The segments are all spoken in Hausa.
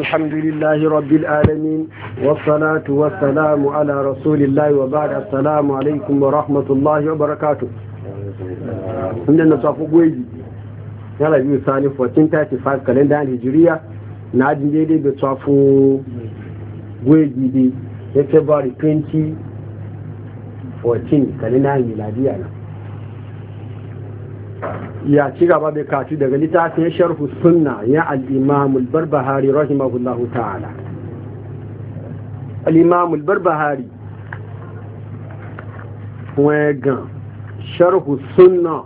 الحمد لله رب العالمين والصلاة والسلام على رسول الله وبعد السلام عليكم ورحمة الله وبركاته عندنا نصافو قويجي يلا بيو ثاني 1435 كالندا الهجرية نعدي ديدي بصافو قويجي دي فبراير 2014 كالندا الميلادية ya ci gaba da kati daga littafin sharhu sunna ya al-imam al-barbahari rahimahullahu ta'ala al-imam al-barbahari wegan sharhu sunna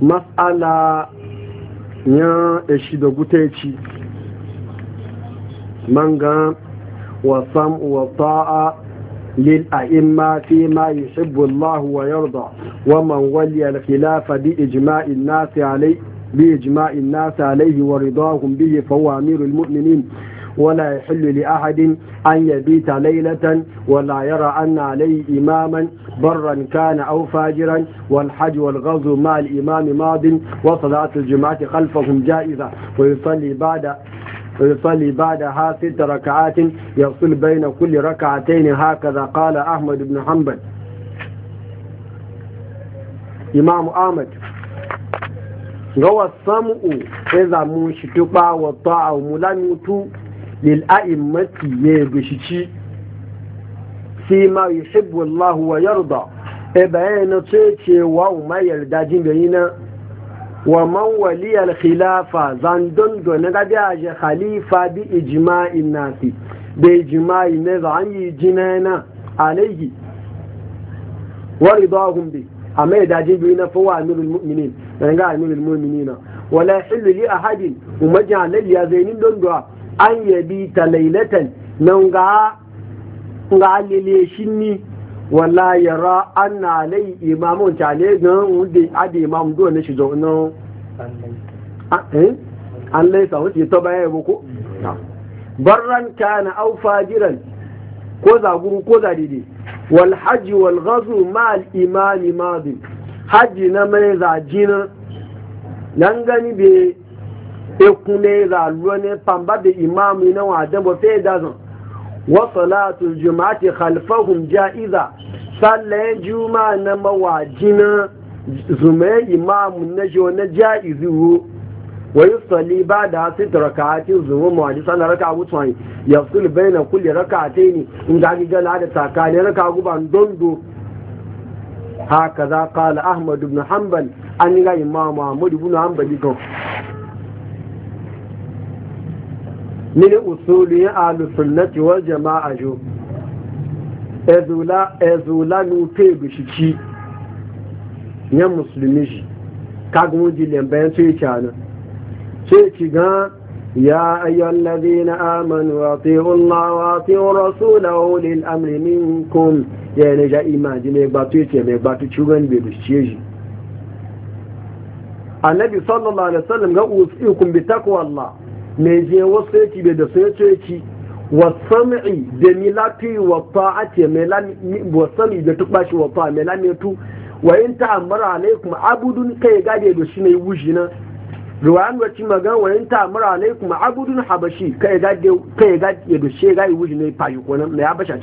mas'ala ya eshi da guteci manga wa sam'u wa ta'a للأئمة فيما يحب الله ويرضى ومن ولي الخلاف بإجماع الناس عليه بإجماع الناس عليه ورضاهم به فهو أمير المؤمنين ولا يحل لأحد أن يبيت ليلة ولا يرى أن عليه إماما برا كان أو فاجرا والحج والغزو مع الإمام ماض وصلاة الجماعة خلفهم جائزة ويصلي بعد يصلي بعدها ست ركعات يصل بين كل ركعتين هكذا قال أحمد بن حنبل إمام أحمد هو السمع إذا مشتقى والطاعة ملمت للأئمة يبشتي فيما يحب الله ويرضى إبعين تيتي وما يردى جنبينا wa man waliyar khilafa zandon gane gabi a shi khalifa bi ijima'i nasi da ijima'i ne za an yi jinana alaihi wa ridahum bi amma ya daji biyu na fawa amirul mu'minin da ga amirul mu'minin wala hillu li ahadin umajin halayya ya zainin don duwa an yabi ta lailatan nan ga ga alile shi ni wala yara ana na lai imamun cale gan wunde adi imam do ne shi na no eh? an laisa wuce ta baya yabo ko mm. barran kana au fajiran ko zaguru ko zadidi wal hajji wal ghazu ma al imami madi hajji na mai zajina nan gani be ekune zaluwa ne pamba be imam ina wa dan fe dazan wa salatul juma'ati khalfahum ja'iza sallan juma'a na mawajina zume imamu na jo na ja'izu wa yusalli ba'da sit rak'atin zuwa mawaji sallar raka wutan yafsul baina kulli rak'atayn in da ga da takani raka guban dondo hakaza qala ahmad ibn hanbal an ga imamu ahmad ibn hanbali ko من أصول أهل alusunnati wal jama'a jo ezula nufe bishici yan musulmi shi kagun jilin bayan sai ci ana يا أيها الذين آمنوا أطيعوا الله وأطيعوا الرسول وأولي الأمر منكم يا نجا إيمان دي ميباتو يتي ميباتو تشوغن بيبشيجي النبي صلى الله عليه وسلم قال أوصيكم بتقوى الله mai je wasu yake bai da sun yace wa sam'i da milati wa ta'ati wa sam'i da tukbashi wa ta'a melami wa alaikum abudun kai gade da shi ne wuji na ruwayan wacce magana wa yin alaikum abudun habashi kai gade da shi gade wuji fayi mai habasha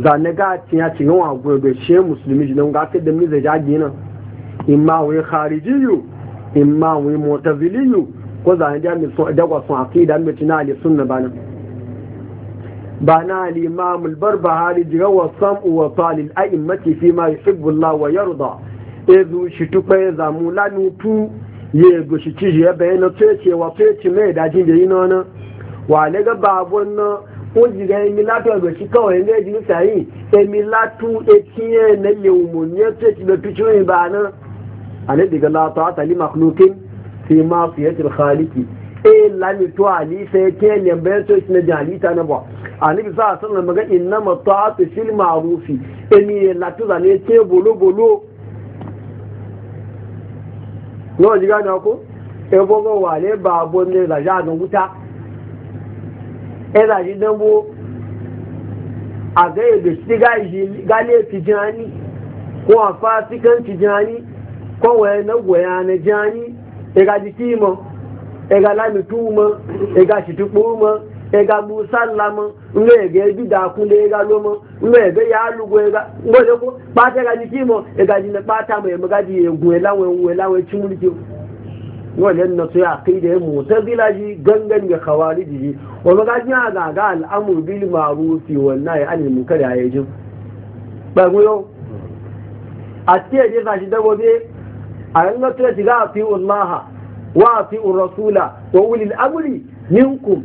zane ga cin ya cin yawan gobe she musulmi jinan ga ta da miza jagi nan imma wai kharijiyu imma wai mu'taziliyu ko zane da mi so da gwasun aqida mi tina ali sunna bana bana al imam al barbahari diga wa sam'u wa talil a'immati fi ma yuhibbu Allah wa yarda ezu shi tukwe zamu lanu tu ye go shi ci je bayana ce wa ce ce mai dajin da yi nona wa le ga babun nan ó jìgà ẹmi látọ ẹgbẹ síkà ọ ẹgbẹ ẹdínwó sàyìn ẹmi látú etí ẹ nẹlẹ òmò ní ẹtú ẹtí bẹ tuntun yìí bá náà àlẹ dìgbà látọ àtàlí màkúlókè fi máa fi lami tó àlí fẹ kí ẹ lẹ bẹ tó ìsinmi jẹ àlí tánà bọ àlẹ bisá àsọlọ mẹgẹ ìnáma tó àtò sílẹ máa rú fi ẹmi ẹ látú sàlẹ ẹtí ẹ̀rà yìí náwó àgẹ́ èdè sí gálé ti jẹ́ ní kó àfá síkẹ́ ti jẹ́ ní kọ́wọ̀ ẹ̀náwó ẹ̀hánẹ jẹ́ ní ẹ̀gà jìkí mọ́ ẹ̀gà lámìtú mọ́ ẹ̀gà ṣìtúpó mọ́ ẹ̀gà gbùsàlá mọ́ ńlọ ẹ̀gẹ́ dídà kúnlé ẹ̀gà ló mọ́ ńlọ ẹ̀gẹ́ yà á lùgbọ́ ẹ̀gà pátá mọ́ mọ́ wajen na suya kai da ya mutazila shi gangan ga kawari jiri wa magaji ya ga al'amur bil marufi wannan ya anil munkar ya yi jin ba mu yau a tiya je sa dabobe a yanga tuya shiga a fi'un maha wa a fi'un rasula wa ulil amri minkum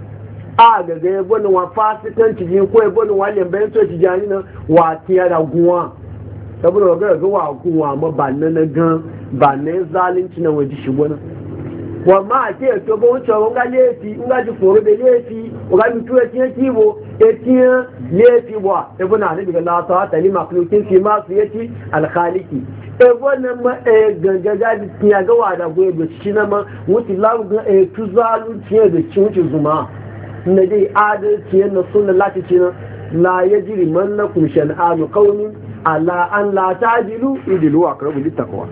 a gaga ya bani wa fasikan ciki ko ya bani wa lembayin so ci jani na wa tiya da guwa saboda wa gaga wa guwa ma ba na na gan ba na zalunci na waje shigo wa ma a ke to ba wuce wa nga lefi nga ji foro da lefi e wa ga mutu ya tiya kibo ya tiya lefi wa ya bani a daga lasa ta ni makulokin fi masu ya ci alkhaliki wannan ma da e tiya ga wa da goye da shi na ma wuce ga e da ci wuce zuma na dai adalci yana suna lati ce la ya jiri manna na kushen anu kaunin ala an la ta jilu idilu a karabu littakowa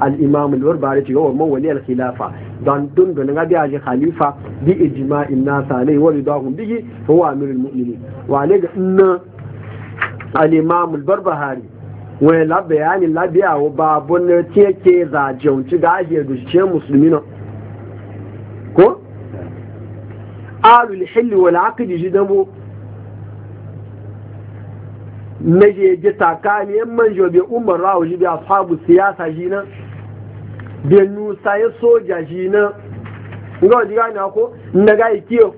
al'imam al-barbari ce yawon mawali al-khilafa don dundunan abi aji khalifa bi ijma'in nasa ne wani dahun bigi wa amirin mu'mini wa ne ga inna al'imamu imam al-barbahari wani labayani labiyawa babun teke zajen ci ga ajiyar dushe musulmi ko alul hilli wal aqdi jidabo naje je takani yan manjo be umar rawo ji be siyasa ji nan be ya soja ji nan ngo ji ga na ko ndaga ikiyo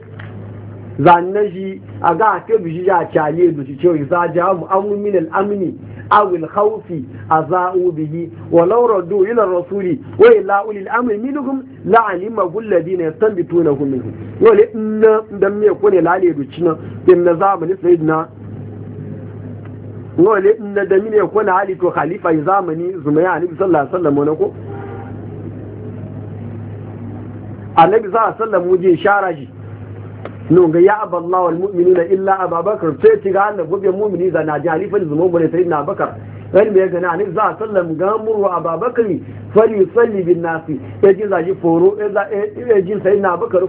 zanna ji aga ke bi ji ja chale do ji cewa za ja mu amun min al amni awil khawfi azau bihi wa law raddu ila rasuli wa ila ulil amri minhum la alladhina yastanbitunahu minhum wale inna dan me ko ne lale ducina inna zamani sayyidina wale inna da mine ko na ali ko khalifa zamani zumaya annabi sallallahu alaihi wasallam ne ko annabi sallallahu alaihi wasallam sharaji no ga ya aballahu almu'minuna illa ababakar sai ci ga Allah gobe mu'mini da na jali fa zumo gure sai na bakar wani mai gana ne za a sallam gamur wa ababakar fali salli bin nasi ya ji za shi foro ya ji sai na bakar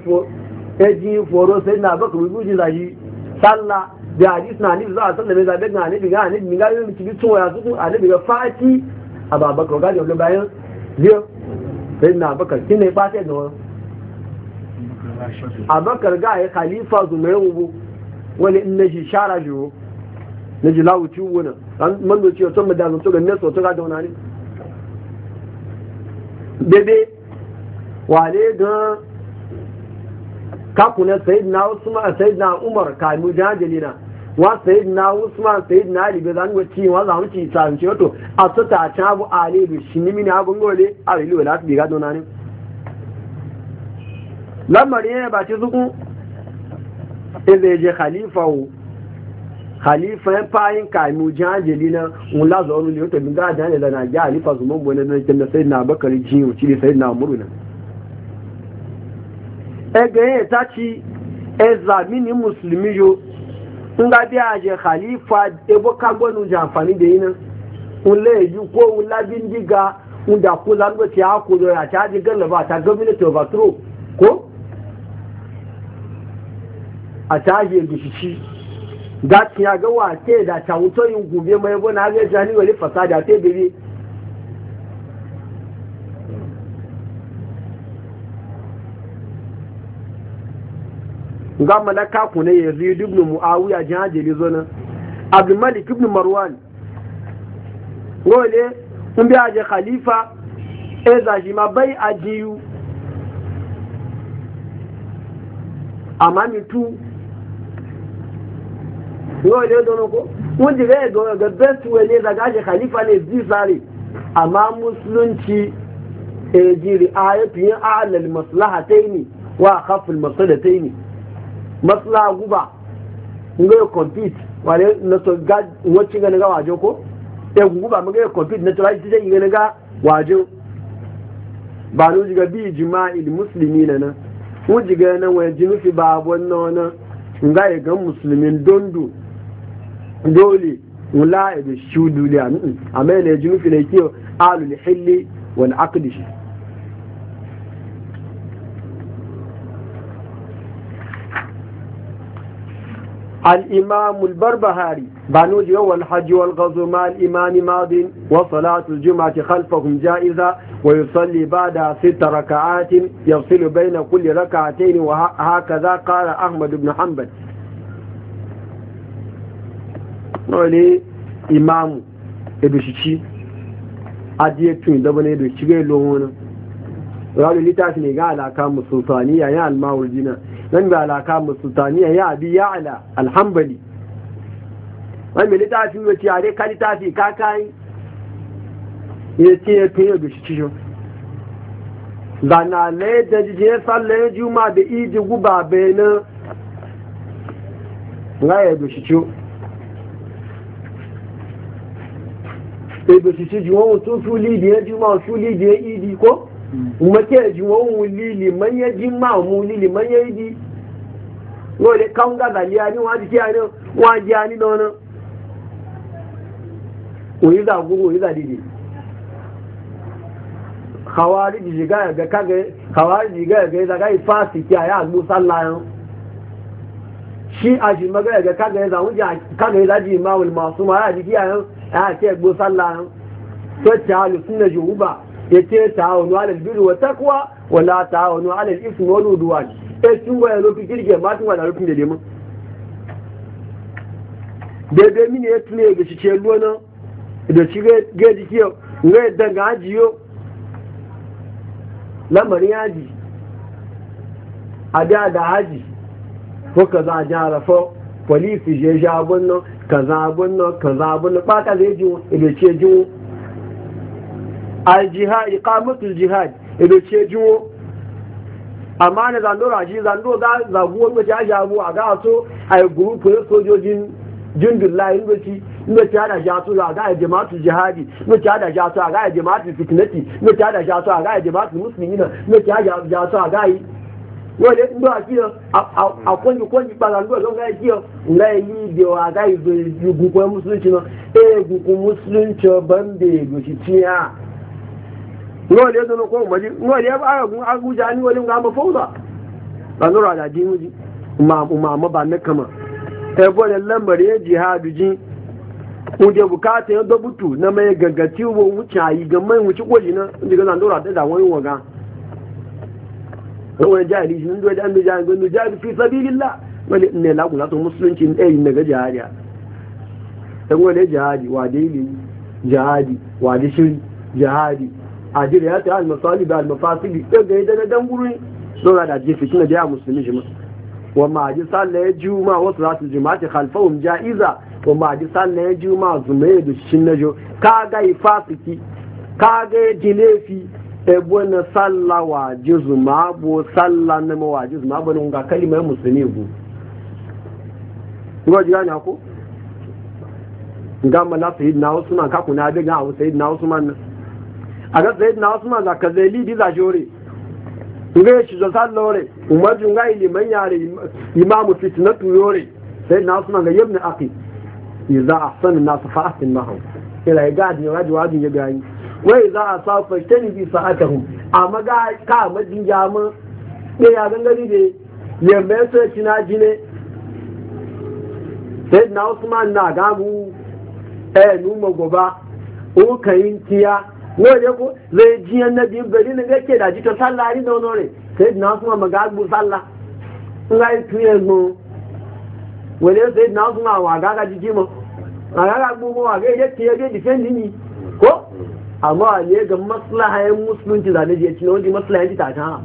ya ji foro sai na bakar ya za shi salla da hadis na ni za a sallam ya zabe ga ni ga ni ga ni ci bi ya su a ni ga fati ababakar ga da bayan zai sai na bakar ne ba sai da wani abakar ga ya khalifa zumai mai wani in na shi shara shi wo na ji lawuci wuna an mando ciwo tun mu dazun ga nesa sotu ga da wani bebe wale ga kakunan sayidina usman na umar kamu jajalina wa sayid na usman sayid na zan bezan wa ci wa zamu ci tsanci wato a sata ta bu ali shi shinimi na gungo a rilu la bi na ne lamari ya ba ci zuku ebe je khalifa wo khalifa fayin kaimu jajeli na wula zaune min da na halifa na sai na bakari jiyo sai na muru na ege ta ci e musulmi yo n ga bi aje khalifa ebo amfani da yi na wula ko wula bindiga wunda kula a ya ta ji galaba ta gwamnati overthrow ko a tashi gishishi da ya ga wace da ta wuto yin gobe mai gona a gaji hannu wani fasada ta bebe ga malaka ku ne ya zai dubnu mu'awiya jihar jeli zonan abdulmalik ibn marwan wole in bi aje khalifa e shi ma bai ajiyu amma mitu yau ne don ko mun ji ga best way ne daga shi khalifa ne zi sare amma musulunci e jiri ayatu yin a'lal maslahataini wa khafil maslahataini maslaha guba ngai compete wale na to ga wacce ga ga wajo ko e guba mun ga compete na to ai tije ga ga wajo ba no jiga bi jima'il muslimina na mun jiga na wa jinufi ba wannan na ngai ga musulmin dondo دولي ولا da دولي أما amma في ji nufi الحل والعقد alul الإمام البربهاري بانوج والحج والغزو مع الإمام ماض وصلاة الجمعة خلفهم جائزة ويصلي بعدها ست ركعات يفصل بين كل ركعتين وهكذا قال أحمد بن حنبل nole imamu edushici ajiye tun da bane da shiga lohona rawu litafi ne ga alaka musultaniya ya almawurjina nan ga alaka musultaniya ya abi ya ala alhambali wani mai litafi ne ci are ka litafi ka kai ya ce ya tun ya dushici shi zana lai da jijiyar sallar juma da iji guba bai na ga ya ebe su ci juwa mutum su lidi ya e, juma su lidi e, ya idi ko kuma hmm. ke juwa mu lili man ya jima mu lili man ya idi wale kan ga gali ani wa ji ni, wa ji ani no no oyi da gugu oyi da didi khawari ji ga ga ka ga khawari ji ga ga da ga fasi ki aya agbo sallayan shi aji magana ga ka ga da wuja ka ga da ji mawul masuma ya ji ya ayan a ce gbo sallah to ta halu sunna juhuba yace ta'awunu alal birri wa taqwa wala la ta'awunu alal ismi wal udwan e tun waya lokaci girge ma tun wala lokacin da lemun daidai mini ya tune ga shi ce lona da shi ga jiki ga danga ajiyo lamarin aji a da da aji ko ka za a jarafa polisi je jabon nan kaza abun nan kaza abun nan ba ka zai jiwo ibe ce jiwo al jihad iqamatu al jihad ibe ce jiwo amma da zando raji zando za zagu wanda ya jabu a ga so ai group ne sojojin jindullahi inda ci inda ta da jaso a ga jamaatu jihadi inda ta da jaso a ga jamaatu fitnati inda ta da jaso a ga jamaatu muslimina inda ta da jaso a ga wọ́n gbọ́ àti àkọ́jùkọ́jù padà ń gbọ́dọ̀ ńlá ẹ̀jẹ̀ ńlá ẹ̀yí ìdè ọ̀gá ìdè ìgùnkùn mùsùlùmí náà eégùnkùn mùsùlùmí tí ọba ń bè tí a. wọ́n lè dunu kó mọ̀jú wọ́n lè bá àrùn agúnjà ní wọlé ńlá mọ̀fọ́wọ́dà lọ́nà àdàdí mújí màmá bá mi kama. ẹ̀fọ́ ni lẹ́mbẹ̀rẹ̀ yẹn wani jihari shi ndo da mai jihari ndo jihari fi sabilillah wani ne la kula musulunci ne yin eh, daga jihari dan wani jihari wa dili jihari wa dishiri jihari ajira ya ta al masalib al mafasili daga da na dan guri dora da jifi kina da musulmi shi wa ma ji sallaye juma wasu rasu juma'ati khalfahum ja'iza wa ma ji sallaye juma zumaye da shi na jo kaga ifasiki kaga jilefi ebo na salla wa jizu ma bo salla na ma wa jizu ma bo ne ga kalima musulmi bu ngo jiga nya ko nga mala sayyidina usman ka kuna da ga sayyidina usman aga na usman da kazeli bi za jore nga shi zo sallore umaju nga ili manyare imamu tu yore sayyidina usman ga yabni aqi iza ahsan an-nas fa ahsin ma'ahu ila ga di wajibi wajibi ya gani wai za a sa fashtani bi hu amma ga ka majin jama ne ya gangari ne yamma ya sai kina jine sai na Usman na gamu eh numa goba o kayin tiya wai ko zai ji annabi bari ne gake da jita sallah ri da onore sai na Usman magagbu sallah ngai tuye mu wale sai na Usman wa gaga mu a gaga gbo wa ga ile tiye ga defend ni amma ne ga maslahayen musulunci zane je cinye wani maslahayen ci tashin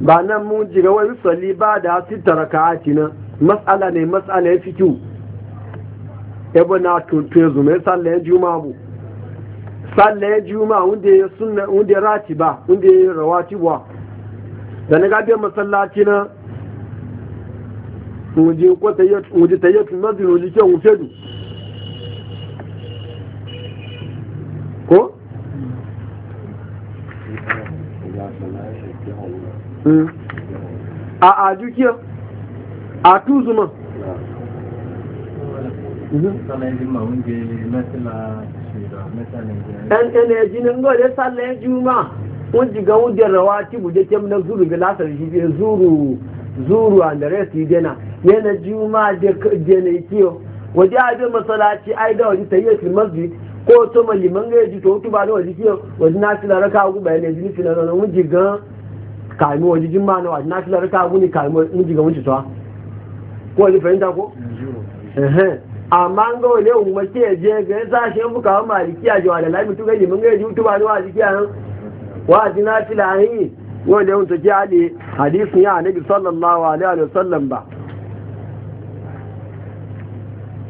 ba nan mun jiga wani sali ba da tattara ka'aci nan matsala ne matsala ya fi kyau ebe na tuntun zuma ya sallayen juma'a bu sallayen juma wunde ya rati ba wunde ya rawati ba da na gabe masallaci na wuje ko wuje tayyatu masjid wuje ke wuje du ko a a dukiya a tuzuma ɗan energy ne ngole sallan juma wọ́n jìgá oúnjẹ rẹ̀ wá tí bùjẹ́ kí ẹmúná zúrù bí lásàrí ṣe zúrù zuru a and the rest yana yana juma je ne kiyo waje aje masalaci ai da waje tayyatul masjid ko to maliman ga ji to to ba da waje kiyo waje na fila raka ku bayan ne jini fila nan mun jiga kai mu waje juma na waje na fila raka ku ni kai mu mun jiga mun ci to ko waje fahimta ko eh eh amma ga wale umma ke je ga za shi mu kawo malikiya jiwa da lai mutu ga liman ga ji to ba da waje kiyo waje na fila hin wanda yawon tafi hali hadisun yá nabi sallallahu alaihi wa sallam ba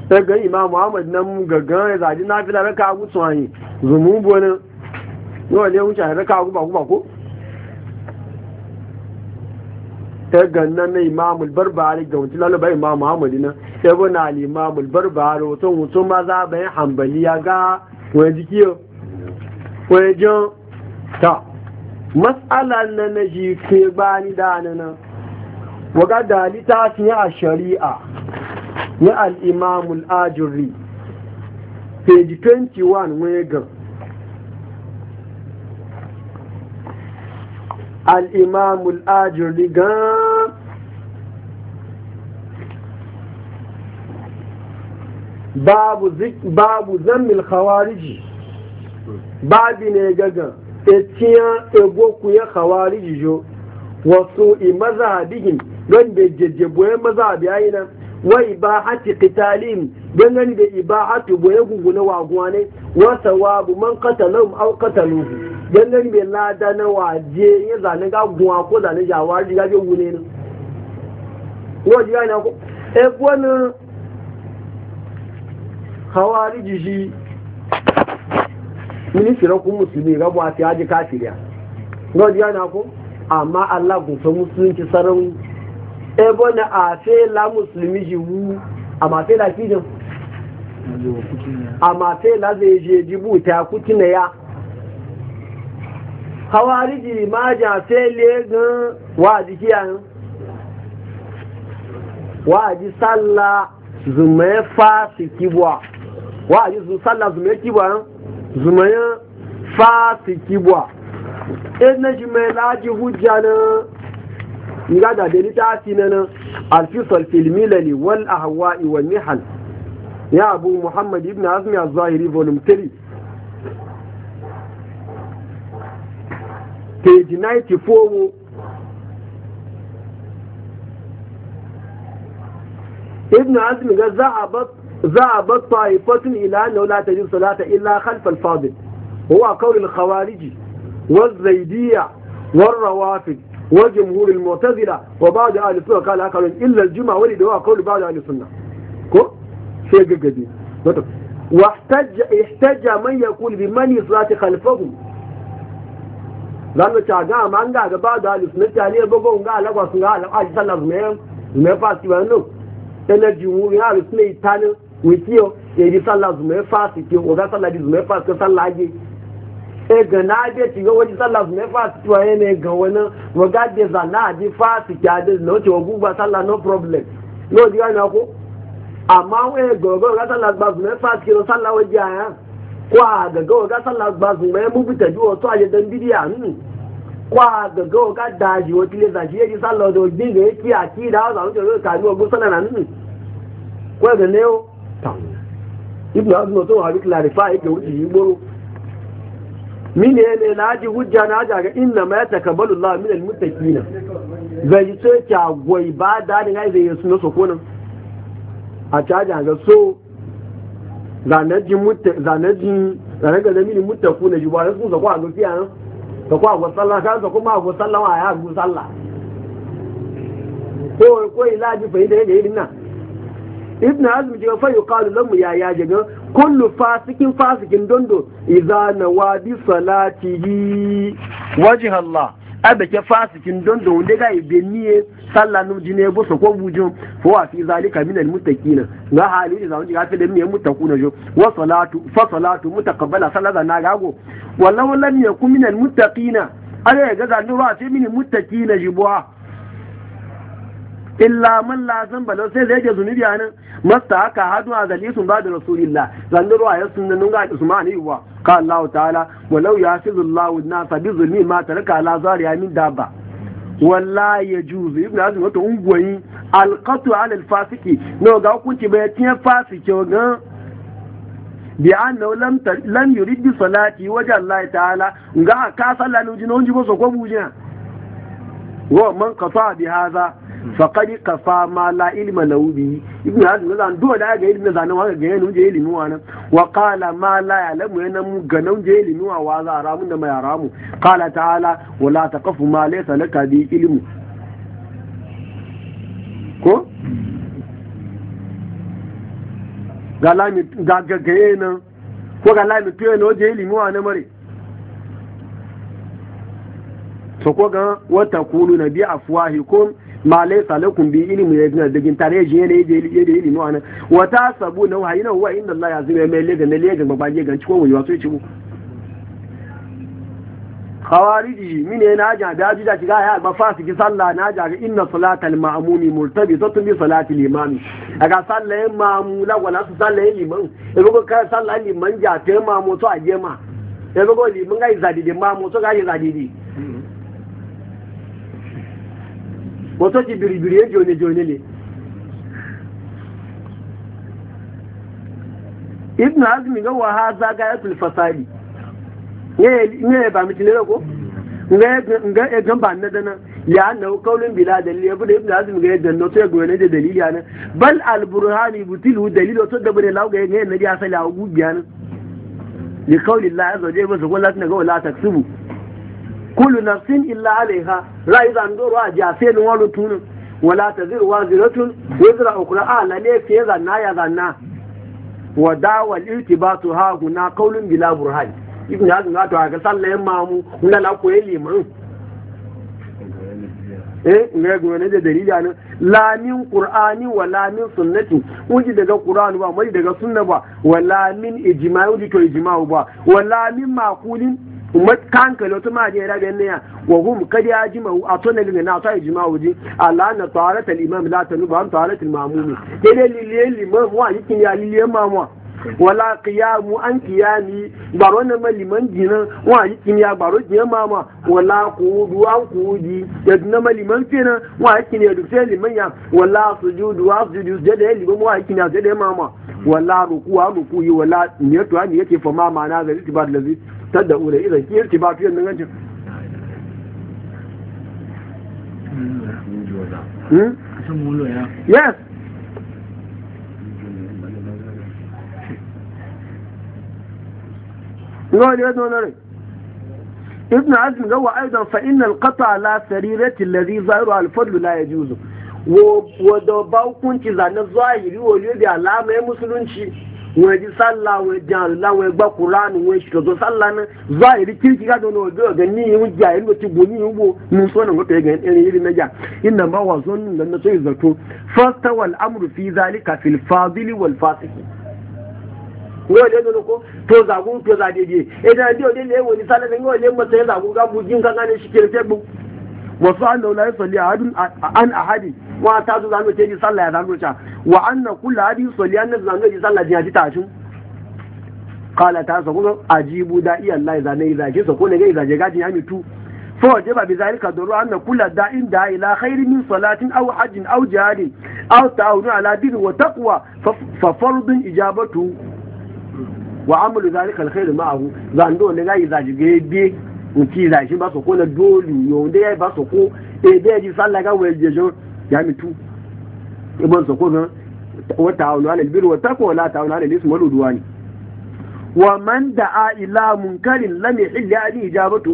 ẹgbẹ́ ìmá muhammad muhammad mú gaggan ya zaji na fi lára káàkù tún zumu zùmú yawon yawon tafi raka agu ba ko sai nan na ga lalaba muhammad nan maza bayan hambali ga wani ta matsalar na naji ji ke bani da nan waga da littafi ya a shari'a ya al'imamul ajirri page 21 wegan al'imamul ajirri gan babu zammil khawariji babu ne gagan etiya ego kuya khawari jijo wasu i mazhabihim gan be boye mazhabi aina wa ibahati qitalihim gan gan be ibahati boye gungune wagwane wa sawabu man qatalahum aw qataluhu gan gan be lada na waje ya zane ga gwa ko zane jawari ga be gune ne wo jiya na ko e bona khawari jiji ministiran kun musulmi rabu a tiyaji kafiriya lord ya na ku amma allah gusa musulunci sarauni ebo na a fe la musulmi ji wu a mafe la kijin a mafe la zai je jibu ta kuti na ya hawari ji ma ja fe le gan wa jiki a wa ji salla zume fa su kibwa wa ji sallah zume kibwa zumaya fa bwa kibwa e na shi mai laji hujja na nga da ta litafi na na alfisal filmilali wal ahwa'i wal nihal ya abu muhammad ibn azmi az-zahiri volume 3 page 94 ibn azmi ga za za a ba taifatun ilanin latarin salata illa khalfal fadil wa kawai khawariji wazzaidiya warrawafin wajen wurin motazila wa ba da alisuwa kala akalun illa juma wani da wa kawai ba da alisunna ko sai gaggabi wahtajja mani salati ta ga ma an ga da ba da alisunna ta ne bugo ga alagwa sun ga alaka sallar mai mai fasti ba no energy wurin alisunna itanin wikiyo eri sallah zume fasi ke oga sallah di zume fasi ke sallah age e ga na de ti go sallah zume fasi to e ne ga wona oga de za na di fasi ke ade no ti ogu ba sallah no problem no di ana ko amma we go go ga sallah gba zume fasi ke sallah waji aya ko a go ga sallah gba zume mu bi taju o to aje dan bidiya nu hmm. ko ga go ga daji o ti le za ji sallah do gbin ga ki akida o za o jo ka ni na nu hmm. ko ga ne o ibn azmi to habi clarify ga wuce yi gboro mini ne na ji hujja na aja ga inna ma yatakabbalu Allah min almuttaqina ga yi ce ta goyi ba da ni ga zai suna so ko a caja ga so zanaji mutta na zanaga da mini muttaquna ji ba su so ko a gaskiya nan ka ko a sallah ka so kuma a sallah wa ya go sallah ko ko ilaji fa ida ga irin nan ibn azm ji fa yuqalu lahu ya ya jaga kullu fasikin fasikin dondo idza nawa bi salatihi wajh Allah abeke fasikin dondo wanda ga ibe niye sallah nu jine bo so ko bujo fo wa fi zalika min al muttaqina ga hali da zamu ga fi da miye muttaquna jo wa salatu fa salatu mutaqabbala sallah na gago wallahu lam yakun min al muttaqina ala ga ga nuru a ce min muttaqina jibwa illa man la san balo sai zai je zunubi nan. masta haka hadu a zali sun bada rasulillah zanuru a yasun nan ga usmani wa ka Allah ta'ala walau yasizullahu an-nasa bi zulmi ma taraka la zariya min Daba. walla ya juzu ibn azim wato ungwayi alqatu ala alfasiki no ga hukunci bai tiyan fasiki ga bi annahu lam lam yurid bi salati wajha Allah ta'ala ga ka sallanu jinon jibo so ko bujiya wa man kafa bi hadha qad kafa ma la ilma lahu bi ibn hazm zan duwa da ga ilmi zan wa ga yana je ilmi wa nan wa qala ma la ya'lamu yana mu ga nan je ilmi wa wa za ramu da mai ramu qala ta'ala wa la taqafu ma laysa laka bi ilmu ko ga lami ga ga yana ko ga lami to yana je ilmi wa nan mare so ko ga wata kulu na bi afwahi ma malai salakun bi ilmi ya da dagin tare je ne ya je da ilmi wannan wata sabu na wa na wa inna Allah ya zube mai lega na lega ba baje ga cikin wuya so ci mu khawariji mine na ja da ji da shiga ya ba fasi ki sallah na ja ga inna salatal ma'mumi murtabitatu bi salati al-imami aga sallah ma'mula wala sallah liman e ko ka sallah liman ja te ma'mu to aje ma e ko liman ga izadi de ma'mu to ga izadi wato ci biribiri ya jone jone ne ibn azmi ga wa haza ga yatul fasadi ne ba mutune ko nga ya gamba na dana ya nau kaulin bila dalili ya bude ibn azmi ga yadda noto ya goyane da dalili yana bal al burhani butilu dalilu to da bude lawo ga yadda ya sala gubiya ne li kauli la azza wa jalla ko la tana ga la taksubu kullu nafsin illa alaiha rai zan doro a a sai ni wani tunu wala ta zai wa ziratun wizra ukra a lale fiye zanna ya zanna wa dawal irtibatu ha guna qaulun bila burhan ibn hazm na to ga sallayen mamu na la koyi liman eh ne gone da dalila ne la min qur'ani wa la min sunnati uji daga qur'ani ba mai daga sunna ba wa la min ijma'u to ijma'u ba wa la min maqulin kanka lo to ma je ra ne ya wa hum kad ya jima a to ne na ta jima wuji ala na tarat al imam la tanu ba tarat al mamum ke le li li imam wa kin ya li imam wa wala qiyamu an qiyami baro na maliman jina wa kin ya baro jina mama wala qudu an qudi yadna maliman fina wa kin ya sai liman ya wala sujudu wa sujudu li liman wa kin ya jada mama wala ruku wa ruku wala niyatu an yake fa ma mana zaliti bad lazi tadda ure idan ki ba fiye nan yes قال يا دولاري ابن عزم قال ايضا فان القطع لا سريره الذي ظاهر الفضل لا يجوز ودباو كنت زانه ظاهري وليو بي علامه مسلمشي wọn di sálà wọn di àlùlá wọn gbọ́ kuranu wọn ṣòṣò sálà náà zọ èrí kíríkì kájọ náà ọdún ọ̀gẹ̀ ní ìhun jà èrí ti bò ní ìhun wo ní sọ́nà wọn tẹ̀lé ẹ̀rín yìí mẹ́jà iná bá wà sọ́nà ní ìlànà tó ìzọ̀tún fọ́tà wà lámùrù fi zálí kàfìl fàbílì wà fásitì. wọ́n lé lóko tó zàgún tó zàdédé ẹ̀dá ẹ̀dí òde lé wò ní sálẹ̀ wasu an da wulayen sali an a hadi wa ta zo zanu ce ji sallah ya zanu ca wa an na kula hadi sali an na zanen ji sallah jiya ji tashin kala ta sa kuma ajibu da iya Allah ya zane izaje sa ko ne ga izaje gajin ya mitu So waje ba bi zalika duru an na kula da in da ila khairi min salatin aw hajjin aw jihadin aw ta'awunu ala din wa taqwa fa fardun ijabatu wa amalu zalika alkhairu ma'ahu zan do ne ga izaje ge nti ìlà ìṣe bá sọ̀kó lẹ dóòlù yòó ndé bá sọ̀kó èdè ẹ̀dí sálàgà wọ ẹ̀jẹ̀ jọ tú ìbọn sọ̀kó gan wọ́n ta ọ̀nà alẹ́ ìbílẹ̀ wọ́n takọ̀ ọ̀la ta ọ̀nà alẹ́ ìlẹ́sùn mọ́lòdù wa ni. wọ́n máa ń dà á ìlà mùnkárì lẹ́mí ìlẹ̀ àdí ìjà tó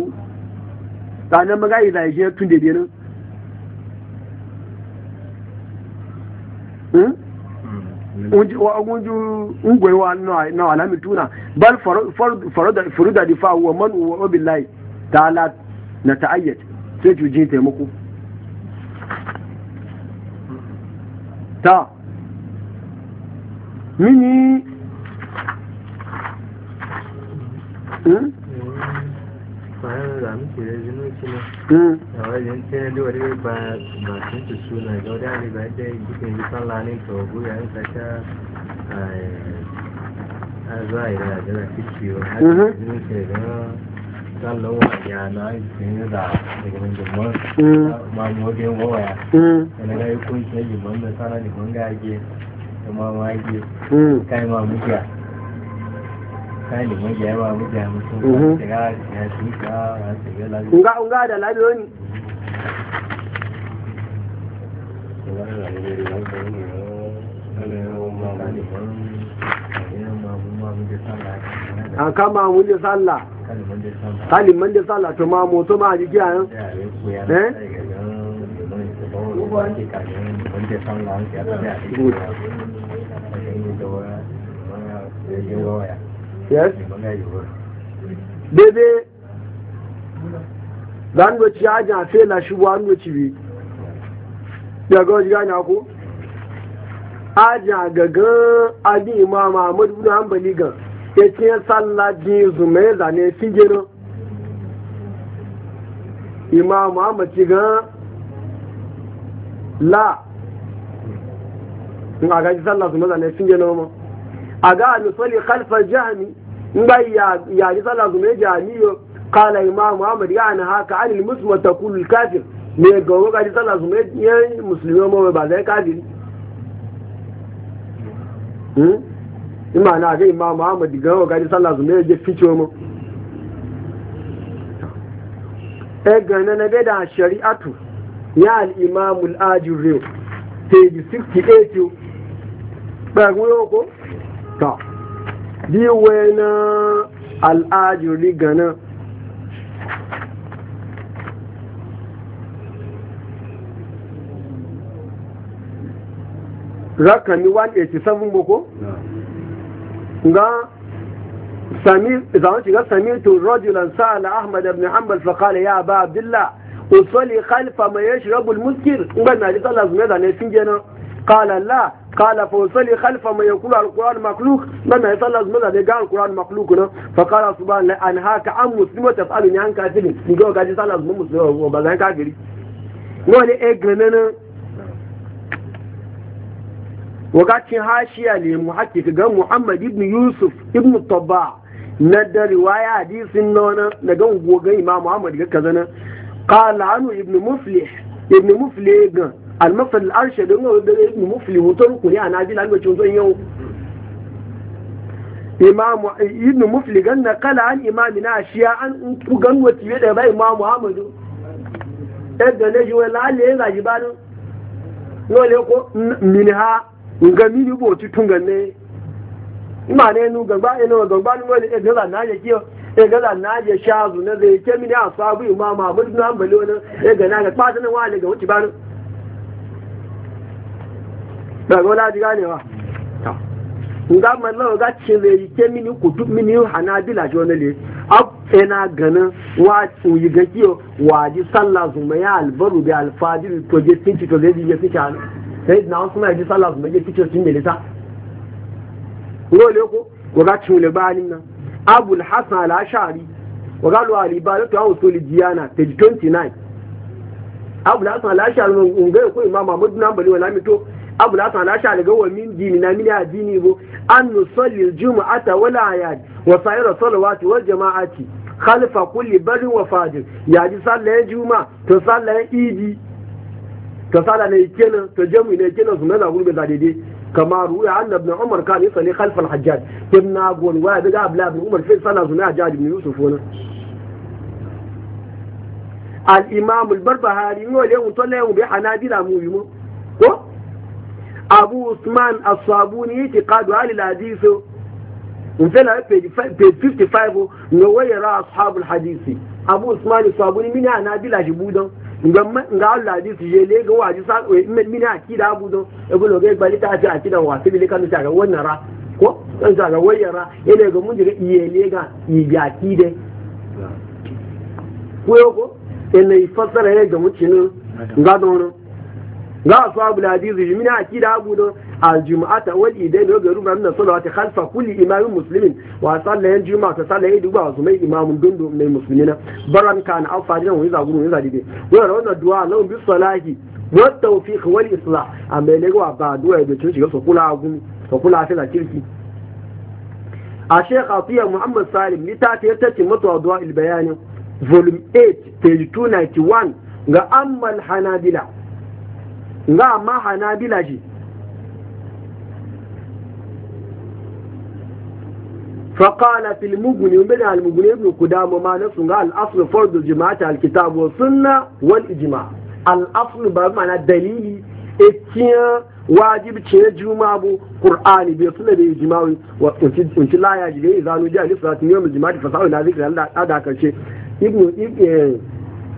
tànà mọ́gá ìlà ìṣe tún dèdè ná. ogun ngwe wa náà alámi túnà bal faruda difa wa man wa obi lai Tala na ta'ayyat sai cuji taimako ta mini eh? Eh. Mm-hmm. Ừ. cái cái dùng mà thì mình mua mua sallan wa ya na yin da daga nan jimman ma mu ga yin waya kana ga kun sai cái da sana ne mun ga ke kuma ma ke kai ma mukiya kai ne mun ga ma mukiya mutum daga ya shi ka daga lafiya unga unga da lafiya ne a kama wuje sallah kalin man da sala to ma moto ma ji kiyan eh yes dede zan go ci aja fe la shi an go ci bi ya go ji ganya ko aja gaga adi imama amadu bin hanbali gan etinye sallaji zume zane fijin imamu amaci gan la a gaji sallah zume zane fijin ma a ga misali kalfar jami ngai ya ji sallah zume yo? kala imamu amad ya na haka anil musulman ta kulu kafin? Me ga wani gaji sallah zume yan musulmi ma ba zai kafiri hmm? ima e na ga imam ahmad diga wa gari sallah su ne je fice mu e gane na bai da shari'atu ya al-imam al-ajuri page 68 bagun yoko ta bi wena al-ajuri gana rakami 187 boko? Nga sami zama shiga sami turaji da Ahmad da Abdullahi Amadu ya ba a billa usolai kala ma ya shirya bulmunkiro, min ban ta ajiye salisu ne zane sunjina ƙala la ƙala fa usolai kala ma ya kura Kuran makuluka, min ban ne zane sunjina kuran makuluka na Fakada asubar na yi Alihamid da amusulmi wa tafi Ali ya kanyi kafirin, min zano kaji ne musulmi ba zan kai gari, n kawai ne wakacin hashiya ne muhakkik ga muhammad ibn yusuf ibn tabba na da riwaya hadisin nona na gan goga imam muhammad ga kazana qala anu ibn muflih ibn muflih gan al-masal al-arshad da ibn muflih wutar ku ne anabi lan bacin zon yau imam ibn muflih ga na qala an imamina ashiya an gan wati da bai imam muhammad yadda ne ji wala ne ga jibanin nole ko minha nga mini bo ti tunga ne ma ne nu ga ba e, e na ga ba ni wani e ga na ya kiyo e ga na ya shazu na zai ke mini asabu ma Ahmad ibn Hanbali wani e ga na ga na wani ga wuce ba ni da ga wala diga ne wa nga ga ke mini wa yi ga kiyo wa ji ya albaru bi alfadil to je to je sai na wasu na ji sallah su mai fice sun milita role ko ga cule ni nan abul hasan al-ashari waga lu al-ibadatu ta usul diyana page 29 abul hasan al-ashari mun ga ko imam Ahmad nan bali wala mito abul hasan al-ashari ga wa min dini na min dini bo an nusalli al-jum'ata wala ayat wa sayra salawati wal jama'ati khalfa kulli bari wa fajir ya ji sallah juma to sallah idi to sala ne kenan to jami ne kenan sunan da gurbe da dede kama ruwa anna ibn umar kan yusali khalf al hajjaj ibn agon wa daga abla ibn umar fi sala sunan hajjaj ibn yusuf wannan al imam al barbahari ne wale mun tolle mu bi hanabila mu yi mu ko abu usman as-sabuni itiqadu al hadith وفعلا في 55 ويرى اصحاب الحديث ابو عثمان الصابوني من انا بلا جبودا nga Allah ji su je le ga waji sa ko min min akida abu don ibu e lo ga bali ta ta akida wa sai le kanu ga wannan ra ko kan ta ga wayara e ga mun ji iye le ga akide ko yo ko ele ifasara ele ga mun cinu nga don nga ashabu al hadith min akida abu don الجمعة والإيدين وغيرهم من الصلاة خلف كل إمام مسلم وصلى الجمعة صلى عيد وعظمي إمام جند من المسلمين برا كان أو فاجرا وإذا قلوا إذا دي ويرون الدعاء لهم بالصلاة والتوفيق والإصلاح أما يلقوا بعد وعيد تشجيل فقول عقوم فقول عفلا كيركي الشيخ عطية محمد سالم لتاتي يتاتي مطوى دعاء البيان فولم 8 page 291 ga amman hanabila ga amma hanabila ji فقال في المغني ومن المغني ابن قدام ما نسمع الأصل فرض الجماعة الكتاب والسنة والإجماع الأصل معنى دليل اتيا واجب تشين جمعة بو قرآن بيصل بإجماع وانت لا يجب إذا نجا لصلاة يوم الجماعة فصعوا إلى ذكر الله أداك شيء ابن ابن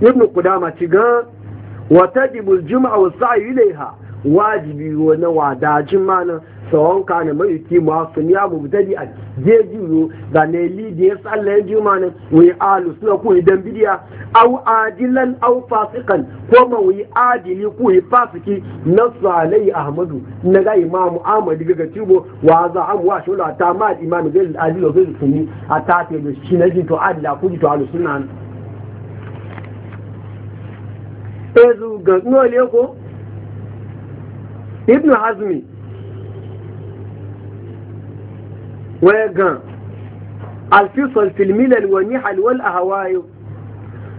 ابن قدام تقال وتجب الجمعة والسعي إليها واجب ونوع دا جمعنا sawon kane mai ki ma sun ya mu dadi a jeji yo da ne lidi ya sallan juma ne wi alu suna ku idan bidiya au adilan au fasikan ko ma wi adili ku yi fasiki na salai ahmadu na ga imamu ahmadu ga tibo wa za a wa shula ta ma imamu zai adilo zai sunni a ta te da shi na jin to adila ku ji to alu suna ne ezu ga nole ko ibnu hazmi wegan alfisar filmilal wa nihal wal ahawayo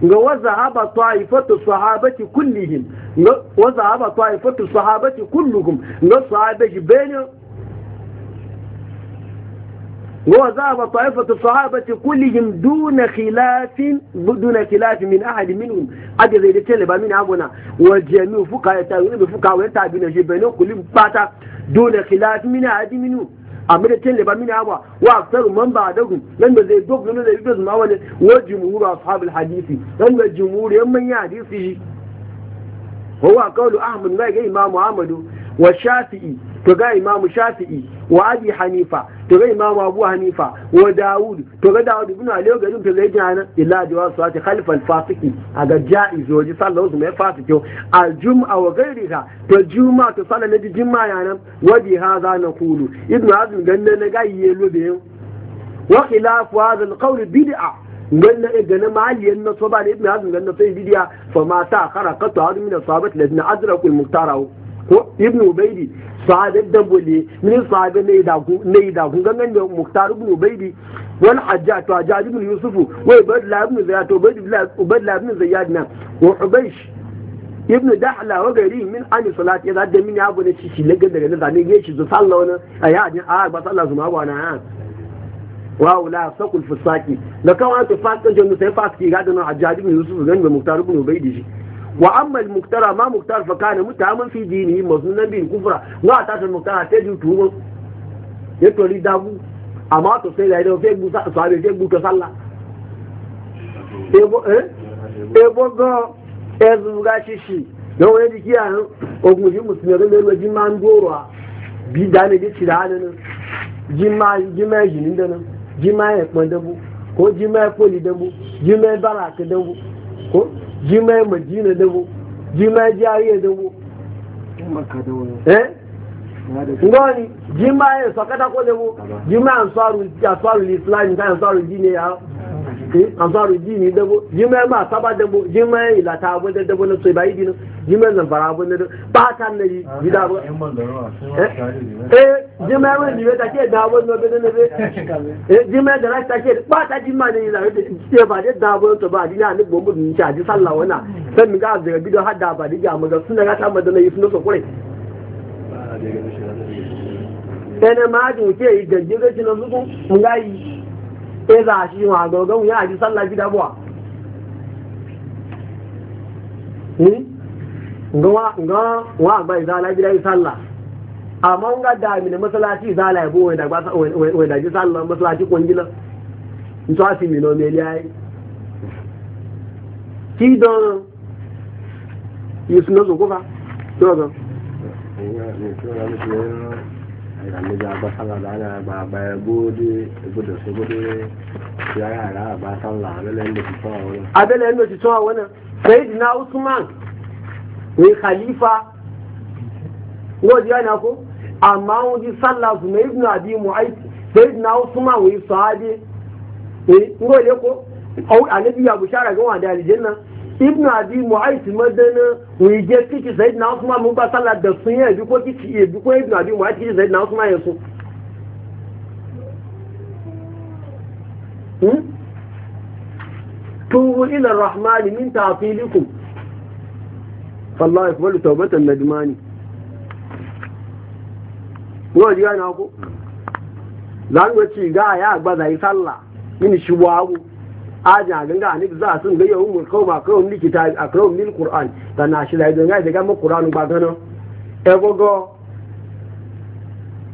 ga waza haba taifatu sahabati kullihim ga waza haba taifatu sahabati kulluhum ga sahabati min ahad minhum aga zai dace ba min fuka ya ta yi fuka wa ta bi ne shi bayna kullim bata min ahad minhum a da tele ba mini awa wa aktaru man ba dagu nan da zai duk nan da zai duk ma wa jumhur ashabul hadisi nan da jumhur yan man ya hadisi huwa qawlu ahmad na ga imam ahmad wa shafi'i to ga imam shafi'i wa abi hanifa to ga imam abu hanifa wa daud to ga daud ibn ali ga dun to ga jana illa jawa sawati khalf al fasiki aga ja'iz waji sallahu mai fasiki al jum'a wa ghairiha to juma to na da juma yana wa bi hadha naqulu ibn azm ganna na ga yelo be wa khilaf hadha al qawl bid'ah ganna na maliyan na ba ibn azm ganna sai bid'a fa ma ta kharaqatu hadhihi min asabati ladina adraku al muqtara ko ibn ubaidi sahabin boli min ku na yi ku gangan da muktar ibnu ubaidi wal hajja to hajja ibn yusufu wai ubaid la ibn zayyad ubaid ubaid la ibn zayyad na wa ubaysh ibn dahla wa gari min an salat ya da min ya gode shi lagan daga ne zane yace zu sallah wani aya ne a ba sallah zuma ba na wa la saqul fisaqi la kawa to fakan jinnu sai faski ga da hajja ibn yusufu gangan muktar ibn ubaidi shi wa amma al-muktara ma muktar fa kana mutaman fi dini mazmunan bil kufra wa ta ta muktara ta ji tuwo ya to ri dabu amma to sai da ido fe bu sa so abi fe bu to salla ebo eh ebo go ezu ga shishi don wani jiki a nan ogun shi musulmi ga mai wajen ma ń doro a bi da ne bi tira ne nan jima jima jini da nan jima ya kpọn dabu ko ma ya koli ji ma ya baraka dabu ko jimai madina dabo jimai jariya dabo eh ngoni jimai sakata ko dabo jimai ansaru ansaru islam kan ansaru dine ya Eh, ansaru dini dabo jimai ma saba dabo jimai ilata abin da dabo na so ba yi dino jimai fara abin da dabo ba ta na yi gida ah, ba eh, eh. eh wani ta ke da abin da bai ne eh da ta ke ba ta jima ne yi zai ce ba dai da abin to ba dina ni gomu ni ta ji sallah wana sai mi ga daga bidiyo har da ba mu ga suna ta madana yi suna so kure ma ji ke yi gajin gajin na zuku mun ga yi e za a shi wa gogon ya ji sallah gida buwa ga wa ba izala gida yi sallah amma ga da mi na masalaci izala ya bo wai da wai da ji sallah masalaci kwangila in to asi mi no me yayi ki don yusno zo ko ba to ga ìgbàlejò abásánlá àgbà àgbà ẹgbóòdì ìgbòdòsógbòdì ìyára àrà abásánlá abẹ́lẹ́ ń lò títọ́ àwọn náà. ń lò àwọn náà usman ní khalifa wọ́n di àná kó àmọ́ àwọn di sálà zùmọ̀ ibùn àbí muhaid sayid na usman wọ́n sọ adé ní ilé kó àlejò yàgò sára gẹ́wọ́n àdé àlejò náà. ibn abi mu'ayt madana we je kiki zaid na usman mun ba sala da sun ya bi ko kiki ya bi ko ibn abi mu'ayt kiki zaid na usman ya so hmm tubu ila rahman min ta'tilikum wallahi kuma tawbatan nadmani wo ji ana ko zan go ci ga ya gba zai sallah min shi wawo aja ganga ani za sun ga yau mun kauma kaum a kitab akram min ta na shi lai ganga daga mu qur'an ba gano e gogo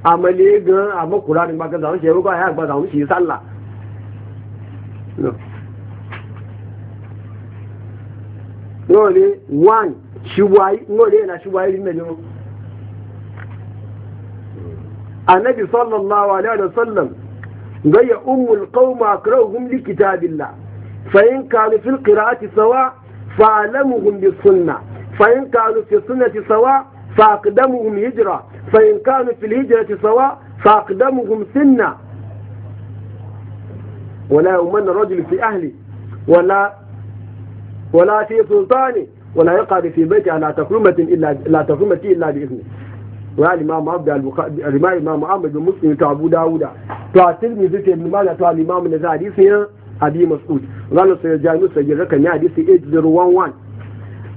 amali gan amma qur'an ba gano shi gogo ya ba da shi sallah no ne one shiwai no ne na shiwai rinne ne annabi sallallahu alaihi wasallam ga gaya ummul qauma akrahum likitabillah فإن كانوا في القراءة سواء فأعلمهم بالسنة فإن كانوا في السنة سواء فأقدمهم هجرة فإن كانوا في الهجرة سواء فأقدمهم سنة ولا يؤمن الرجل في أهلي ولا ولا في سلطاني ولا يقعد في بيتي على تكرمة إلا لا تكرمة إلا بإذنه وقال الإمام عبد الإمام إمام أحمد ومسلم وأبو داوود وتلميذ ابن ماجه وقال الإمام النزاهي abi mas'ud zanu sai jami'u sai ya hadisi 8011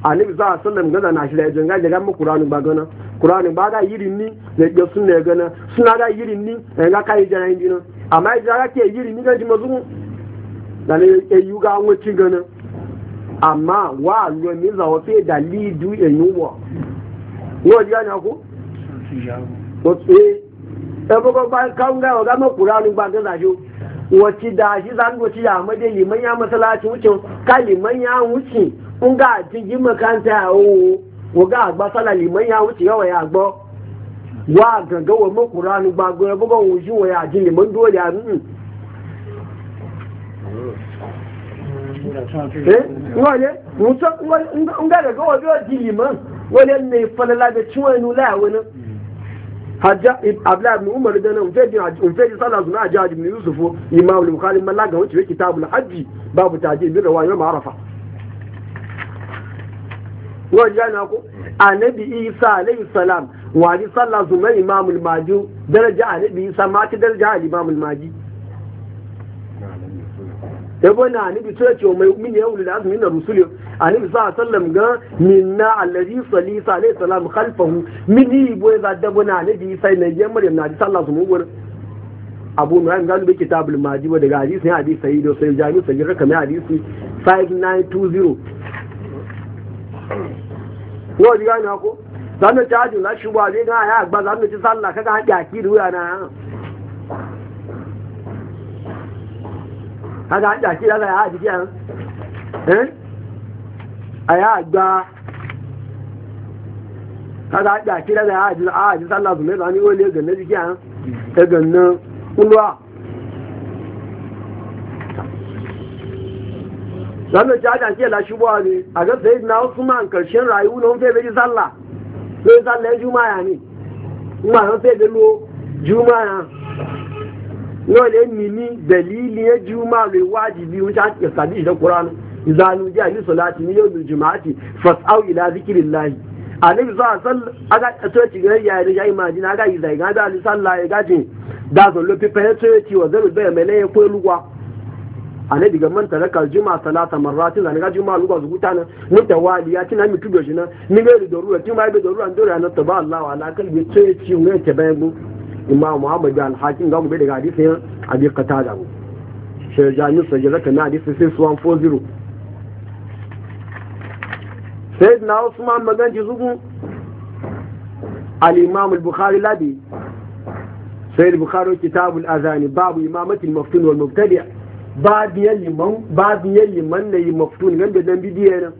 annabi za a sallam gaza na shi da yajin gaji gan kuranin ba gana kuranin ba ga yirin ni da ya sunna ya gana suna ga yirin ni ga kai jana yin amma ya ga ke yirin ni ji mazu da ne ya yi ga an gana amma wa lo ni za wa fe e e e ba ka ga ba jo wace da shi za mu ci ya amade, liman ya masallaci wucin ka liman ya wuce kun ga jirgin makanta ya wo wa ga agba sala liman ya wuce yawa ya gbọ́ wa ganga wa makura ni gbagbo ya bugan wuce wa ya ji liman dole ya nnu eh, ngole musa ngole ngole ga wa ji liman wale ne falala da ciwon nula ya wani hajja abdullahi ibn umar da nan fejin fejin sallah zuna a jihar ibn yusufu imam al-bukhari mallaga wacce yake tabul hajji babu taji bin rawayi ma arafa wajen na ku annabi isa alayhi salam wani sallah zuna imam al-maji daraja annabi isa ma ta daraja al-imam al-maji yabo na annabi sai ce mai min ya wuli da azumin na rusuli annabi sallallahu alaihi ga minna allazi salisa alaihi salam khalfahu mini boye za da buna annabi sai na je maryam na ji sallallahu alaihi wasallam abu nuhaim galibi kitabul maji wa daga hadisi hadisi sai do sai jami'u sai raka mai hadisi 5920 wo ji gani ko zanu ta ji la shuba zai ga ya agba ci sallah kaga kaga ya eh a ya gba kada a ɗaki ya a sallah su mai wani ke lashi ne a ga sai na wasu man karshen rayu na wani febe sallah sai sallah ya juma'a ne kuma an febe lo juma'a yau ne mini dalilin ya juma'a mai wajibi wuce a ƙasadi da ƙuranu idza nudiya li salati min yawmil jumu'ati fas'au ila zikrillah annabi sa sal aga to ci gari ya ga imaji na ga idza ga da li sallah ga ji da zo lo pe pe to ci wa zaru mai laye ko luwa annabi ga man taraka juma salata marratin da ga juma luwa zu gutana mutawali ya tina mi tudo jina ni ga da ruwa ti ma da ruwa ndore na taba Allah wa ala kalbi to ci ngai ke bayu imam muhammad al hakim ga mu be daga hadisin abi qatada sai jami'u sajjada kana hadisi 6140 سيدنا عثمان مغان جزوكو الامام البخاري لدي سيد البخاري كتاب الاذان باب امامة المفتون والمبتدع بعد يلي من بعد يلي من لي مفتون من بدن بديانا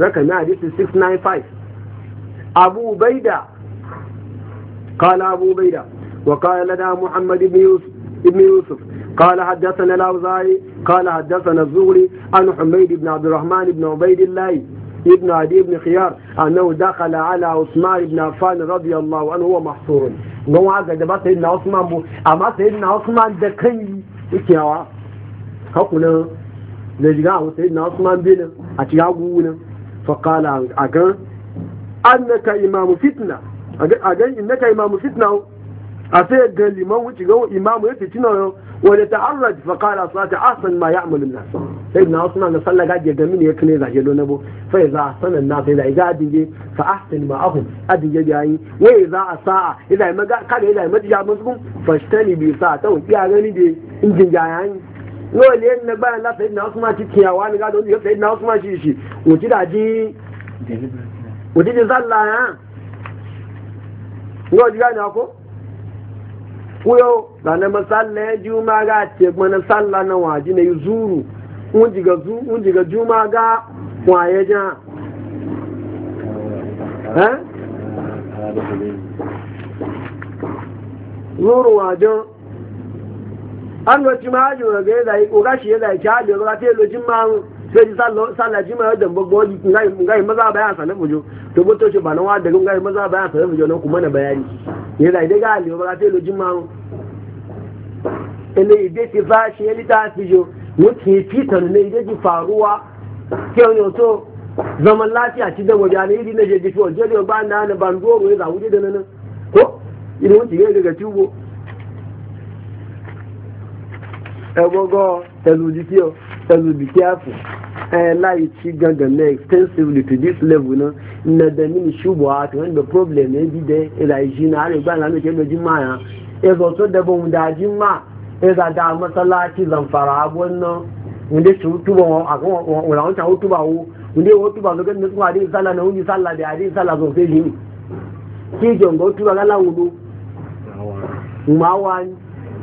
ركنا حديث 695 ابو بيدة قال ابو بيدة وقال لنا محمد بن يوسف ابن يوسف قال حدثنا الاوزاعي قال حدثنا الزهري عن حميد بن عبد الرحمن بن عبيد الله ابن عدي بن خيار أنه دخل على عثمان بن عفان رضي الله عنه هو محصور نوع قد ما سيدنا عثمان بو أما سيدنا عثمان دكني إكيوا هكونا نجيغاه سيدنا عثمان بينا أتيغاونا فقال أغان أنك إمام فتنة أغان إنك إمام فتنة أسيغان لمن وتيغاو إمام يتتنا ولتعرج فقال صلاتي احسن ما يعمل الناس سيدنا عثمان قال صلى قاعد يجمعني يكني ذا جلو نبو فاذا احسن الناس اذا قاعد فاحسن معهم ادي جاي واذا اساء اذا ما قال اذا ما جاء مسكم فاشتني تو يا غني دي انجن جاي يعني ẹni لين gbára ńlá سيدنا náà ọ̀sùn وانا ti kí سيدنا anìgbàdo ní ọ̀sẹ̀ náà ọ̀sùn máa ṣe ṣe òjìdájí òjìdájí sálà yẹn kuyo zane masalla ya juma ga ce mana salla na waji na yi zuru un jiga juma ga waye ja zuru wajen an lo cima aji wa ga yadda ko gashi yadda ya ci aji ga ta lo cima sai ji sallah cima yadda gbogbo ngai maza bayan sanar bujo to botoci ba na wa daga ngai maza bayan sanar bujo nan kuma na ìrìnà ìdẹ́gà àlè ọba tí lójúmọ́ àwọn ilé ìdé ti bá ṣe é lítà sí yo wọ́n kì í fìtàn ilé ìdé ti fàrúwá kí ọyàn tó zọmọ láti àti dẹwọ̀dì àná ìdí méje ti fi ọjọ́ ìdíwọ̀n bá ń dáná bàǹdú òwúrẹ́ ìlàwúdé dandanà kó ìdí wọ́n ti yé gẹ́gẹ́ tí wo ẹgbọ́gọ́ ẹlùdí tí ọ so be careful eh lai ci gangan na extensively to this level na na da mini shubu a to wanda problem ne bi de ila ji na are na no ke ji ma ya e zo da bon da ji da da zamfara abun no wanda su tuba wa wala wanda su tuba wo wanda wo tuba lo ganin kuma sallah na wuni sallah da dai sallah zo sai ki jongo tuba gala wudu ma wani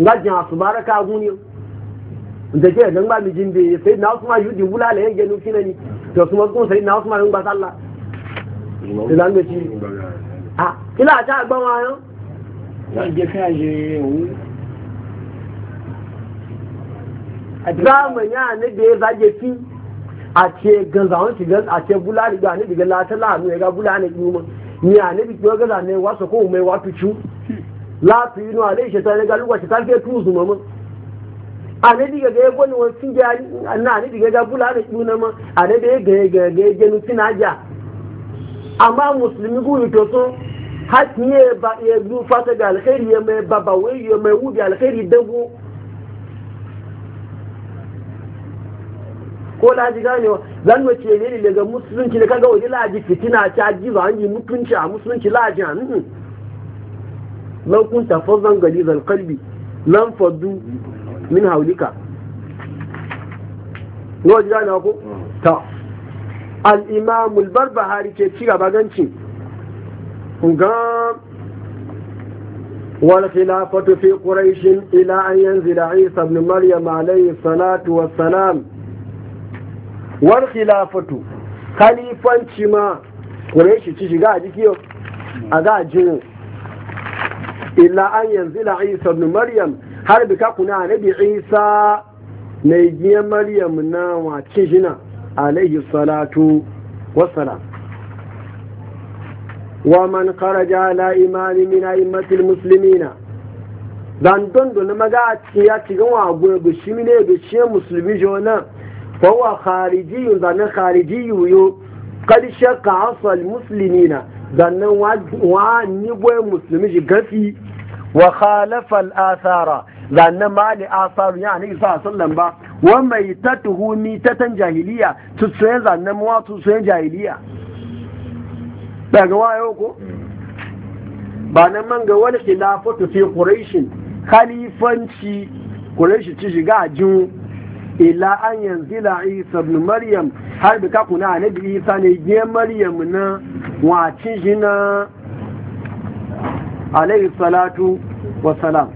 nga jin asubara ka guni da ke dan ba mi jin be na usman yudi wula la yake nufi nani to kuma kun sai na usman ba sallah idan da ci ah kila ta gban wa yo ya je ka je zamani a ne da ya zage fi a ce ganzawon shigar a ce bula da ga ne daga latala ne ga bula ne kuma ni a ne bi ko ga ne wasu ko mai wato chu hmm. láti inú alẹ́ ìṣẹ̀tọ́ ẹ̀rẹ́ galúgbà ṣe tàbí ẹ̀tún òsùn mọ́mọ́ ànídìgẹ̀gẹ̀ ẹgbẹ́ ni wọ́n ti jẹ́ àná ànídìgẹ̀gẹ̀ búlá rẹ̀ náà mọ́ ànídìgẹ̀ gẹ̀gẹ̀ jẹnu tí náà jà àmọ́ mùsùlùmí kú ìtò tún hàtí yẹ ba ẹgbú fásitì àlẹ́kẹ́rì ko laji daga musulunci da kaga waje laji fitina ta ba mutunci a musulunci a لو كنت فظا غليظ القلب لانفضوا من حولك yau ji gane ku ta al'imamul barbahari ke ci gaba ganci ga wal khilafatu fi quraishin ila an yanzila isa ibn maryam alayhi salatu wassalam wal khilafatu khalifanci ma quraishi ci shiga a jikiyo a ga jinin illa an yanzila isa ibn maryam har bi kuna nabi isa mai giya maryam na wace jina alaihi salatu wassalam wa man kharaja ala imani min a'immatil muslimina dan don don maga ya ci gan wa go go shi ne go shi musulmi jona fa wa khariji zan khariji yo qad shaqqa asal muslimina sannan wa ni boye musulmi shi gafi wa khalafa al-athara ma li asaru ya ni sa sallan ba wa mai tatuhu ta tatan jahiliya tutsuyen sannan wa tutsuyen jahiliya daga wayo ko ba nan man ga wani khilafatu fi quraish khalifanci quraish ci shiga ajin ila an yanzila isa ibn maryam har bi kakuna annabi isa ne je maryam na wacin jina na alayhi salatu wa salam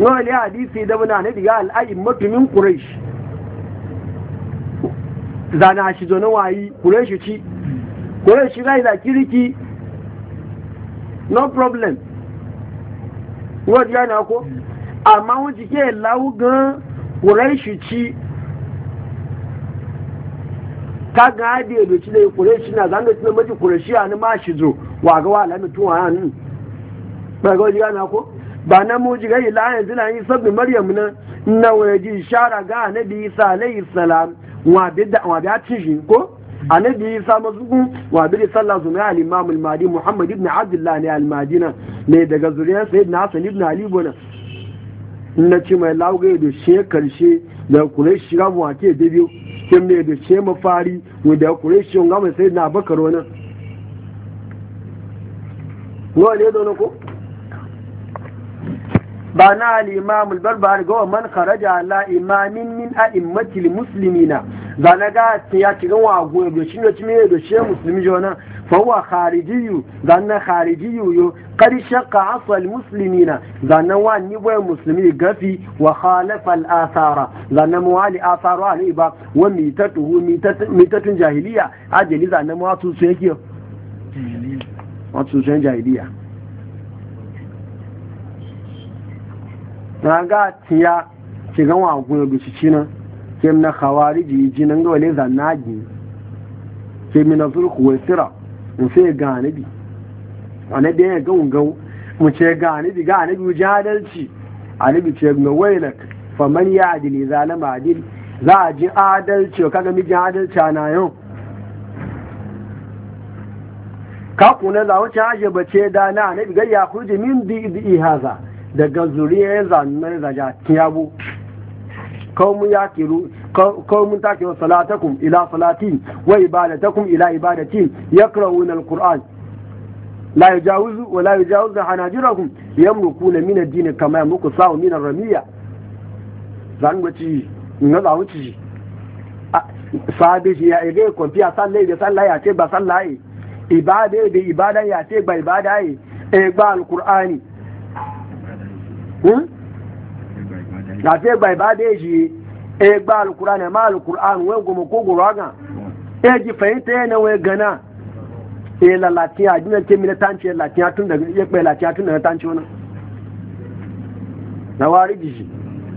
wani hadisi da wani annabi ga al'ayin mutumin quraish zana shi zo wayi quraish ci quraish ga ila kiriki no problem wọ́n ti yá ni ọkọ́ àmọ́ wọ́n ti kí ẹ̀ gan kùrẹ́ṣì tí kagan adi edo ci yi kureshi na zanga ci maji kureshi a ni ma shi zo wa ga wa lami tuwa a ni ba ji zina yi sabbin maryam na na waje shara ga ko annabi isa mazugu wa bi sallah zuma al imam al mahdi muhammad ibn abdullah ne al nan ne daga zuriyar sayyidina hasan ibn ali bona na ce mai lauga da she karshe da kurai shiga mu ake da biyu kin ne da she mafari da kurai shi ga mai sayyidina abakar wannan wa ne don ko ba na al imam al barbar ga man kharaja ala imamin min a'immatil muslimina ba ga ta ya ci wa goyo da shi ne ya da shi musulmi jona fa huwa kharijiyu dan kharijiyu yo qad shaqqa asal muslimina dan wa ni boy muslimi gafi wa khalafa al athara dan mu muwali atharu ali ba wa mitatuhu mitatun jahiliya ajali dan mu watu su yake watu su jahiliya na ga tiya ci wa goyo da shi na. ke na khawariji ji nan ga wale zanagi ke na zulku wa sira in sai ga anabi anabi ya ga ungau mu ce ga anabi ga anabi jadalci anabi ce ga wailak faman ya adili zalama adil za a ji adalci kaga mi adalci na yau ka kuna za wuce haje bace da na anabi ga ya kurji min bi haza daga zuriyar ya zaja da tiyabu qaumun mun qaumun taqiru salatakum ila salati wa ibadatakum ila ibadati yaqra'una alquran la yajawizu wa la yajawizu hanajirakum yamrukuna min ad-din kama yamruku sa'u min ar-ramiya zan wuci na za wuci sabe shi ya ege kwanfi a sallai da sallai ya ce ba sallai ibada da ibada ya ce ba ibada ya e ba al hmm? na fe bai ba da shi e gba alkur'an ma alkur'an wai gumu ko guraga Eji ji fahimta yana wai gana e la latiya dina ce mi tanci latiya tun daga ya pe latiya tun daga tanci wannan na wari ji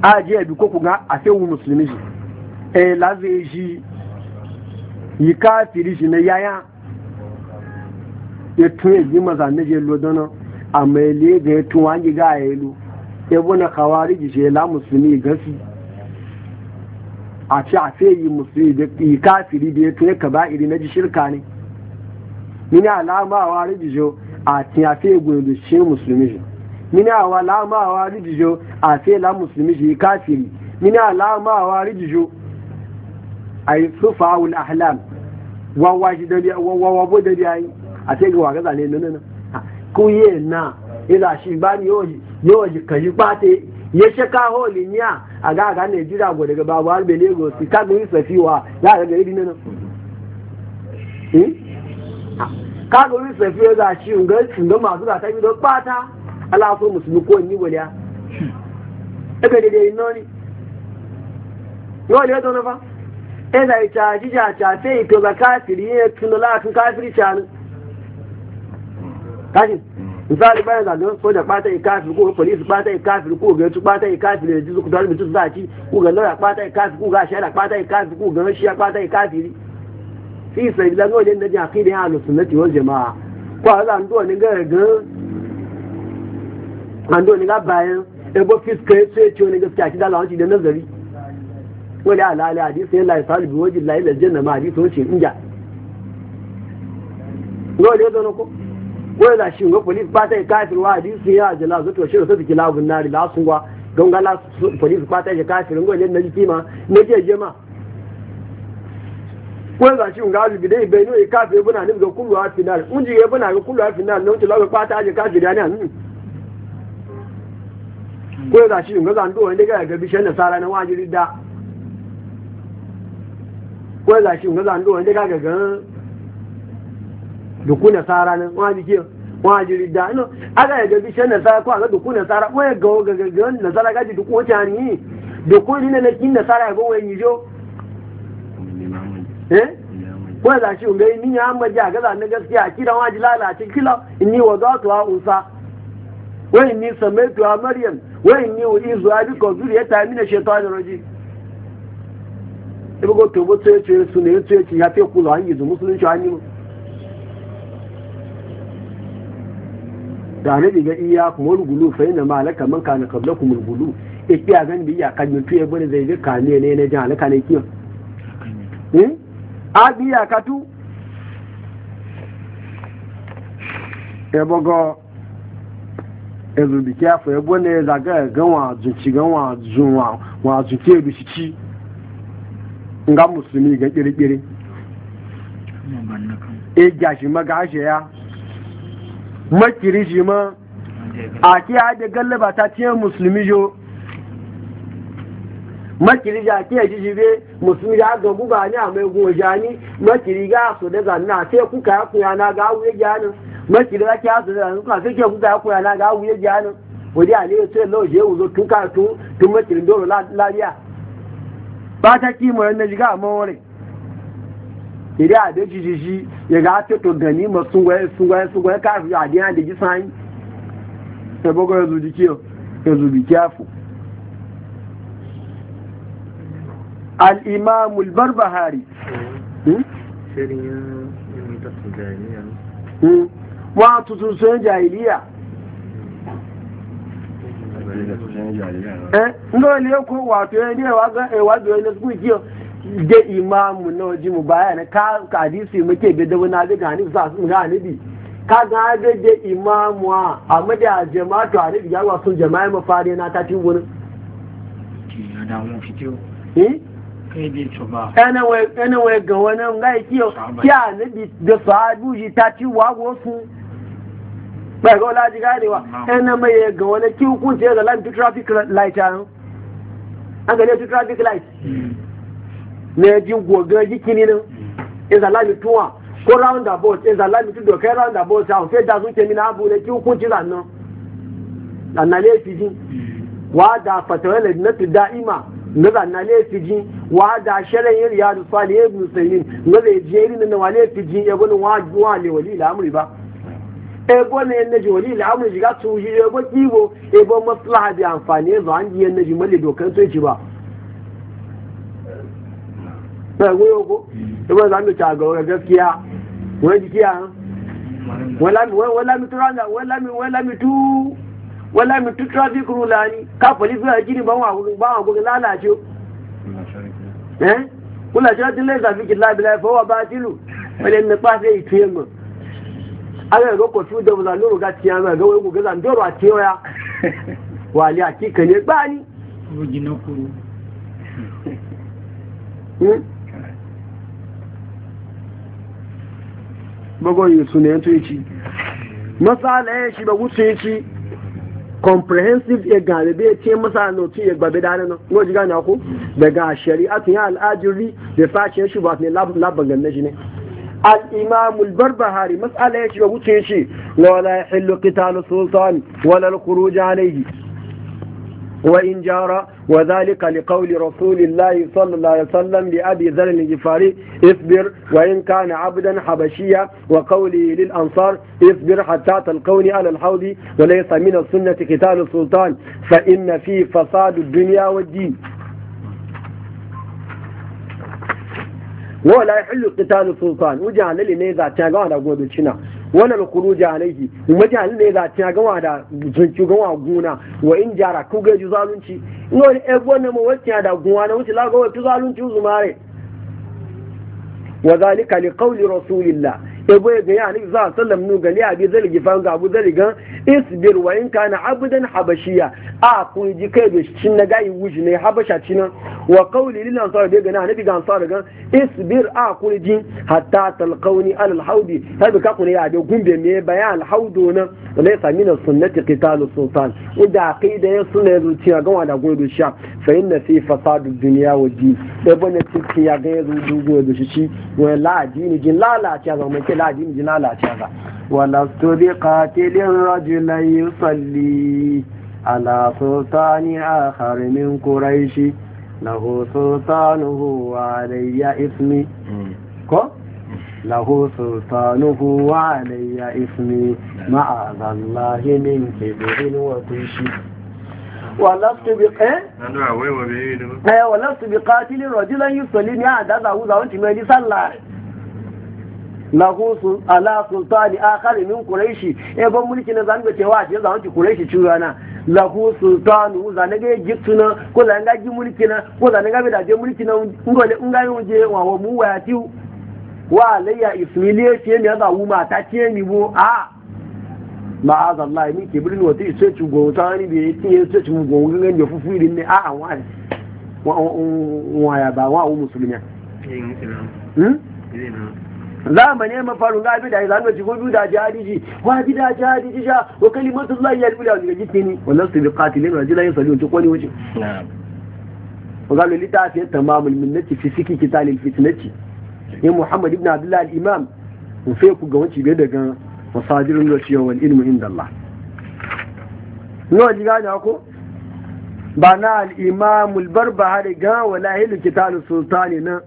a je bi ko ku ga a fe wu musulmi ji e la zai ji yi kafiri shi na yaya ya e tun ya ji maza na je lo dana amma ya le ga tun wani ga ya ebuna khawariji je la musulmi gasi a ce a fe yi musulmi da yi kafiri da ya tuni iri na ji shirka ne mini alama a wariji jo a ti a fe gwendo shi musulmi jo mini alama a wariji jo a fe la musulmi ji kafiri mini alama a wariji jo a yi sufa wul ahlam wawa shi da wawa bo da biyayi a ce ga waga zane nan nan ko ye na ila shi ba ni yau yóò kàyí pàtẹ yẹsẹ ká hóòlì ní à àga àga nàìjíríà gbọdọgbẹ bá wà lóye lagos kágun ìfẹsí wa láàrin gẹrẹ bí nínú. kágun ìfẹsí wa ṣì ń gẹ ṣùgbọ́n màá tún àtàkì lọ pátá aláàfọ mùsùlùmí kò ní wọlé a. ẹgbẹ́ dèdè iná ni yóò lé tó nífa. ẹ nà jíjà àti àfẹ́ ìtọ́gbà káàkiri yẹn tún lọ láàtún káàkiri ṣàánú. káàkiri. misali bayan zanen soja ɓata ikafir ko polisi ɓata ikafir ko ga yato ɓata ikafir da jizu kudurar mutu za ci ko ga lauya ɓata ikafir ko ga shaida ɓata ikafir ko ga rashiya ɓata ikafir fi sai da nawa ne na jaki da yana sunnati wal jama'a ko a zan duwa ne ga ga an duwa ne ga bayan ebo fiska ya ce ce wani gaskiya ci da lawanci da nazari wani alali hadisi ya lai salibi wajen lai lajen na ma hadisi wuce inja. Nawa ne ya zo na ko? wai da shi ga police ba sai kafir wa hadisi ya jala zato shi sai kila gun nari la sunwa don ga la police ba sai kafir ngo ne na jima ne je jema wai da shi ga albi dai bai no e kafir buna ni ga kullu a final mun ji buna ga kullu a final nan tilawa ba ta je kafir ya ne an ko da shi ga zan do wanda ga ga bishan da sara na wajiri da ko da shi ga zan do wanda ga dukku nasara nan wa jike wa jiri da no aga ya gabi shan nasara ko aga dukku nasara ko ya gawo ga ga nasara gaji dukku wace ani dukku ni ne kin nasara ya gowe ni jo eh ko da shi ungai ni ya amma ja ga zan gaskiya kidan wa ji lalace kila inni wadatu wa unsa wa inni samaitu wa maryam wa inni uizu abika zuriyata min ash-shaytanir rajim ibugo to bo tsaye tsaye su ne tsaye ya fe kula an yi musulunci an yi mu da na diga iya kuma rugulu fa yana malaka man kana kabla kuma rugulu e kiya gan biya kan mutu ya bane zai ga kane ne na jan alaka ne kiyo eh hmm? a biya ka tu e bogo e zu bi kiya fa e bone za ga gan wa zu ci gan wa zu wa wa zu ke bi ci nga musulmi ga kirkire e gashi magashe ya makiri shi ma a ke haɗe gallaba ta ciyar musulmi jo makiri ja ke shi shi be musulmi ja ga guba ne a mai goja ni makiri ga su da zanna sai kuka ya kuya na ga wuye ni makiri ga ke so da zanna kuka sai ke kuka ya kuya na ga wuye gyanin wadi a ne sai lau je wuzo tun ka tun makirin doro lafiya ba ta kimo yan na jiga a mawarai iri ade jijiji ya ga ake to ma sungwaye sungwaye sungwaye kafin adi ya da gisa yi sai ya zuji kiyo ya zubi kyafu al-imam al-barbahari wa tutun sun jahiliya eh ndo ile ko wato ne wa ga ga imamu na waje mu baya na ka hadisi muke bai dawo na ga ni za su ga ni ka ga ga da imamu a mada jama'atu a ni ya wasu jama'a mafari na ta tin gurin eh ana wai ana wai ga wannan ga kiyo ya nabi da sahabu ji ta ci wa wasu ba ga wala ji gadewa ana mai ga wani ki hukunci ga lan traffic light an ga traffic light hmm. na ji goga jikini nan izalami tuwa ko round about izalami tu dokai round about a fe da sun kemi na abu ne ki hukunci zannan zanna laifi ji wa da fatawa na dinatu da'ima na zanna laifi ji wa da shirin yin riyadu sali ya ibn sayyid na zai je irin na wa laifi ji ya gwani wa duwa ne wali al'amuri ba ego ne na ji wali al'amuri shiga su shi ego kiwo ego maslaha bi amfani yanzu an ji yan na ji mali dokan soci ba sai goyo ko ibo za mu ta ga kiya. wai jikiya wala mi wala mi turanda wala mi wala lami tu wala lami tu traffic rulani ka police ba jini ba wa ba wa lalace eh kula shiratin lai zafi kila bila fa wa batilu wale ne pa sai itiye mu ala ro ko tu da wala no ga tiya ma ga wai ku ga zan doro a tiyoya wali akika ne bani rujinokuru hmm bagoyi su ne to yi masala ya shi ba wuce yi ci comprehensive ya galibe ce masala na otu ya gbabe da nan ko ji gane ku daga shari'a tun ya al'ajiri da fashe shi ba ne laban ganna shi ne الإمام البربهاري مسألة يشبه وتشي ولا يحل قتال السلطان ولا الخروج عليه وإن جار وذلك لقول رسول الله صلى الله عليه وسلم لأبي ذر الجفاري اصبر وإن كان عبدا حبشيا وقوله للأنصار اصبر حتى تلقوني على الحوض وليس من السنة قتال السلطان فإن فيه فساد الدنيا والدين ولا يحل قتال السلطان وجعل لي نيزا تشاغانا غودو wannan kuruja kuma mutane ne za ta gawa da zunci gawa guna wa in jara ku ji, zalunci in wani ebo na mu wacce da guna na wuce lagawa tu zalunci uzumare wa zalika li qawli rasulillah ebo ya ni za sallam nu gali abi zalgi fan ga abu zali isbir wa in kana abudan habashiya a kun ji kai da cin na gayi wuji ne habasha cin wa qawli lil ansar be gana nabi ga ansar ga isbir a kun ji hatta talqawni al haudi hadu ka kun ya da gumbe me bayan al haudo na ne sa na sunnati qital sultan inda aqida ya sunna zuciya ga wanda do sha fa inna fi al dunya wa din ebo ne cikin ya ga ya go do shi la dini jin ta ga mai ila jin jina lafiya ba wala su bi katilin rajina a kuraishi lahu sultanuhu wa alayya ismi ko lahu sultanuhu wa alayya ismi ma'azallahi min kibirin wa tushi wàlọ́sùn bí káàkiri rọ̀jílẹ̀ yìí sọ̀lẹ́ ní àdáza lahu sun ala sultani akhari min quraishi e ban mulki na zanga cewa shi zan ki quraishi rana. lahu sultanu zan ga gitsuna ko zan ga ji mulki na ko zan ga bi da ji mulki na ngole ngai wuje wa wa mu waya ti wa alayya ismiliye ce ne da wuma ta ce ni bo a ma'az Allah ni ke birin wata ce ci go ta ni bi ce ce ci go ngan ne fufu din ne a a wa wa ya ba wa musulmiya Za nema faru ga bidai za mu da gobi da jadiji wa bidai da jadiji ja wa kalimatu Allah ya rubula daga ni. wallan su bi qatilin rajulan yasalun to kwani wuce na'am wa galu litafi tamamul minnati fi siki kitalil fitnati ya Muhammad ibn Abdullah al-Imam mu fe ku ga wuce bai daga masajirun da wal ilmu inda Allah no diga da ko ba na al-Imam al-Barbahari ga wala hilu kitalus sultani na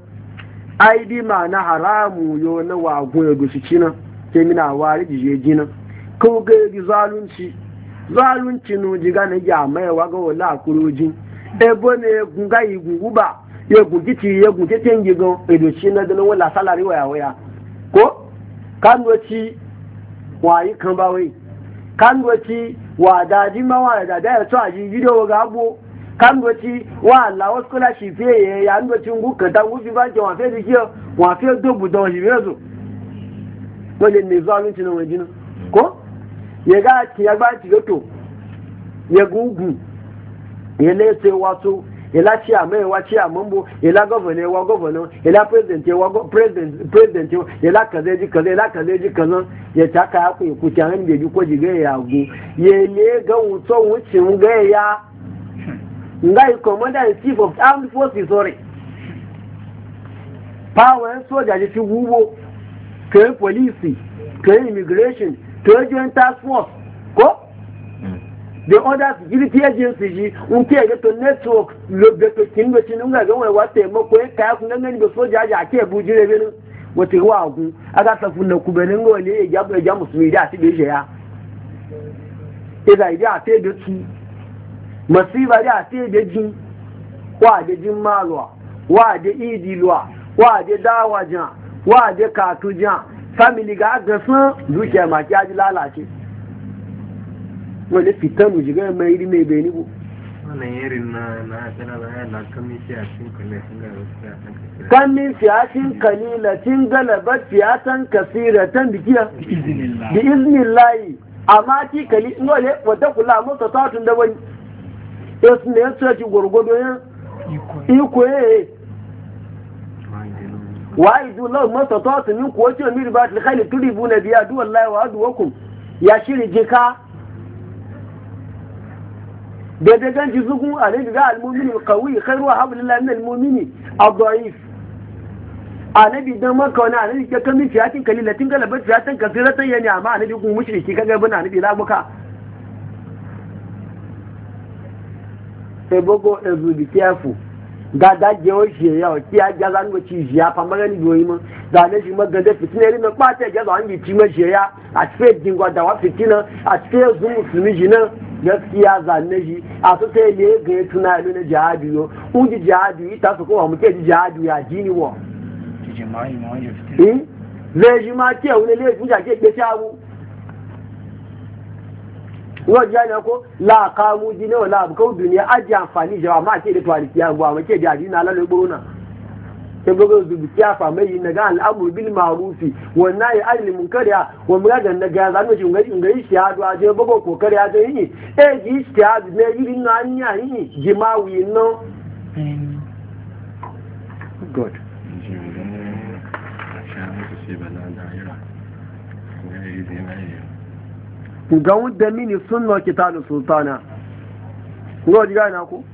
id ma na haramu yo na wagun ya gushi cina ke mina wari jije jina ko ga yi zalunci zalunci no jiga na ya mai wa ga wala kurojin ebo ne gunga igun uba ya gunki ti ya gunki ten gigo edo cina da wala salari waya waya ko kan ci wayi kan ba wai kan ci wa daji ma wa da da to aji gido ga abu kandoci wa lawa kula shi fiye ya ndo cin ka ta wuce ba ke wafe da ke wafe dubu da wasu biyu zo wani ne zuwa minci na wajina ko ya ga ki ya ba ki gato ya gugu ya lese wato ya la ci amma ya wace a mambo ya la governor wa governor ya la president wa president president ya la kaze ji kaze ya la kaze ji kaze ya ta ka ku ku ta han da ji ko di ga ya go ya le ga wuto wucin ga ya ngai commander in chief of armed forces sorry power soja ji fi wubo kai police kai immigration kai joint task force ko hmm. the other security agency ji un ke ga to network lo ga to kin ga cin ga ga wa te mo ko ka ku nan ga soja ja ke bujire be nan wata wa ku aga ta funna ku be nan ga ne ya ja musulmi da ti be ya ida ida te da tu masifa da ta da jin wa da jin malwa wa idi idilwa wa dawa dawajan wa da katujan family ga ga sun ma ki aji lalace wani fitanu jiga mai iri mai bai nigo wannan yarin na na asala ba ya na kamin siyashin kalilacin galabatan kasira kamin siyashin kasira tan bikiya bi iznillahi amma ti kali ngole wata kula mota tatun da wani yasu ne yasu ya ci gwargwado ya iko eh. ya yi wa idu lau masa ta su min kuwa ce miri ba tilkhali turibu na biya duwan lai wa aduwakum ya shiri jika daidai ganci zugun a ne daga almomini kawai kairuwa haɓu lillahi min almomini abdu'if annabi dan maka wani annabi ya kamin fiyatin kalilatin galabar fiyatin kasiratan yani amma annabi kun mushriki kaga bin annabi la muka ebogo ezu be careful gada jẹ o ṣe ya ọtí ajá lánàá ti ṣe ya pamọ́rẹ́ níbi oyin mọ́ gàdé ṣe mọ́ gàdé fìtínà eré náà pàṣẹ ìjẹ́ lọ́wọ́ níbi tí mo ṣe ya àti fẹ́ dìgbà dàwọ́ fìtínà àti fẹ́ na mùsùlùmí yìí náà gaskiya zanne shi a su sai ne ga ya tuna ilu na jihadi yo un ji ita so ta su kowa muke ji jihadi ya ji ni wa zai hmm? ji ma ke wani laifin jake ke shagu wọ́n jẹ́ ẹni ọkọ́ láàká mú jí náà láàbùkọ́ òdù ní ajé àǹfààní ìjọba máa kéde tó àdìsí àgbọ̀ àwọn kéde àdínà alálẹ́ zubi a fàmẹ́ yìí nàgá al'amur bil ma'rufi wọn náà yìí alìlì mú kẹrìà wọn mú gàgà nàgà zanu ṣe nga yìí ṣe àdó àjẹ gbogbo kò kẹrì àjẹ yìí ẹ yìí ṣe àdó náà yìí nà á ní àyìn jìmáwì náà. God. Ṣé àwọn ọmọ ṣe bàlá náà yẹra? ga wanda mini kita da sultana ko ji gane ko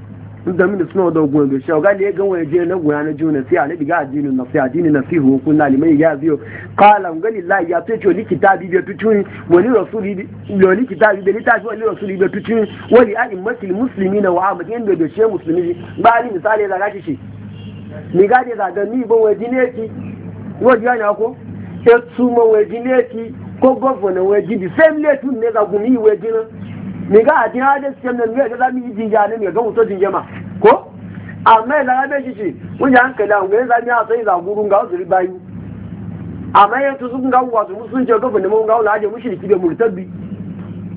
da mini suna da gwan da shi ga ne ga wani je na goya na juna sai annabi diga addinin na sai addinin na sai hukun na limai ya biyo kala ga lillahi ya ce ce likita bi bi tucin wani rasuli bi lo likita bi bi tashi wani rasuli bi tucin wani a'immatul muslimin wa amad yanda da shi musulmi ba ni misali da gashi shi ni ga da ga ni ba wani ne ki wani ga na ko sai su ma wani ne ki ko gọvanọ wee ji di same late tun ne zagun mi iwe jina mi ga adin adin same na mi ga mi hmm? ji ya ne mi ga wuto jin jama ko amma ila ga ko shi mun ya hankala mun ga mi a sai zaguru ga uzuri amma ya to sun ga wato sun je gọvanọ mun ga wala je mushriki murtabi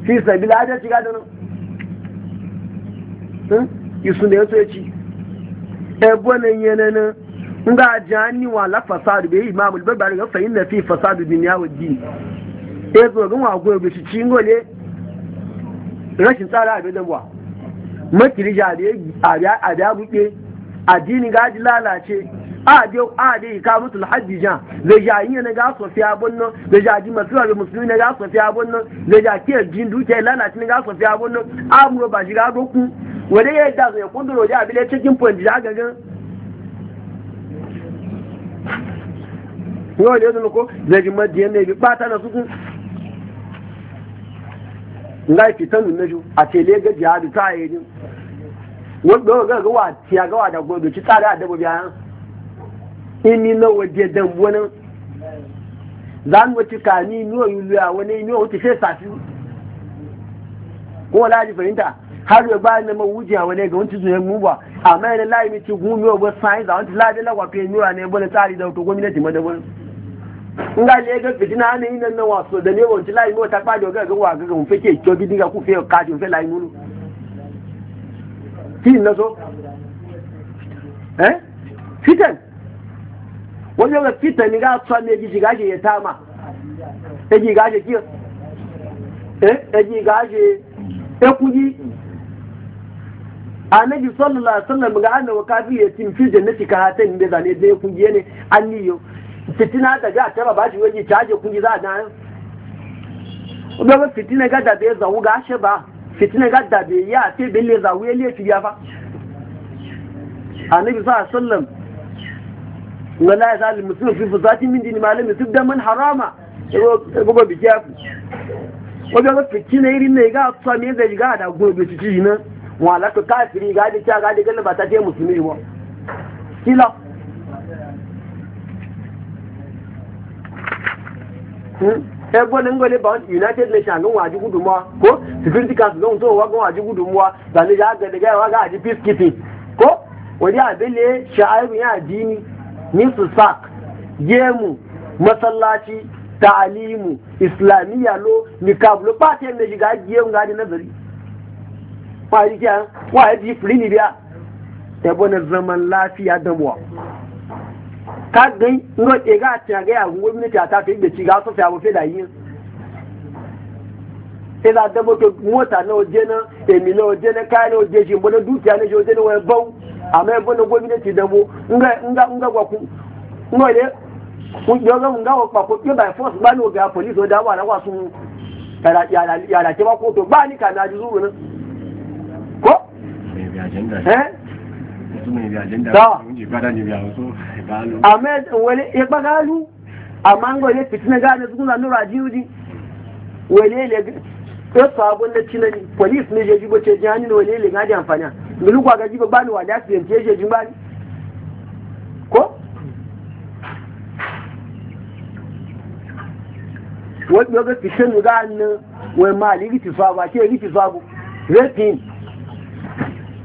fi sabila adin shiga da nan yusun da yaso ya ci ebo nan yanana nga ajani wa la fasadu be imamul barbari ga fa na fi fasadu dunya wa din ya zo gan wa gobe shi cin gole rashin tsara abin da buwa makiri jari a da buke addini gaji lalace a dai a dai ka musu alhaji jan zai ja yin na ga sofiya bunno zai ja ji masuwa da musulmi na ga sofiya bunno da ja ke jin duke lalace na ga sofiya bunno amuro ba shi ga doku wani ya da zai kunduro ja abin da cikin point da gagan yau da yadda ko zai ji madiyan ne bi bata na sukun nga fitan nun naju a tele ga jihadu ta yi ne wanda ga ga tiya ga wa da gobe ci tsare a dabo biya in ni na waje dan wani mu wati ka ni ni wa yuluya wani ni wa wuce sai safi ko la ji fahimta har ya ba na mawuji a wani ga wanci zuwa mu ba amma yana layi ne ci gumi wa ba sa'in za wanci labi lagwafe ni wa ne bane tsari da wato gwamnati madabon nga le ga na ne ina na so da ne wanci lai ta ba da ga ga wa ga mun fike kyo gidi ga ku fe ka ju fe lai mulu ti na so eh fitan wani ga fitan ni ga tsan ne gidi ga je ya tama e ji ga je ki eh e ji ga je e annabi sallallahu alaihi wasallam ga ya tin fi jannati ka hatan da zane da fitina da ga tara ba shi waje caje kungi za a nan ubaba fitina ga da bai zawu ga shi ba fitina ga da bai ya ce bai zawu ya lefi ya fa annabi sa sallam wala ya zalim musulun fi fuzati min dini malami su da man harama bugo bi jafu ubaba fitina iri ne ga tsami da ga da gobe su ci nan wala to kafiri ga da ta ga da galba ta te musulmi wa kila ẹgbọ́n ngọ́lé bá united nations ló ń wájú gudunmọ́ kó security council ló ń tó wọ́n wájú gudunmọ́ gbàlejò agẹ̀dẹ̀gẹ̀ wọ́n gáàjì peacekeeping kó wọ́n yà abẹ́lé ṣááyé yà ní susak géèmù masallaci ta'alimu islamiyya lo nikabu lo pàtẹ ẹ̀mẹ́ ṣìgá géèmù gáàdì nazari wọ́n àyíkí à wọ́n àyíkí free libya ẹgbọ́n zaman lafiya damuwa. kadai ngo ega tia ga ya wo mi tia ta fi gbe ti ga so fi awo fi da yin e da de to mota na o je na èmi na je na ka na o je ji mo na dukia na je o je na bo ama ebo eh? na gómìnà ti dẹ̀wò nga nga gwakwu nga ọ̀lẹ́ ǹjọ́gọ́ nga wọ́n pàpọ̀ tí ó bá fọ́ọ̀sì gbá ní ògà pọ̀lísì ọ̀dà wà láwà Ahmed wani ya amma an gwaye fitina gane nura wani ya polis ne ce jihani wani amfani kwa gaji ba ni ni ko wani ga fitina gane wani ma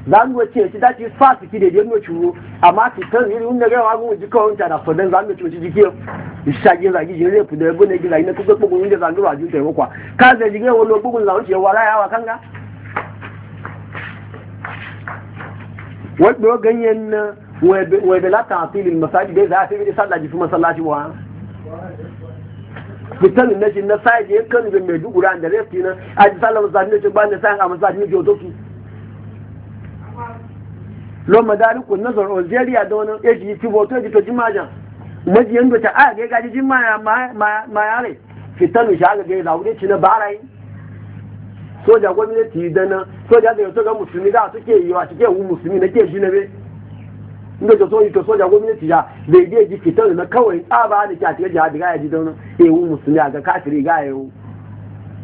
Za zanuwa ci shi dace fa su ki da biyan no ciwo amma ki kan yiri wanda ga wagun ji kawon ta da fodan zanuwa ce shi jike shagin zagi jin ne da bune gi zagi na kuka bugun inda zanuwa ju ta yokwa ka zai jige wani bugun zanuwa ce wara yawa kanga wadda ganyen na wai da lata asilin masaji da za a fi sallah ji fi masallaci wa fitan na shi na sai je kan ga mai dukura da refi na a ji sallah masaji ne ce ba ne sai a masaji ne ke otoki lo madari kun nazar algeria da wani ya ji ti boto ji to jimaja maji yanda ta aga ga ji jimaya ma yare fitanu shi aga ga da wuri ci na barai soja gwamnati dana soja da yato ga musulmi da suke yi wa suke wu musulmi na ke shi na be inda ka so yi to soja gwamnati ya zai je ji fitanu na kawai tsaba da ke a ji jihadi ga ya ji dauna ya wu musulmi a ga kafiri ga ya wu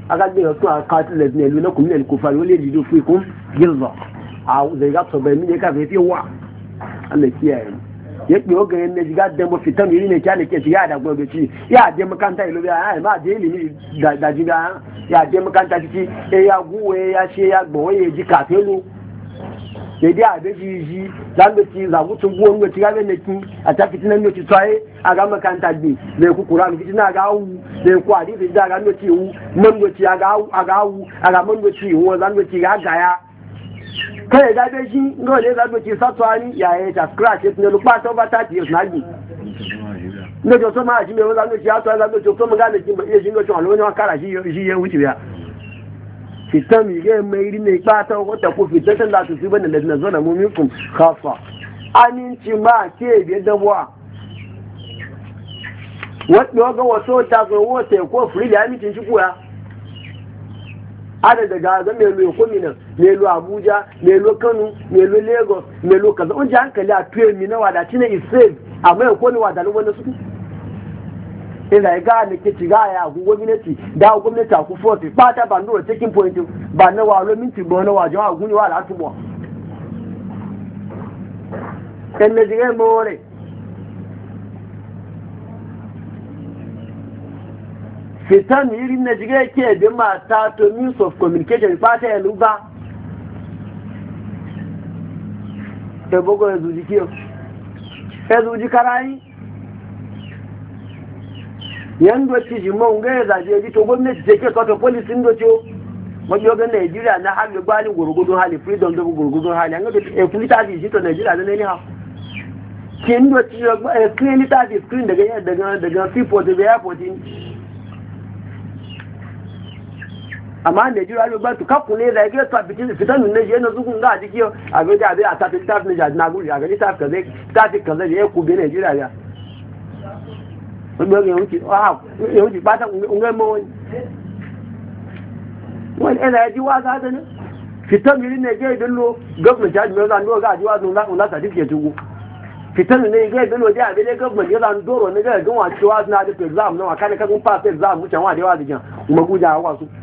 aga gbin yasu a katilas ne luna kuma ne kufari wani ya ji do fi kun gilza a zai ga tsobai mini ka fi wa ne shiga da mafitan ne kya ne ke shiga da gobe ya je makanta ilu biya ya ma je ilimi da ji ya je makanta ciki e ya guwe ya ce ya gbawa ya ji kafelu ya dai a bai shi shi zanga ci zagu tun buwan ga ciga bai ci tsaye aga makanta bi zai ku kura mu fitina wu zai ku hadisi da ga ndoci wu man ndoci a ga aga wu a ga man wu zanga ci ga gaya kai ya gabe shi ga wani zaɓe ke satuwa ni yaya ta scratch ya tunanin kwata ba ta fiye sunagi na joso ma a shi mai wazan shi ya tuwa zaɓe joso mu gane kin ba iya shingo cin alwani wani kara shi ya wuce ya fitan mi ga mai ri ne kwata wata ko fi bane da na zona mu minkum khafa aminci ma ke biye dabuwa wadda ga wasu ta zo wata ko fili amincin shi kuwa ada daga ga mai lo komina mai lo abuja mai lo kano elu lo lagos mai lo kaza unji hankali a tuye mi na wadaci na israel amma ya kone wadaci wanda suku ina ga ne kici ga ya ku gwamnati da gwamnati ku force ba ta ban taking point ba na wa lo minti bo na wa jawa guni wa la tubo fitan iri na jiga ke bi mata to means of communication ba ta yalu ba ta e bugu ya e zuji anyị ya e zuji karayi yan doci jimon ga ya zaje bi to gwamnati ce ke kato polisin doci wani yogan nigeria na hali gbani ha hali freedom da gurgudun ha an ga e kuli ta ji to nigeria na ne ha kin doci ya screen ta ji screen daga daga daga 14 amma Najeriya yau batu kakku ne da gina tafitin fitan ne je na zukun ga jiki abin da abin a tafi tafi ne jadi na guri a gari tafi kaza tafi kaza ne ya kube Najeriya ya wani yanki ah yanki bata ungai mo wani wani ina ya ji da ne fitan ne Najeriya dillo gwamnati jadi mai zan ga ji ne ga dillo da abin da gwamnati zan doro ne ga gwan na da exam na wa kana ka gun pass exam mu can wa da wa da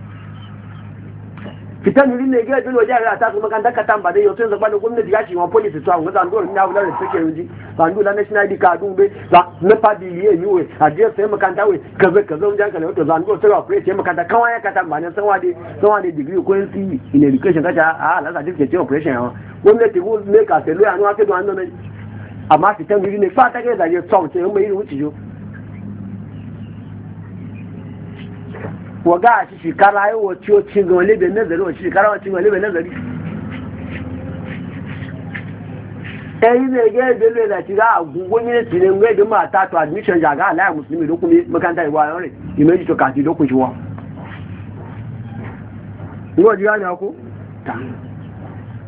fitan hirin ne gina dole jihar ta kuma kan daga tamba dai yanzu zaɓa gwamnati ya shiwa polisi to a wani zanduwar na wular da suke yanzu zanduwar na national id card bai za na fadi liye yi wai a jiyar sai makanta wai kaza kaza wani jankan wato zanduwar sai wa kure ce makanta kawai ya kata ne sanwa dai sanwa dai digiri ko yanzu in education kaca a halasa jirgin ce operation yawa gwamnati ko ne ka sai loya ni ke don an nan amma fitan hirin ne fata ke zaje tsawon ce yan mai wuce waga a shekara yi wa ciwo cin wale bai nazari wa shekara wa cin wale bai nazari ɗayi ne ga yadda a gwamnati ne nwe yadda mata to admission ja ga alaya musulmi da kuma makanta iwa yawon rai imeji to kati da kushewa ngo ji gane ko ta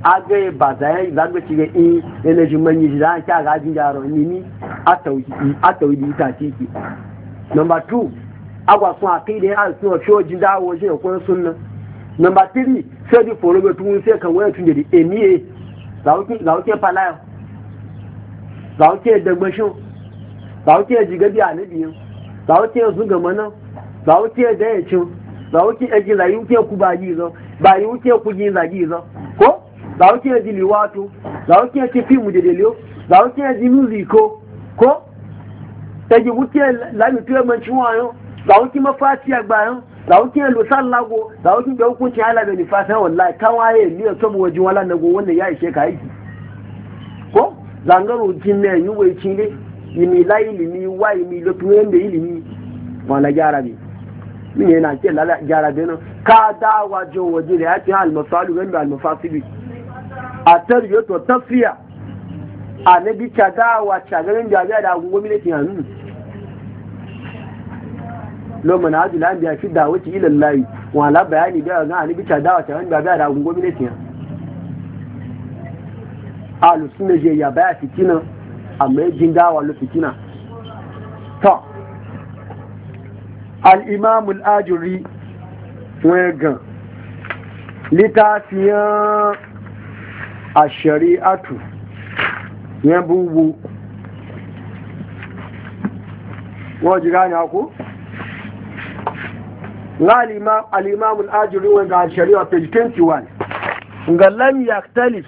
aga ba ya da ga ci ga in manyi ji da ka ga ni ni a a ta ce ki number 2 agwa sun aqida ya al sunna fi wajin dawo je ko sunna number 3 sai di foro be tun sai kan waya tun da emiye zawuke zawuke falayo zawuke dagbashin zawuke jigabi anabiyin zawuke zuga mana Za zawuke Za yacin zawuke eji yi yuke ku ba yi zo ba yi yuke ku yi yi zo ko za zawuke ji liwato zawuke ci film de delio zawuke ji muziko? ko taji wuke la mi tuwe man chiwayo zawon kima fatiya bayan zawon kima lusan lago zawon kima hukunci hala da nifasa wallahi kan waye ni da saboda wajen wala na wannan ya ishe ka aiki ko zangaro jin ne yi wai ci ne yimi la ilimi wa yimi lo tun yanda ilimi wala gyara ne min yana ke lala gyara da nan ka da wajen waje da ya ce almasalu gani almafasibi a tarbiyyar tafiya a na bi cagawa cagarin jami'a da agogo miliki hannu lo mana hadu la biya fi dawati ila Allah wa la bayani biya ga ani bi ta dawa ta ba biya da gun gwamnati ya alu sunna je ya baya fitina amma jin dawa lo fitina to al imam al ajuri wega litafiyan ashari'atu yan bubu wọ́n jìrá a akú alimamun ajiyar ruwan ga shari'a page 21 ga lamya talif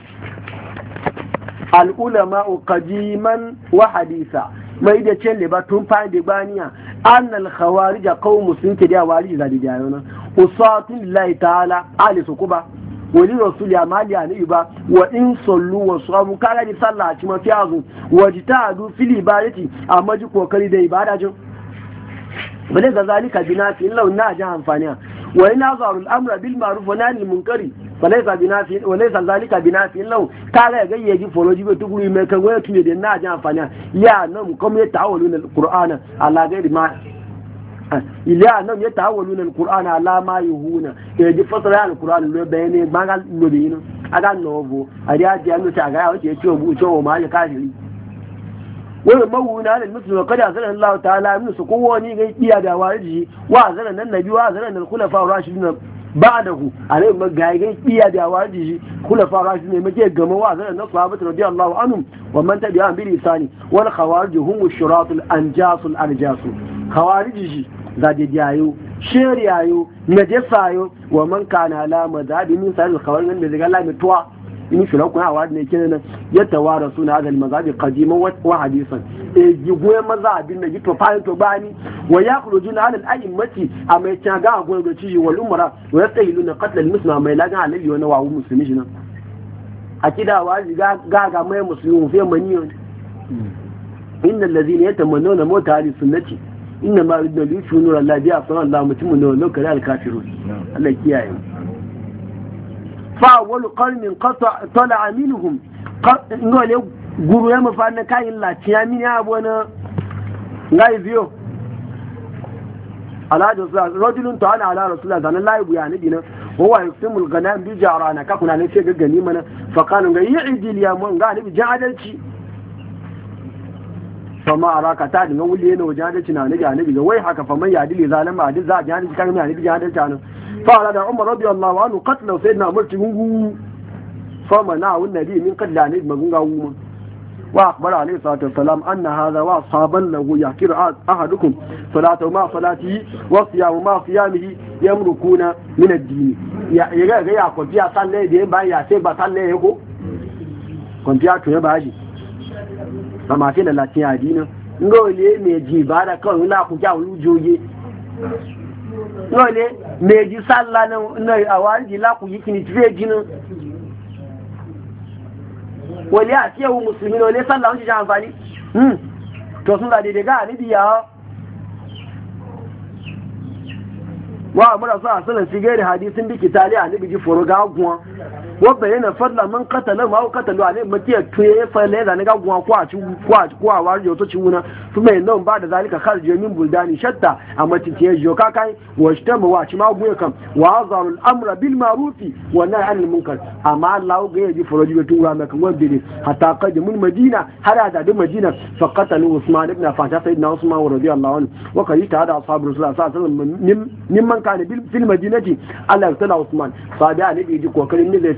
al’ula ma’u kajiman wa hadisa da ce tun fa’in da gbaniya an na alkhawari ga kawo musulun ke daya wari zari da yana usatun lai ta hala alisu ku ba wani rasul ya maliya ni iba wa in sallu wa sabu kaga ni sallah ci mafi azu wajita adu filibaliti a maji kokari da ibada jin bane ga zalika binafi illa na ji amfani wa ina zaru al'amra bil ma'ruf wa nahi munkari falaysa binafi wa laysa zalika binafi illa ka ga ga yaji foloji be tukuri me kan waya tunye da na ji amfani ya nam kom ya ta'awuluna alqur'ana ala gairi ma ila nam ya ta'awuluna alqur'ana ala ma yuhuna ya ji fasara alqur'an lo bayani ma ga lo bayina aga novo ari aji anu ta ga ya ce ce bu ce o ma ya kashiri wani mawuna da musulun da kada zanen Allah ta'ala min su kowa ni ga iya da wariji wa zanen nan nabi wa zanen nan kula fa rashidun ba da A alai ma ga ga iya da wariji kula fa rashidun ma ke gama wa zanen nan sahabatu radiyallahu anhum wa man tabi'a bi lisani wal khawarij hum shuratul anjasul arjasu khawarij za da yayo shari'a yo najasa wa man kana la madhabi min sa'il khawarij min daga la mutuwa in shi a hawa ne ke nan ya tawara suna azal mazabi kadima wa hadisan e gigoye maza abin da gito fa to bani wa yakhrujuna na al-a'immati a mai caga a goyo gaci wa umara wa yastahiluna qatl al-muslima mai lagan alayhi wa nawawu muslimi shi nan akida wa ga ga mai muslimu fe maniyo inna allazina na mota ahli sunnati inna ma yuridu li nura, allahi bi asra allah mutumun wa law al-kafirun Allah kiyaye mu fa wani kasa tola guru ya mafa na kayan lati ya mini abu na ngai biyo ala rasulullah rajulun ta ala ala da layi buya nabi nan wa wa yusimul ganam bi jarana ka kuna ce mana fa ya mun ga nabi jan adalci fama a raka ta dinga wuli yana wajen adalci na nabi haka faman fara da umar rabi Allah wa nu katla sai na murti gungu fama na wun nabi min kalla ne magun gawu mun wa akbar alayhi salatu wassalam anna hadha wa saban lahu yakir ahadukum salatu ma salati wa siyamu ma siyamihi yamrukuna min ad-din ya ga ga ya ko biya talle de ba ya sai ba talle ya ko kon biya to ya ba ji ba ma tin da latin adina ngo le me ba da kan la ku ja wu joje lọ́lẹ̀ méjì sálà náà àwọn àríjìlá kù yìí kìí tí èjì wani wọlé àti ẹ̀wù mùsùlùmí lọ́lé sálà ń ṣiṣẹ́ àǹfààní tọ̀sùn làdèdè gáà níbi ìyá ọ́ wọ́n àmúra sọ àṣẹlẹ̀ sí gẹ́rẹ̀ hadith ń bí bi àníbi jí fòrò gáà ga ọ́ wa bayyana fadla man qatala ma qatalu alayhi makiya to ya fa la da ga gwa kwa ci kwa kwa wa yo to ci wuna kuma yanzu ba da zalika kharj min buldani shatta amma ci ce yo ka kai wa shtama wa ci ma guye kam wa azaru al-amra bil ma'ruf wa nahy anil munkar amma Allah ga yaji foroji ga tura maka wanda ne hatta qad mun madina har da da madina fa qatalu usman ibn affan ta sayyidina usman radiyallahu anhu wa kari ta da ashabu rasul sallallahu alaihi wasallam mimman kana bil madinati Allah ya tala usman sahabi ne ji kokarin ne zai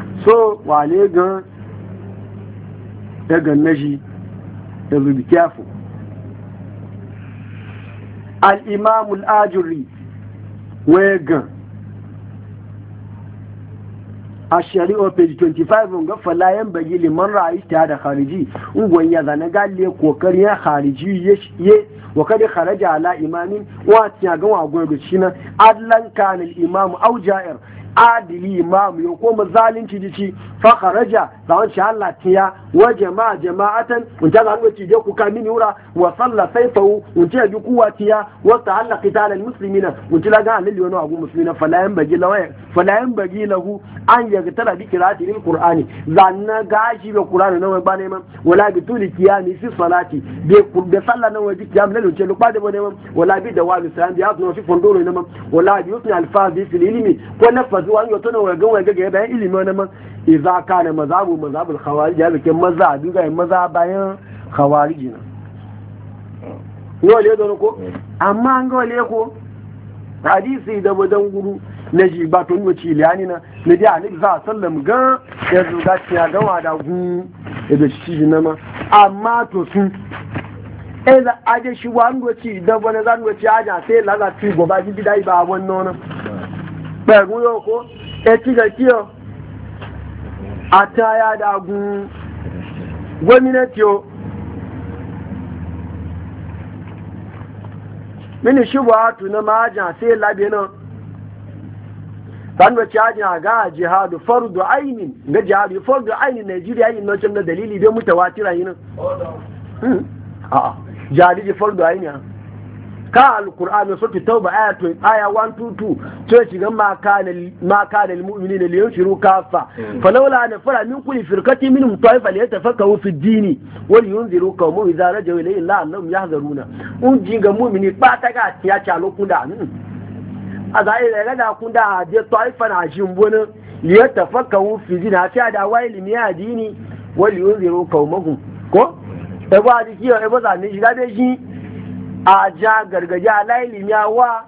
so wale gan daga naji da be kyafu al ajiri al ga a shari'a page 25 ga falayen bagi liman ra'ayi ta da khariji ungon ya zana galiye kokarin ya khariji ya wa kada kharaja ala imamin wa tiyagan wa gobe na adlan kanil imamu au ja'ir adili imam yo ko zalunci dici fa kharaja zaman shi Allah tiya wa jama'a jama'atan un ta zanu ci je ku kamini wura wa salla sayfahu un ta ji kuwa tiya wa ta'alla qital al muslimina un ta ga halil wani abu muslimina fala yan bagi Fa fala yan bagi lahu an yagtara bi qira'ati lil qur'ani zanna gashi be qur'ani na wai ba man wala bi tuli qiyami fi salati be be salla na wai qiyam lalu ce lu bade bane man wala bi dawami sayan bi aznu fi fondoro na man wala bi yusni al fazi fil ilmi ko na masu wani wato nan wagan wagan ga bayan ilimi wani ma ka ne mazabu mazabu khawari ya zake maza yin maza bayan khawarij na yole don ko amma an gole ko hadisi da wajen guru na ji ba tun nwa ciliyani na na ji annabi za sallam gan ya zuga ciya ga wada gun ya da shi na ma amma to sun ɗaya eh, da aje shi wa nwa ci da wani za nwa ci aja sai laza ci goba ji bidai ba wani nan pẹ̀lú yóò etí rẹ̀ kí ọ àti ayádagun gómìnà tí ó mini ṣubu àtù na máa sai labe nan náà tàbí ajin a ga jihadu fardu ainin ga jihadu fardu ainin najeriya yin nan can da dalili yi nan ka alkur'an na sauti tauba aya 122 sai shiga maka kana lilmu'mini da liyan shiru kafa hmm. falaula na fara min kuli firkati min mutaifa da ya tafaka fi dini wani yun ziru kawo idza rajau ilayhi la annahum yahzaruna un jinga mu'mini ba ta ga ya calo kunda da amin hmm. a zai da ga kun da je taifa na shin liyan liya tafaka fi dini a ta da wai a dini wani yun ziru kawo ko ebo adikiyo ebo zane shiga da shi a ja gargajiya lailimi wa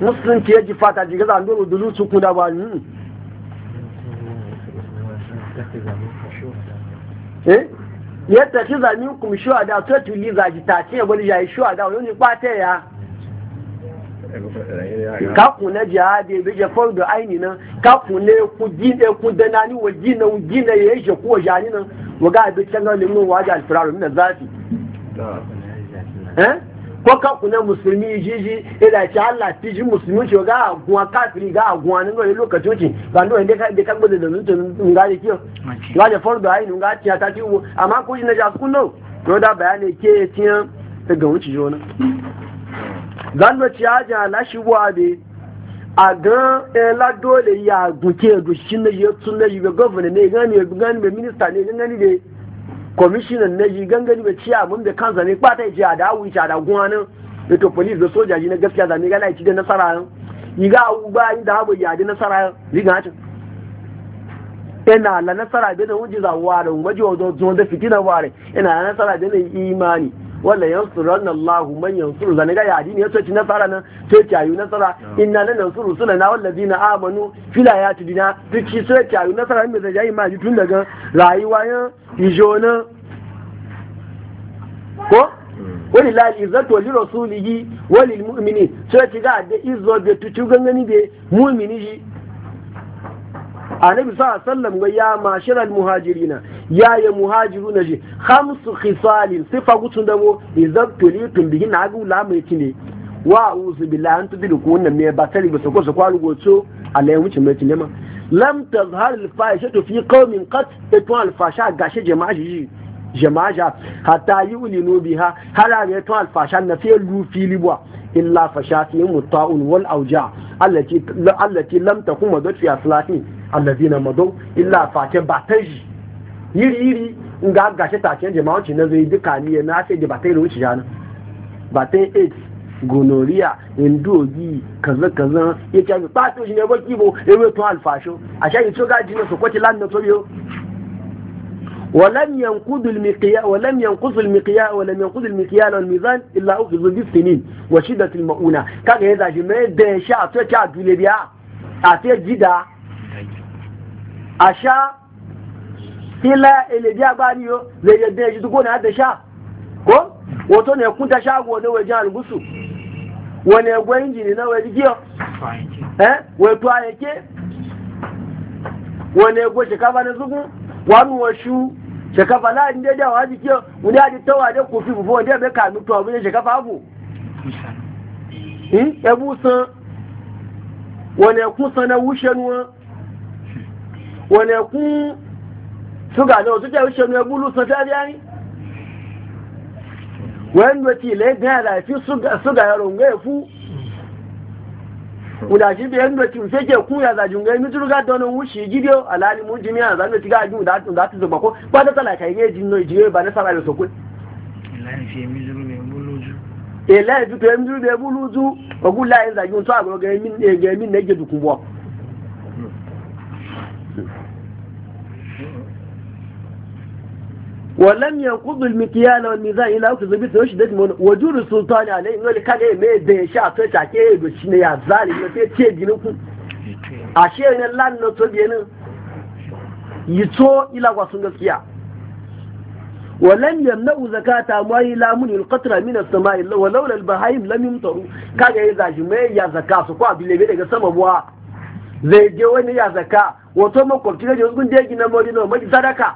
musulunci ya ji fata ji a ndoro dulu su kuna ba ni eh? ya tafi zami kuma shuhada to tuli zaji ta ce wani yayi shuhada wani ni kwate ya ka kuna jihadi bi je da aini nan ka kuna ku jine ku dana ni jina na ya yi je ko jani nan waga bi tanga limu wajen alfiraru na zafi eh ko ka kuna musulmi jiji ila ci Allah ti ji musulmi ci ga aguwa kafiri ga aguwa nan gore lokacin ci ba ndo inde ka de ka gode nan to nga de kiyo nga de for da nga ci ta ti wo amma ko ji ja kun no to da bayani ke tiyan daga wuci jona zan do ci aja la shi wo abi a gan eh, la dole ya gunke do shi ne ya tun yi ga governor ne ga ne ga ne minista ne ga ne kwamishinan na ji gangani bai ciya mun da kan zane kwata ya ce a dawo ya ce a daguwa nan da to polis da sojaji na gaskiya zane gana ya ci da nasara nan yi ga abu ba yi da haɓa ya da nasara yan riga hacin ina la nasara bai da wuji zawara wajen zuwa da fitina ware ina la nasara bai da imani wala yansuran Allahu man yansuru zane ga yadi ne yace nasara nan sai ta nasara inna na nansuru suna na amanu fil Amanu filaya duk shi sai kyayu nasara mai zai yi maji tun daga rayuwa yan nan ko wani lali zato li yi wani mu'mini sai za ga da izo da tutu gangani da mu'mini annabi sa sallam ga ya mashiral muhajirina ya ya muhajiruna ji khamsu khisalin sifa gutun mu idan tulitun na agu la mai tine wa uzu billahi an tudilu ko wannan me ba tare ba su ko su kwalu goto Allah ya wuce mai ma lam tazhar al fahishatu fi qaumin qat tatwa al fasha gashe jama'a ji jama'a hatta yu'linu biha hala ne al fasha na fi lu libwa illa fashati muta'un wal auja allati allati lam takun madad fi aslati allazina madu illa fate bataji yiri yiri nga gashe ta ce jama'an ci na zai duka ni na sai da batai ruci jana batai 8 gonorrhea indogi kaza kaza yake ba to shi ne ba kibo ewe to yi gaji ne na to ولم ينقض المقياء ولم ينقص المقياء ولم ينقض المقيال والميزان الا اخذ بالسنين وشده المؤونه كان هذا جمع دشا تشا دولبيا اتي جدا اشا ila elebiya bani yo zai yadda ya ji duk wani hada sha ko wato ne kunta shago ne wajen egwe injini na wajen giyo eh wai tuwa yake wani egwe shekaba na zugun wani wasu. shekafa la'adin daidai wa haji kiyo wani haji tawa da kofi bufo wadda bai kanu to abin shekafa abu ebu san hmm? e wane kun sana wushe nuwa wane kun suga da wasu ke wushe nuwa e bulu san ta biya ni wani wati lai gana da fi suga ya runga ya kuda shi biyan da tun fake ku ya za jungai mi turga da wani wushi gidiyo alali mu jimiya za mu tiga ajin da tun za ta zuba ko ba ta talaka ne jin no jiye ba na sara da sokun ilahi fi mi zuru ne buluju ilahi fi mi zuru ne buluju ko kula yin za gun to agro ga min ga min ne ge dukubo ولم يقض المكيال والميزان الى اخذ بيت وش وجود السلطان عليه انه اللي كان مي ده شا تو شا كي يا زالي ما تي تي جنكو ashe ان lan na to يتو الى ila wasun ولم يمنع زكاة أموال لا من القطرة من السماء ولولا البهائم لم يمطروا كان يزا جميع يا زكاة سكوا بلي بيدك سما بوا زي جوين يا زكاة وتوما كوكتيجا جوزكون ديجي نموري نو مجي صدقة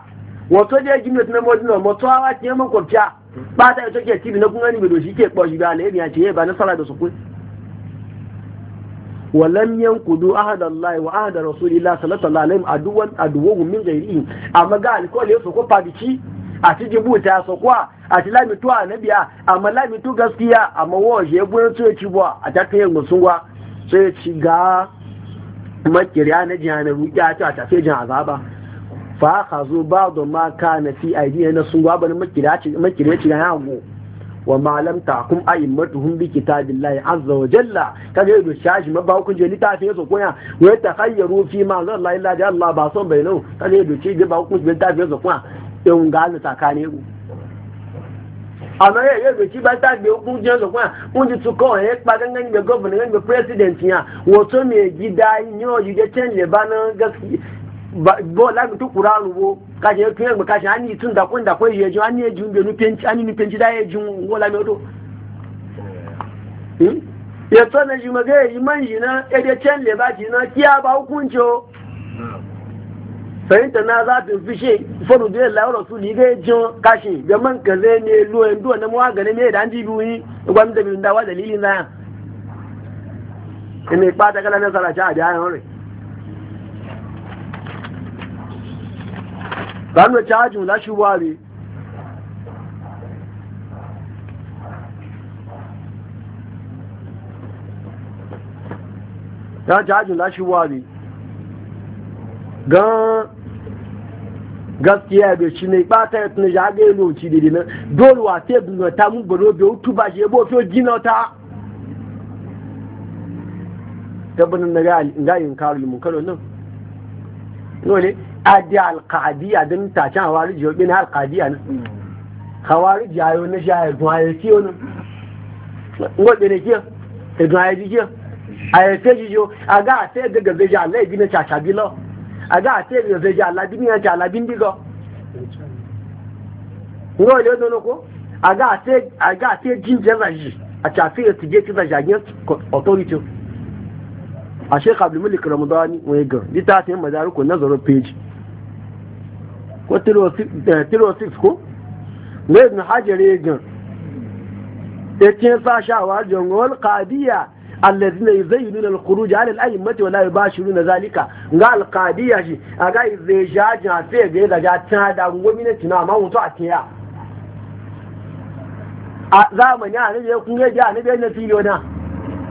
wato da ya gina tunan mawajin na mato hawa ce yaman kwamfiya ba ta ita ke tibi na kun gani bido shi ke ɓoshi ga alayyar ya ce ba nasara da su Wa walam yankudu ahada Allah wa ahada Rasulillah sallallahu alaihi aduwan aduwuhum min ghairihim amma ga alkol yaso ko fadici a cikin buta so kwa a ti lami na biya amma lami to gaskiya amma waje gurin to ci bo a ta kai musungwa sai ci ga makiriya na jihana ruƙiya ta ta sai jin azaba fa ka zo ba da ma ka na fi aidiya na sun gwaba na makireci na yago wa malam ta kum ayin matuhun bi kitabillahi azza wa jalla ka kaga yadda shashi ma ba hukunci littafin yaso koya wa ta khayyaru fi ma zan la ilaha illa allah ba son ka kaga yadda shi ba hukunci littafin yaso koya in ga Allah tsakane ku àmọ́ ẹ̀yẹ́ ìgbè tí bá dàgbé ogún jẹ́ lọ́pọ̀ à wọ́n ti tún kọ́ ọ̀hẹ́ pa gángan níbẹ̀ gọ́vùnà gángan níbẹ̀ pírẹ́sìdẹ̀ntì yàn wọ́n tó mi èjì dá ní ọ̀yí jẹ́ tẹ́ǹlẹ̀ bá náà bo la tu bo ka je tu en ka shani tun da kun da kun je an je jun be nu penci ani nu penci da e hmm? ye jun go la mi odo ya to na yi man yi na e de chen le ba ji na kiya ba hukunci o fahimta na za ta fi she faru e, e da ni rasuli ga jin kashi ga man ka zai ne luwan duwa na mawa gane me da an ji biyu ni gwamnati da bin dawa na ya ne ba ta kala nasara ta a da yan rai banu cajin lashi ware ya cajin gan gaskiya bai shi ne ba ta yatsun ya ga ilo ci dede dole wa ta yi ta mun baro bai hutu ba shi yabo fiye gina ta tabbanin na gayin karu mun karo nan adi alkadiya don tacen hawari jiyo bin alkadiya ne hawari jayo na jaye gun aye kiyo ne ngwaɗe ne kiyo ta gun aye kiyo aye te jiyo a ga a te daga veja ala ibi na caca bi lo a ga a te daga veja ala bi ni yanci ala bi ndi go ngwaɗe ne dono ko a ga a te a ga a cafi ya tije ti raji against authority a shekaru mulki ramadani wani yi littafin ko nazarin peji. ko 306 eh, ko ne ibn hajar ya gan ya ce sa wa jan wal qadiya allazina yuzayyinuna al-khuruj 'ala al-a'immati wa la yubashiruna zalika ga alqadiya shi a ga zai jaji a sai ga da ja ta da gwamnati na ma mutu a tiya a zamani a ne kun ga ja ne bai na filo na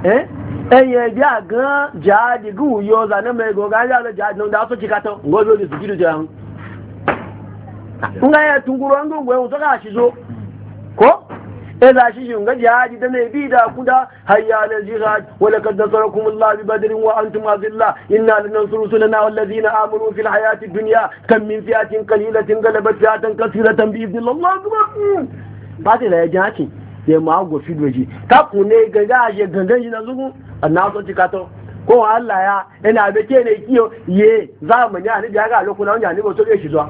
eh en ye ja gan jaji gu yo za na mai go ga ja da jaji da su kika to gozo ne su kidu jan nga ya tunguru an gungun wuta ka shi zo ko ya za shi shi nga jihadi da mai bi da kuda hayya na jihad wala kadda nasarakum Allah bi badrin wa antum azilla inna na sunana na amuru fil hayati dunya kam min fiatin qalilatin galabat fiatan kathiratan bi idnillah ba ta da ya ji ya ma go fi doji ka ku ne ganga je gangan na zugu annabi to kato ko Allah ya ina be ke ne kiyo ye zamani ani biya ga lokuna wani ani bo to ke shi zuwa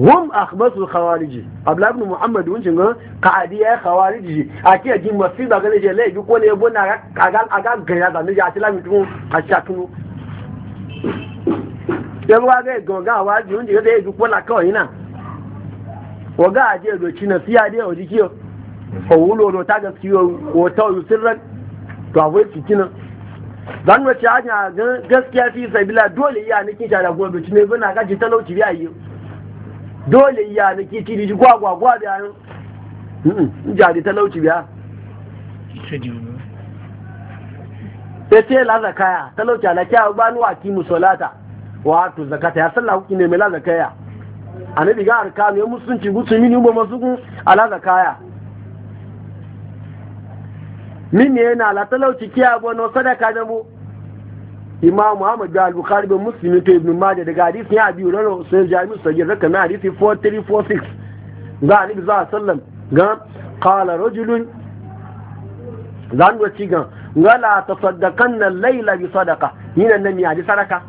هم اخبث الخوارج ابلا ابن muhammad wun قاعدي يا خوارج اكي اجي masiba gane je le ko ne bona aga aga gaya da ne ya tila mi tun a chatunu ya ba ga gonga wa ji wun jinga da ju ko la ko ina wa ga aje do china siya de o dikiyo o wulo ta gaskiyo dan wace hanya gaskiya fi sabila dole iya nikin shara gobe tunai bana gaji talauci biya yi dole ya da ke tiri ji gwagwagwa gwa da yayin in jadi talauci biya Ya ce lazakaya zakaya talauci ala kya ba ni wa ki wa zakata ya sallah ku ne mai lazakaya a na ga arkanu ya musulunci gutsu mini ugbo masu kun ala zakaya min ne yana la talauci kiya bo na sadaka da mu imam muhammad bin al-bukhari bin muslim to ibn majah daga hadisi ya biyu rana sai jami'u sai raka kana hadisi 4346 ga annabi za sallam ga qala rajulun zan go ci ga wala tasaddaqanna al-layla bi sadaqa yinan nan ya di sadaka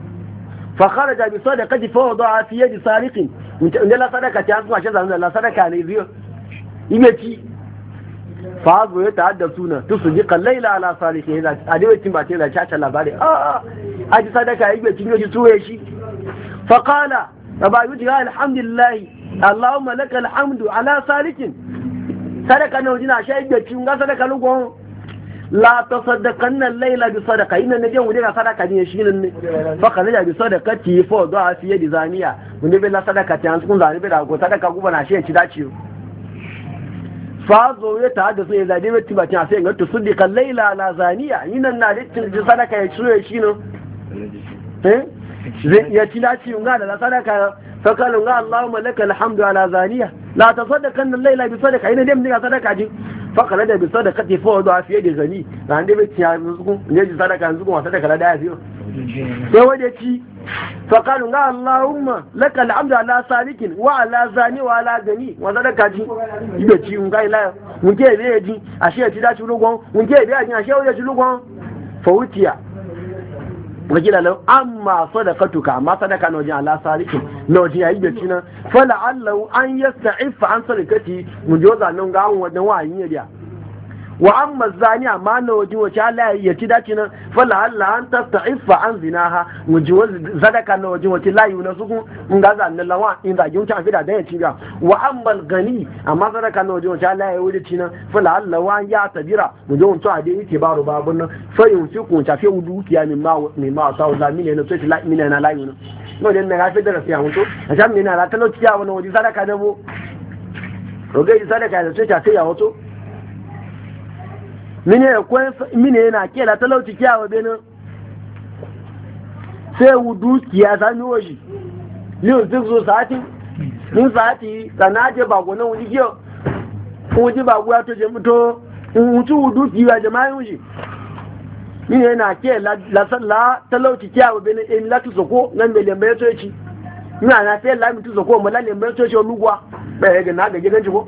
fa kharaja bi sadaqa fa wada'a fi yadi sariqin inda la sadaqa ta asma shi zan la sadaqa ne biyo ibe ci fazo ya ta'adda suna to su ji laila ala salihi ya a dai ba ce la chacha labari a a ji sadaka yi wacin yoji tuwe shi faƙala da ba yuji alhamdulillah allahumma malaka alhamdu ala salikin sadaka na wajina shi yi cin ga sadaka lugon la sadaka al-layla bi sadaqa inna naje wuri ga sadaka ne shi nan ne fa kana da bi sadaka ti fo fiye da zaniya wani bai la sadaka ta an sun zani bai da ko sadaka guba na shi ci dace fazo ya ta da sun ya zabe mai timatin a sai ga to sudi kan laila na zaniya yi nan na rikin ji sadaka ya ciro ya shi no ya ci na ci yunga da na sadaka fakalun ga Allahu malaka alhamdu ala zaniya la ta sadaka nan laila bi sadaka yi nan dem diga sadaka ji fakala da bi sadaka ti fa wadu afiye da zani na ande bi tiya zuku ne ji sadaka zuku wa sadaka la da ya fiyo ya wadda ci faƙalu ga Allahumma laka al'amda ala salikin wa ala zani wa ala gani wa zada kaji ibe ci nga ila mun ke ya ji ashe shi ya ci lugon mun ke ya ji ya o ci lugon fawutiya wakila lau amma sadaqatuka amma sadaka na wajen ala salikin na wajen yayi da cinan fala allahu an yasta ifa an sadaqati mun joza nan ga wajen wa yin yadiya wa an mazzani amma na waje wace Allah ya ci dace nan fala Allah an tasta'ifa an zina zinaha waje zadaka na waje wace la yuna su ku in ga zan Allah wa in zagi wuce an fida dan ya ci ga wa an bal gani amma zadaka na waje wace Allah ya wuce ci nan fala Allah wa ya tabira mu je wuce ade yake baro babun nan fa yin fi kun tafi wudu ki ya min ma min ma sa Allah mine na sai la mine na la yuna no den na fi da rafi a wuto a jam mine na la talauci ya wani waje sadaka da mu rogai sadaka da sai ta sai ya wuto mine kwen mine yana kela talauci kiyawa bene sai wudu kiya sami washi liyo duk zo sati mun sati sana je bago nan wuji kiyo wuji bago ya to je muto wutu wudu kiya jama'i wuji mine yana kela la salla talauci kiyawa bene in latu soko nan me lembe ya ci ina na sai la mitu soko mala lembe ya ci olugwa ga na ga gidan ci ko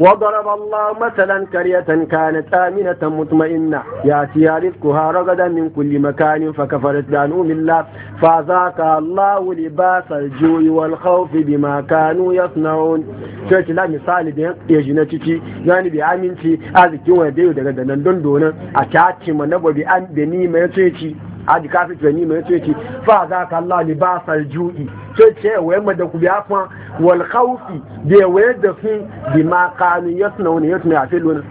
وضرب الله مثلا كرية كانت آمنة مطمئنة ياتيها رزقها رغدا من كل مكان فكفرت بأنعم الله فذاقها الله لباس الجوع والخوف بما كانوا يصنعون شوية لا مثال da ya ji na ciki yani bi aminci arzikin wanda yau daga danan don donan a ta ce aji kafin tunani mai ce ce fa za ka Allah ni ba sa ju'i ce ce waye ma da ku biya fa wal khawfi da waye da fi bi ma kanu yasna wani yasna afilun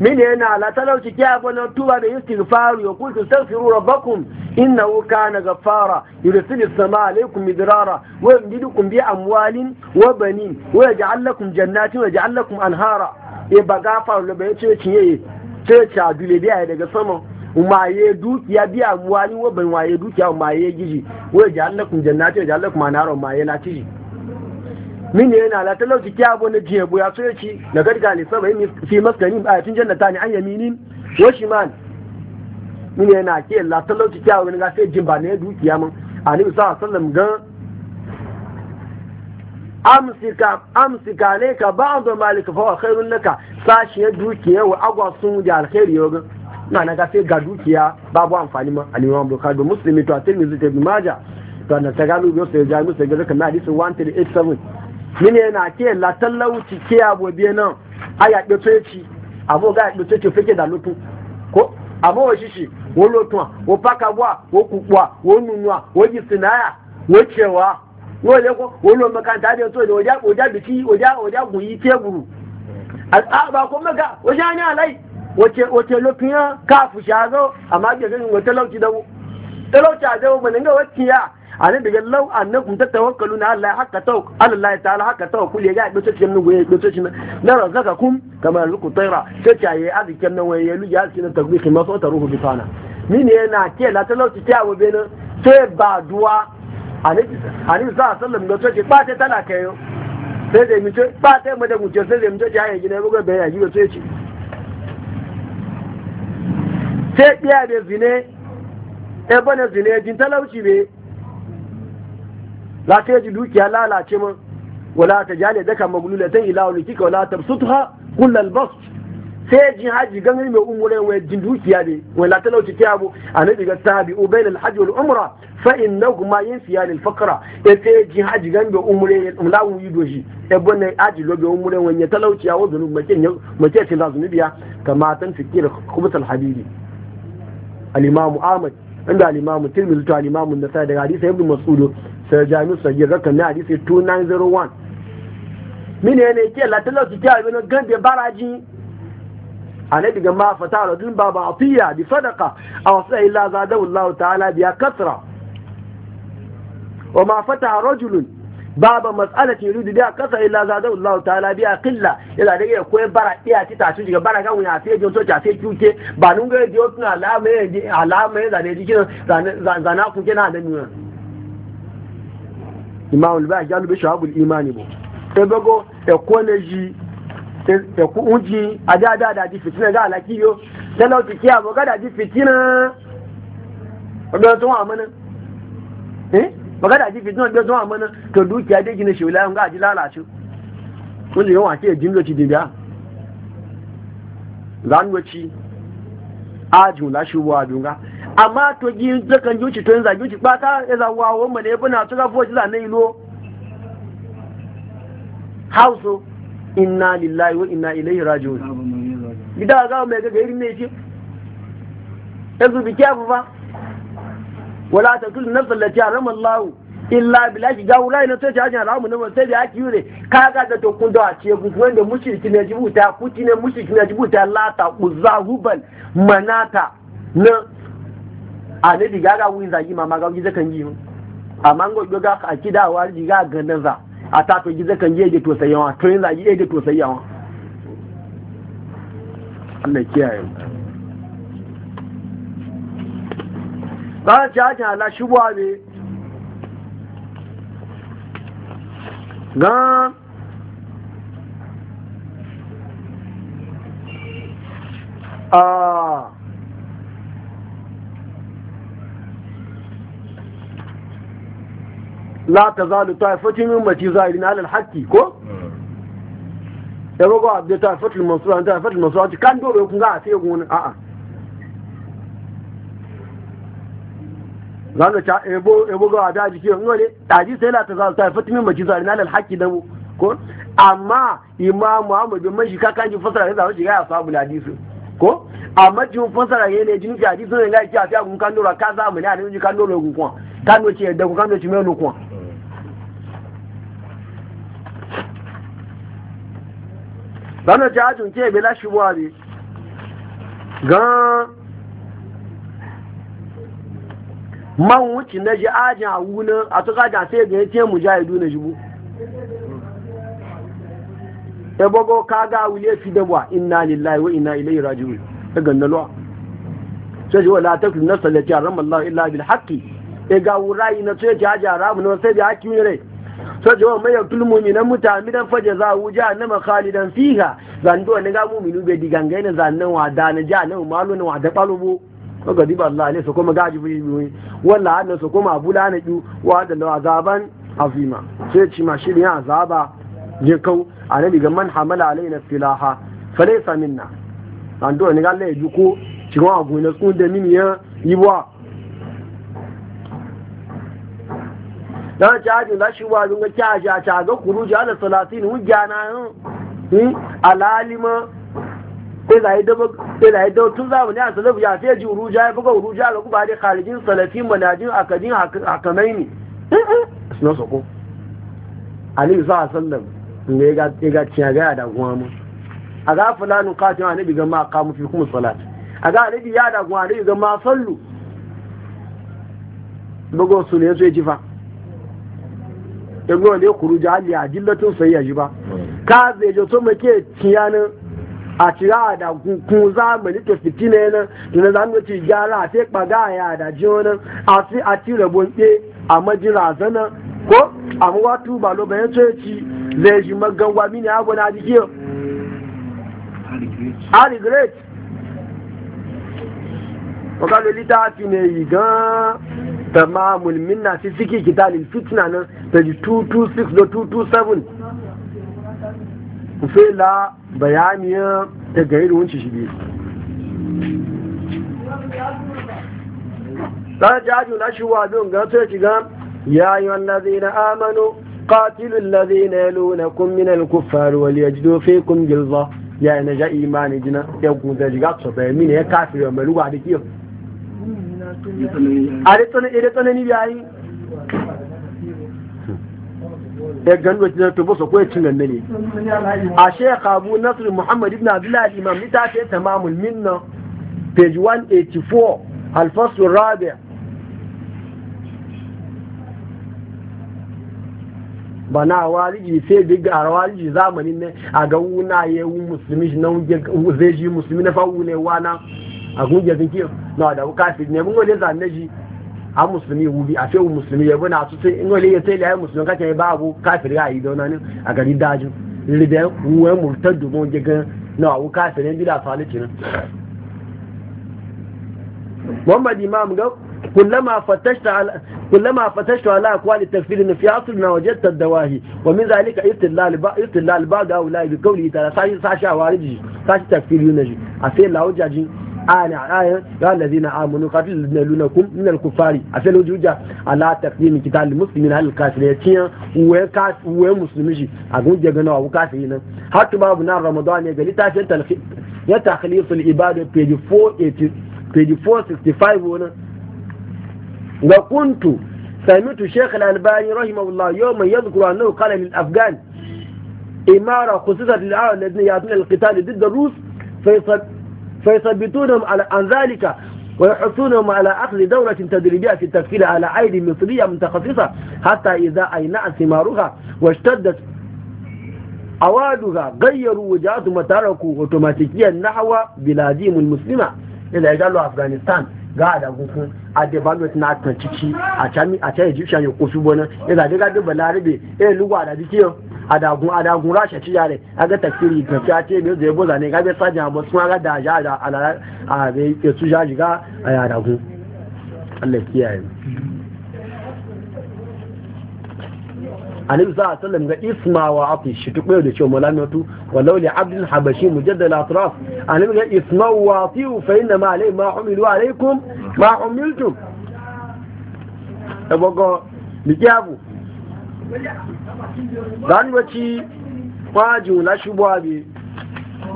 min yana la talauci kiya bana tuba da istighfaru ya kuntu astaghfiru rabbakum innahu kana ghaffara yursilu samaa alaykum midrara wa yumdidukum bi amwalin wa banin wa yaj'al lakum jannatin wa yaj'al lakum anhara e ba gafaru da bai ce ce ce ce adule biya daga sama umaye dukiya biya muwani wa ban waye dukiya umaye giji wa ja'alakum jannati wa ja'alakum manaro umaye na ciji min yana la talauci kiya bo na jiye boya so yaci na garga ne sabai fi maskani a tun jannata ne an yaminin wa shimal min yana ke la talauci kiya wani ga sai jimba ne dukiya mun ani musa sallam ga amsika amsika ne ka ba'd malik fa khairun laka sashi dukiya wa agwasun da alkhairi yoga na na gafe ga dukiya babu amfani ma al-imam bukhari da muslimi to atin mizu ibn majah to na ta galu yo sai jami'u sai ga kana hadisi 1387 mine na ke la talauci ke abobe nan aya de toci abo ga de toci fike da lutu ko abo wa shishi wo lotun wo paka bwa wo kukwa wo nunwa wo jisinaya wo cewa wo le ko wo lo makanta de to de oja oja biki oja oja guyi teburu al'aba ko maga oja ni alai wace ya kafu shago amma ke ganin wata lauci da talauci a jawo bane ga wacce ya a nan daga lau a annakum tatawakkalu na Allah haka taw Allah ta'ala haka tawakkul ya ga doto cin nugo ya doto cin na razaka kum kamar luku tayra ta caye azikin nan waye lu ya cin tagbiki masu wata ruhu bitana min yana ke la talauci ta wa bene sai ba duwa ani za a sallam da toke ba ta tana kayo sai da mi ce ba ta mu da mu ce sai da mi ce ya gina buga bayan ya yi ce sai biya da zine e bane zine jin talauci be za dukiya lalace mun wala ta jale daka maglulatan ila kika wala tabsutha kullal bast sai jin haji ganin mai umure wai jin dukiya ne wai la talauci ta abu annabi ga sahabi ubayn al hajj wal umra fa innahuma yanfiyan al faqra e sai jin haji ganin mai umure ya umlawu yi doshi e bonne aji lobe umure wani ya talauci ya wazu mace mace ce za su biya kama tan fikir khubut al habibi al-imamu ahmad inda al-imamu tirmidhi to al-imamu nasai daga hadisi ibn mas'ud sai jami'u sahih rakan na hadisi 2901 mine ne ke latalo ki ta ibn gambe baraji annabi ga a fata radun baba atiya bi sadaqa aw sai la zadahu Allah ta'ala biya kasra wa ma fata rajulun baba mas'alati yuridu biha kasa illa zada Allah ta'ala biha qilla ila da iya koyi bara iya ti tasu diga bara ga wuya sai jin soja sai kuke ba nun ga jiyo tuna alama ya alama ya zane jikin zana ku kina da nuna imam al-ba'i jalu bi shahabul imani bo e bago e ko ne ji e ku unji adada da ji fitina ga alaki yo dan lauti kiya bo ga da ji fitina ko don amana eh magana ji fitina bai zuwa mana to dukiya dai gina shi wilayen ga ji lalace wanda yawan ake jimloci da biya zanuwaci ajin lashe wa dunga amma to gi zakan yuci to yin zagi ba ta ya zawa wa mu ne buna tuka foji za nai lo hauso inna lillahi wa inna ilaihi raji'un gida ga mai ga irin ne ce yanzu bi kyafu ba wala ta kullu nafsan lati harama Allah illa billahi ga wala ina tace hajin haramu ne sai da yaki yure ka ga da to kun da ce ku wanda mushriki ne jibuta kuti ne mushriki ne jibuta lata uzza hubal manata na a ne diga ga wuyin zaki ma ma ga gizo kan yi amma ngo ga ka kida wa diga ga nan za a ta to gizo kan yi to sayawa to yin zagi da to sayawa Allah kiyaye mu ba ci hakin ala shubuwa ne gan a la ta zalu za a yi alal haƙƙi ko? Hmm. ya ga abu da taifatin masu kan dole kun ga a sai gona a'a zanga ta ebo ebo ga da jiki ngole taji sai la ta za ta fatimin maji zari na alhaqi da ko amma imam muhammad bin mashi kakan ji fasara da shi ga ashabul hadisi ko amma ji fasara ne ne jin ji ne ga ki a fiya gun kan dora ka za mu ne a ji kan dora gun kwa kan no ce da kan no ce me no kwa zanga ta ajun ke bela shi wa bi gan man wuce na ji ajin a wunan a tuka da sai ga ja mujahidu na jibu e bogo ga wule fi da wa inna lillahi wa inna ilaihi raji'un ta ganna lo sai ji wala takun nafsa la jaram Allah illa bil haqqi e ga wurai na sai ji aja rabu na sai ji hakki ne sai ji wa mai yakul mu'minan mutamidan fajaza hu jahannama khalidan fiha zan do ne ga mu'minu be digangaina nan wa da na jahannama malu na wa da balubo ga diba Allah ne su kuma gaji bai yi wala annan su kuma abula na ki wa da lawa azaban azima sai ci ma shirin ya azaba je kau annabi ga man hamala alaina filaha falaysa minna an do ne galle ju ko ci abu na sun da mini ya yi wa dan caji la shi wa zunga caji a caga kuruji ala salatin wujana hmm? alalima sai da tun zamani a salafu ya sai ji uruja ya buga uruja ga kuma da khalijin salafi manajin akadin hakamai ne suna soko alibi sa sallam ne ya ga ciya gaya da kuma mu a ga fulanu katin annabi ga ma kamu fi kuma salat a ga annabi ya da kuma annabi ga ma sallu bugo su ne su ya jifa ɗan gwa ne kuruja aliyar jillatun sayayya ji ba ka zai je to mai ciyanin a cira da kun zamani fiti fitine nan tun ci gyara a sai kpaga ya da jiyo nan a ci a ti rabon ke a majira ko a watu ba lo bayan so ci zai ji magangwa mini abu na jiki a regret wọ́n lè lítà fi ne yìí gan ta minna fi fiki kitalil fitna nan page 226 to 227 fela bayaniya ta gari da shi biyu ɗan jaju na shi wa zun gan sai shiga ya yi zai na na yalo na Kun min wali ya ji dofe kun gilza ya na ja imani jina ya gunza jiga to bai mini ya kafi mai ruwa da kiyo a da da tsanani biyayi A gano wajen to su cin ne a shekh abu nasir muhammad ibn abdullahi imam ni ta ce tamamul minna page 184 alfasu rabia bana waliji sai diga a waliji zamanin ne a ga wuna ya wu musulmi na zai ji musulmi na fawu ne wana a gungiyar sun na da kafin ne mun wajen zane shi a musulmi wubi a shehu musulmi ya bana su sai in wani ya sai layi musulmi kake ba abu kafir ga yi da wani a gari daji. lidan ruwan murtaddu mun gigan na abu kafirin bila salici nan Muhammad Imam ga كلما فتشت على كلما فتشت على اقوال التكفير في عصرنا وجدت الدواهي ومن ذلك استدلال استدلال بعض هؤلاء بقوله تعالى ساشا وارجي ساشا تكفير ينجي اسي لا وجاجي الآن قال الذين آمنوا قاتلونكم من الكفار أسألوا جوجا على تقديم كتاب المسلمين هل الكافر يتين هو مسلمي أقول جاقنا هو كافرين حتى ما بنا رمضان يقول لتاشر يتخليص العبادة بيجي 465 وكنت سمعت الشيخ الألباني رحمه الله يوم يذكر أنه قال للأفغان إمارة خصوصا للعالم الذين يعطون القتال ضد الروس فيثبتونهم على عن ذلك ويحثونهم على أخذ دورة تدريبية في التكفير على عيد مصرية متخصصة حتى إذا أينعت ثمارها واشتدت أوادها غيروا وجهاتهم وتركوا أوتوماتيكيا نحو بلادهم المسلمة إلى قالوا أفغانستان ga da hukun a development na kan ciki a can egyptian ya kusu bonan ya zaɗi gaɗi balarabe ya luwa da jikiyo adagun adagun rasha yare aga tafsiri ga ta ce biyo zai boza ne ga da a bai ga isma wa afi shi tuɓe da cewa malamatu walau li abdul habashi mujaddal atraf alim ga isma wa afi fa inna ma alai ma umilu alaikum ma umiltum ebogo bijabu dan wace na la shubwa bi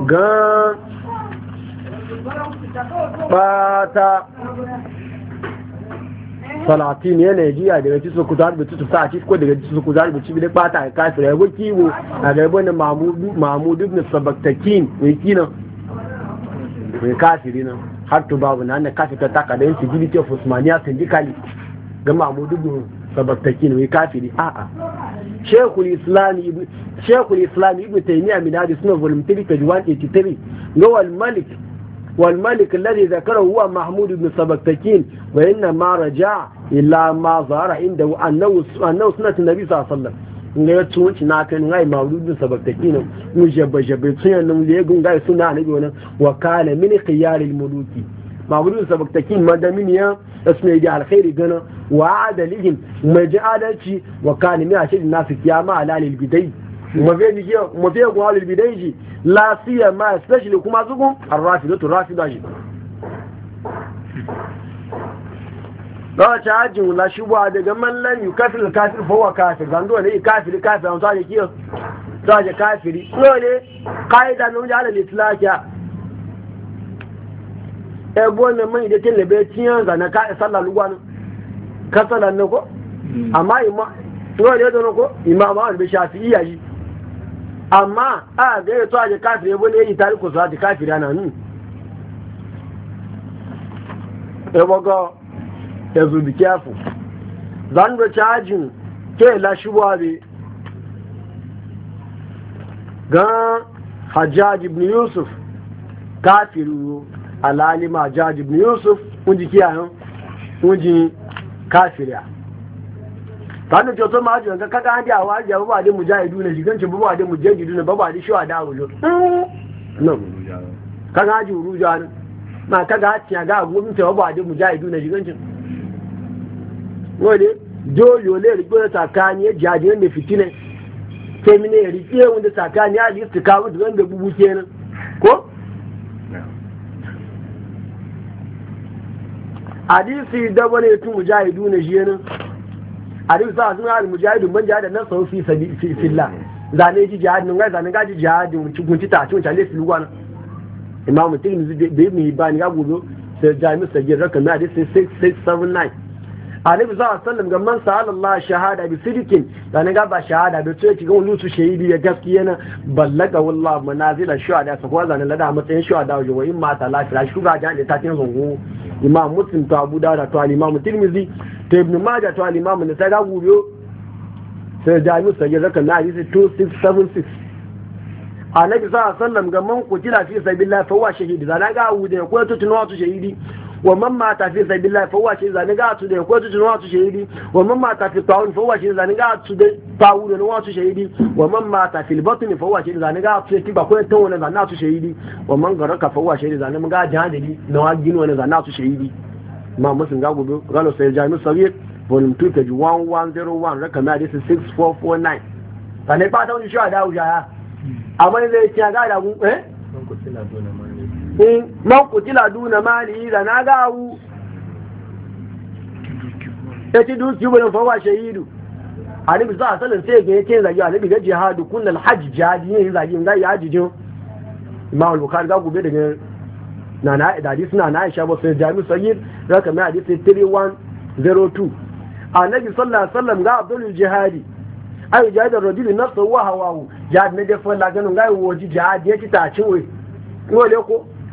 ga bata salatin ya Najeriya daga cikin ku zaɓi bitu su sa'ati ko daga cikin ku zaɓi bitu bile ɓata a kafira ya wuki wo a gaba na Mahmud ibn Sabaktakin mai kina mai kafiri nan har to babu na na kafir ta taka da insigility of Usmaniya syndically ga Mahmud ibn Sabaktakin mai kafiri a'a shekul islam ibn taimiyya min hadis suna volume 3 page 183 ga wal malik wal malik alladhi huwa mahmud ibn sabaktakin wa inna ma illa ma inda annahu suna sunnat nabi sallallahu na kan ngai mahmud ibn sabaktakin mu jabba jabba tun nan da ya gunga suna nabi wannan wa kana min khiyar al muluki mamudu sabaktakin madaminiya da su ne da alkhairi gana wa adalihim mai ji adalci wa kanimi a shirin nasu kiyama al'alil lalil bidai mafiya kuma lalil bidai ji lafiya ma especially kuma zugun an rafi da turafi da shi Lọ́wọ́ta ajin wula ṣubuwa daga mallan yi kafin kafin fowa kafin zando ne kafin kafin an da kiyar tsaje kafiri. Lọ́wọ́ ne, ƙa'ida na wajen alal islakiya ebo ne mai da tilabe tiyan ga na ka e sallah lugwan ka sallah ne ko hmm. amma ima to ne don ko imam Ahmad bi Shafi'i ya yi amma a ga ya e to aje kafiri ebo ne yi tariku su aje kafiri ana ni ebo ga ya e zu bi kafu zan do charging ke la shubwa bi ga Hajjaj ibn Yusuf kafiru alalima jaji ibn yusuf wọ́n jí kíyà yán wọ́n jí káfìrìà tó máa jùlọ kankan kan dí àwọn àjẹ́ bọ́bá àdé mùjáhìdú nà ṣìgbọ́n tí bọ́bá àdé mùjáhìdú nà bọ́bá àdé ṣọ́ àdá òjò kankan ájì òrújọ àná ma kankan á tìyàn gá àgbó mítẹ̀ bọ́bá àdé mùjáhìdú nà ṣìgbọ́n tí wọ́n lé jóòyò lè rí pé tàkà ní ẹjì àjẹ́ ń lè fìtínẹ̀ tẹ̀mínẹ̀ rí pé òun lè tàkà ní àjẹ́ tìkà ó dùn hadisi da wani tu mujahidu ne shi yanin hadisi sa sun hali mujahidu ban jihadin nan sau fi filla zane ji jihadin gaji zane gaji jihadin cikin ta cikin cale su lugwa na imam tirmidhi bai mu yi ba ni ga gobe sai jami'u kan na hadisi 679 annabi za a sallam ga man sa'ala Allah shahada bi sidikin da na gaba shahada bi to yake ga wani su shahidi ya gaskiya na ballaga wallahi manazila shuhada sa ko zanin lada matsayin shuhada wa in ma ta lafiya shuga da ta tin zungu imam muslim to abu da to imam tirmizi to ibn majah to imam nasai ga gubiyo sai jami'u sai zaka na hadisi 2676 annabi za a sallam ga man kutila fi sabilillah fa huwa shahidi da na ga wude ko tutunawa su shahidi wa man mata fi sabilillah fa huwa shi zani ga tu da ko tu wa tu shahidi wa man mata fi ta'un fa huwa shi zani ga tu da ta'un wa tu shahidi wa man mata fi batn fa huwa shi zani ga tu ti ba ko ta wani zani tu shahidi wa man garaka fa huwa shi zani ga jahili na wa gin wani zani tu shahidi ma musun ga gobe galo sai jami sabir volume 2 page 1101 rakam hadis 6449 sanai ba ta wani shi a dawo jaya amma ne zai ci ga da gun eh Eh, man kutila duna mali da na gawu ya eh, ci dukiyu bane fawa shahidu alibi za a salin sai ga yake zagi alibi ga jihadu kunna alhaji jihadi yin zagi ga ya jijin imam al-bukhari ga gobe daga na na da hadisi na na aisha ba sai jami sayyid raka mai hadisi 3102 annabi sallallahu alaihi wasallam ga abdul jihadi ayu jihadar rajuli nafsu wa hawahu jihad ne da fa la ganin ga woji jihad ya ci ta ciwe ko le ko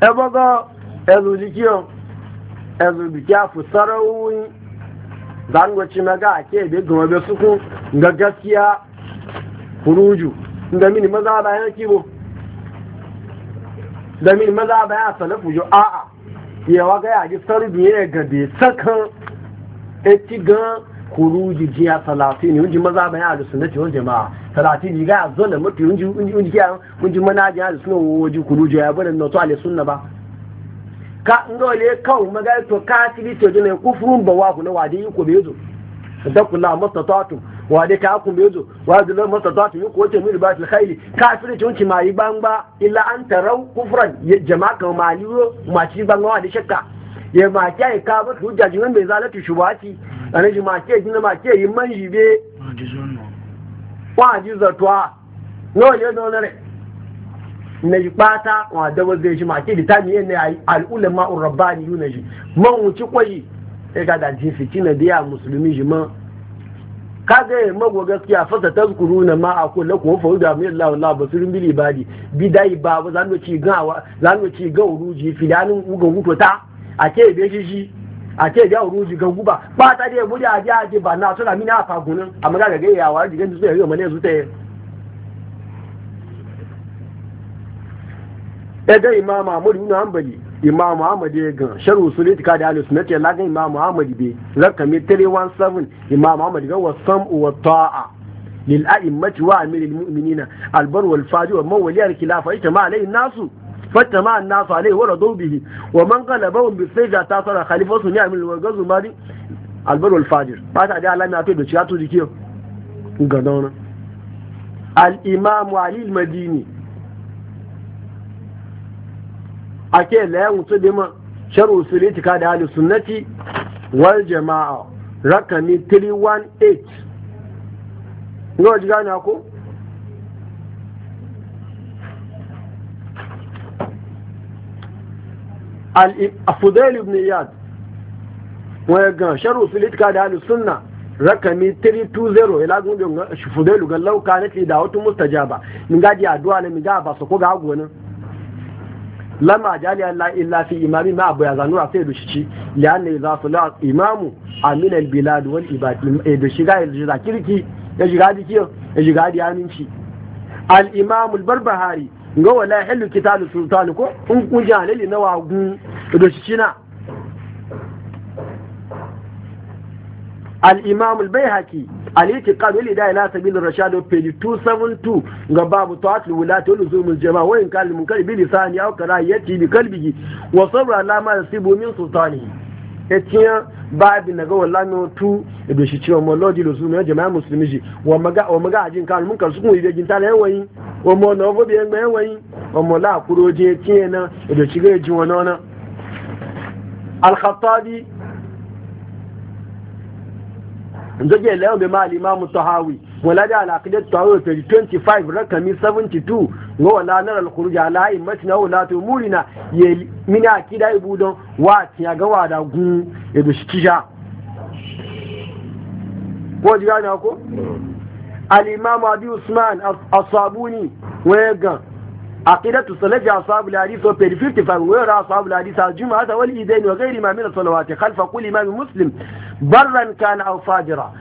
ebogo ezujikiyo ezujikiya fusarauyi zangoci na ga ake ebe gama bai suku ga gaskiya furuju da mini maza bayan kibo da mini maza bayan salafu jo a'a yawa ga yaji sarudu ya ga bai sakan eti gan kuruji jiya talatin yunji maza bayan a ahlu sunnati wal jamaa talatin ga zola mutu yunji yunji ya yunji jiya da suna woji kuruji ya bana no to ahlu sunna ba ka ngole kaw maga to ka tili to dole kufrun ba ku na wadi ko be zo sadaqullah mastatatu wadi ka ku be zo wadi la mastatatu yi ko ce mu ribatul khayli kafiri to yunji mai bangba illa an tarau kufran jama'a ka maliyo ma ci bangwa da shakka ya ma kai ka ba hujja jinan bai zalatu shubati anaji ma ke jina ma ke yi man jibe wa ji zatwa no ne no ne na yi kpata wa da wazo ji ma ke litami ne ai na ulama ur rabbani na ji man wuci koyi sai e ka da ji fitina biya musulmi ji ma kaga ya e mago gaskiya fasa ta zukuru na ma a kula ko fa da mai Allah Allah basirin bili ba badi bidai ba ba zan ci gawa zan ci gauru ji filanin uga huto ta a ke be shi shi A àti ẹ̀yà òru jù gan gúbà pátá dé ìwúlẹ̀ ajé ajé bà a tó ràmí náà fagun ní àmọ́gá gẹ̀gẹ́ ìyàwó àjùgẹ́ ní sọ́yẹ̀ ọmọ lẹ́sùn tẹ́ da imam ahmad ibn hanbali imam ahmad ya gan sharu usuli tika da ahlus sunnati lagan imam ahmad bi rakami 317 imam ahmad ga wa sam'u wa ta'a lil a'immati wa amiril mu'minina al bar wal fajr wa mawliya al khilafa ita ma nasu fatama annasu alaihi wa radu bihi wa man qalabahum bi sayja ta sara khalifatu ni amil wa gazu mari albar wal fajir ba ta da alami afi da ciya to jikiyo ga dauna al imam ali al madini ake layan mutu da ma sharu usuliti ka da ahli sunnati wal jama'a rakami 318 ngo jigana ko al-fudail ibn iyad wai ga sharu sulitka da ahlus sunna rakami 320 ila gun ga ga lauka na fi da wata mustajaba min ga di addu'a ne min ga ba su ko ga gonin lama jali Allah illa fi imami ma abu ya zanu a sai dushici lianna za su la imamu amin al bilad wal ibad e da shiga da kirki ya shiga di kiyo ya shiga di aminci al imam al barbahari ga wala halu kitalu sultan ko in kun jalali na wagun doshina al-imam al-bayhaqi al-i'tiqad wal hidayah ila sabil ar-rashad page 272 ga babu ta'atul wulati wal zulmul jama'a wa in kan al-munkar bi lisani aw karayati bi qalbihi wa sabra ala ma yasibu min sultanihi etiyan babi naga wala no tu ebe shi ciwo mo lodi lo zumi jama'a muslimi ji wa maga wa maga ajin kan munkar su kun ide jin tala yawayi wa mo no go bi en gbe yawayi wa mo la kuro je tiyan na ebe shi ji wona na alkhattabi nzoge leo be ma alimamu tahawi wala da alaqidat tahawi page 25 rakami 72 ngo wala nar alkhuruj ala imatina wala tumurina ye mina akida ibudon wa tiya ga wada gun e do shikija ko diga na ko alimamu abi usman asabuni wega عقيدة صلاة أصحاب الحديث وبير 55 ويرى أصحاب الحديث الجمعة والإيدين وغير ما من الصلوات خلف كل إمام مسلم برا كان أو فاجرا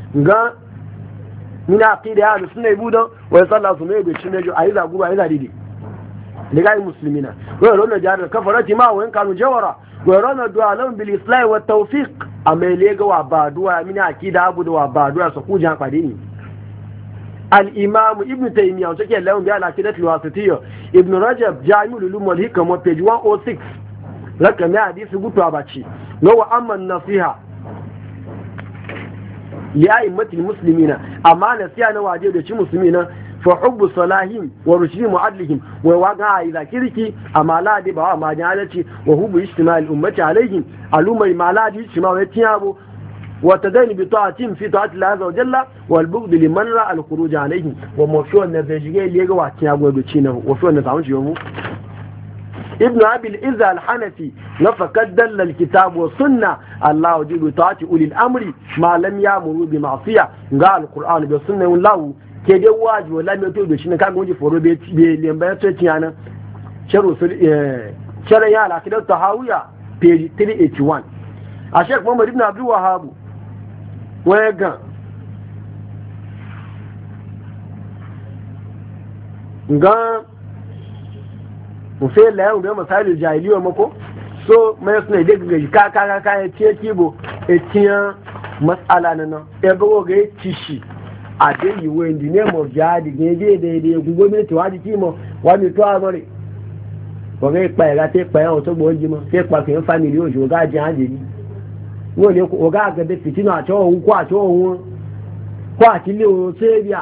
من عقيدة أهل السنة يبودا ويصلى صلاة يبودا أيضا أقول أيضا ديدي لغاية المسلمين ويرون جار الكفرة ما وإن كانوا جورا ويرون دعا لهم بالإصلاح والتوفيق أما يليقوا بعدوا من عقيدة أبو دعا بعدوا سقوجا قديني الامام ابن تيمية وشكي لهم بها العقيدة الواسطيه ابن رجب جامع العلوم والحكم وبيج 106 رقم حديث غوتو اباشي لو أما النصيحة لأئمة المسلمين أما نسيا نواجه دي مسلمين فحب صلاحهم ورشد معدلهم وواقع إلى كيركي أما لا دي بوا ما جعلتي وهو باجتماع الأمة عليهم ألومي ما لا دي اجتماع ويتيابو وتجنب بطاعتهم في طاعة الله عز وجل والبغض لمن رأى الخروج عليهم ومشوا النفجي اللي يجوا عتيا وبتشينه وشو نتعاونش يومه ابن أبي الإذا الحنفي لفقد دل الكتاب والسنة الله يجيب بطاعة أولي الأمر ما لم يأمروا بمعصية قال القرآن بالسنة والله كده واجب ولا يتوب بشينه كان يجي فرو بليمبان تشيانا شرو شرو يا العقيدة الطهاوية page 381 الشيخ محمد ابن عبد الوهاب wọ́n gan gan nfe layan ga misali jahiliya mako so mai suna ide ga ka ka ka ka tiye bo e tiye mas'ala na nan e bago ga tishi a dai yiwu in the name of jihadi ne dai dai dai ku gwamnati wa di kimo wa mi to amare wa ga ipa ira te pa o to gbo ji mo te pa ke family o jo ga jihadi ni wọ́n lè ọ̀gá àgbẹ̀dẹ fìtínà àti ọ̀hún kó a ọ̀hún kó àti ilé sẹ́ẹ̀bíà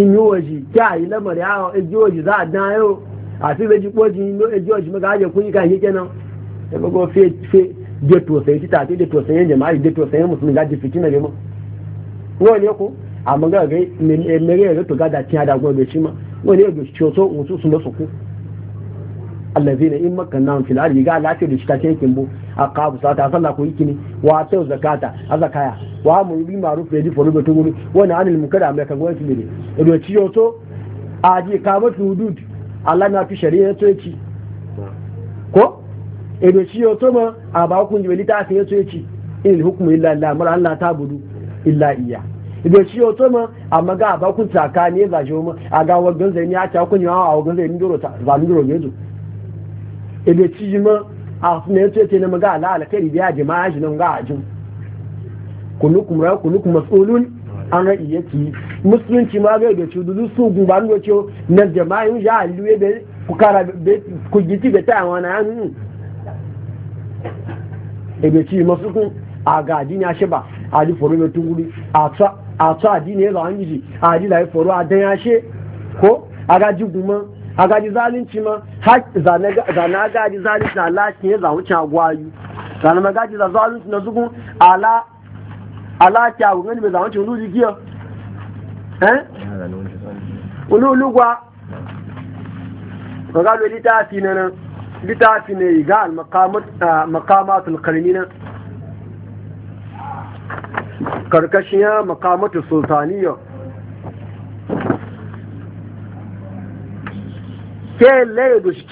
inú òjì kí àyè lẹ́mọ̀rẹ́ àwọn ejú òjì sáà dán àti ìrẹ́jú pọ́jì inú ejú òjì mẹ́ta ayé kún yíká yíkẹ́ náà ẹgbẹ́gbọ́ fẹ́ fẹ́ dẹ̀tù ọ̀sẹ̀ títà àti mùsùlùmí láti fìtínà mọ́ wọ́n aqamu salata sallah ko yiki ne wa ta zakata azakaya wa amuru bil ma'ruf wa nahy anil munkar wa anil mukada mai kan gwamnati ne edo ci yoto aji kamatu hudud Allah na fi shari'a to yaci ko edo ci yoto ma ba kun jibe lita sai to yaci in hukmu illa Allah mar Allah ta budu illa iya ido shi yau toma amma ga ba kun tsaka ne za shi a ga wagan zai ni a ta kun yawa a wagan zai ni doro ta ba ne doro ne zo ido ci ma a suna yace ce na maga ala alkhairi biya jama'a shi nan ga ajin kulukum ra kulukum mas'ulun an ra'iyati musulunci ma ga da dudu su gumban ce na jama'a yin ja alluwe da ku kara ku giti da ta wani hannu ebe ci masu kun a ga ajin ya shi ba a ji foro mai tunguri a tsa a ya zo an yi ji a ji lai foro a dan ya she ko a ga ji guma a gaji zalunci ma zana gaji zalunci ala shi ya za a gwayu zana ma gaji zalunci na zugun ala ala ki a gungani mai za cin lulu giya eh ululugwa ga lo litafi na nan litafi ne ga al-maqamatul qarnina karkashiya maqamatul sultaniyya sai laye da shi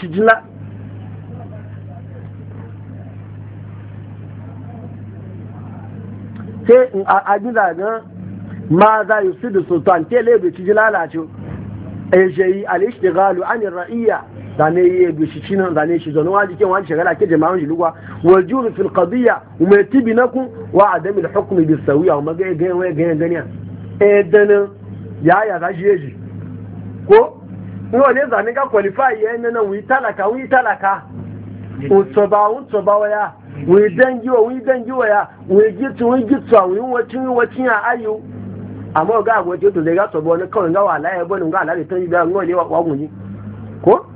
a gida ga ma za yi su da sultan ke laye da e e shi jina lalace a shayi al-ishtighalu an yi da shi cinan zane shi zanu wani jikin wani shagala ke jama'an shi lugwa wal juru fil qadiyya umati binakum wa adam al-hukm bis sawiya ma ga ga ga ga ga ya ya za shi e ko wọ́n lè zàní ká kwalifáì yẹn nínú wí tálàkà wí tálàkà òtọ̀bà òtọ̀bà wọ́yà wí dẹ́njí wọ̀ wí dẹ́njí wọ̀yà wí jìtù wí jìtù àwọn ìwọ̀tí ìwọ̀tí àyù àmọ́ ọ̀gá àwọn tí ó lè gá sọ̀bọ̀ ní kọ́rin gáwà láyé ẹgbẹ́ nù gá àlàyé tán ibi àwọn ilé wà wù kó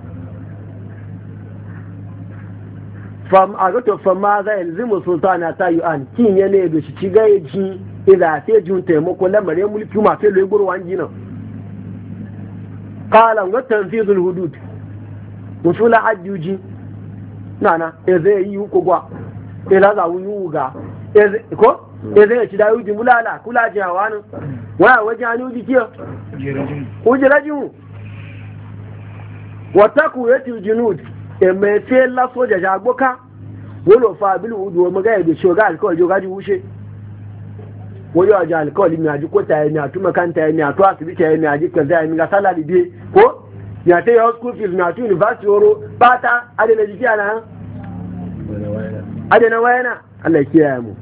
from maza elzimu sultan atayu an kí ìyẹn lè dòṣì gáyé jí ilẹ̀ àti èjì ń tẹ̀mọ́ lẹ́mọ̀rẹ́ múlíkì qala wa tanfidul hudud musula hajjuji nana eze yi uko gwa ela za uyuga eze ko eze ya chida yuji mulala kula ji hawanu wa waje ani uji kiyo ujiraji hu wataku yati junud emefe la soja jagboka wolo fa bilu udu o maga ebe shoga alko joga ji wushe wani wajen alkawali mai aji ko tayi mai atu makanta ya mai atu asibiti ya mai aji kaza ya mai ga salari ko ya ta yawa school fees na atu university woro bata adana jiki ana adana wayana Allah ya kiyaye mu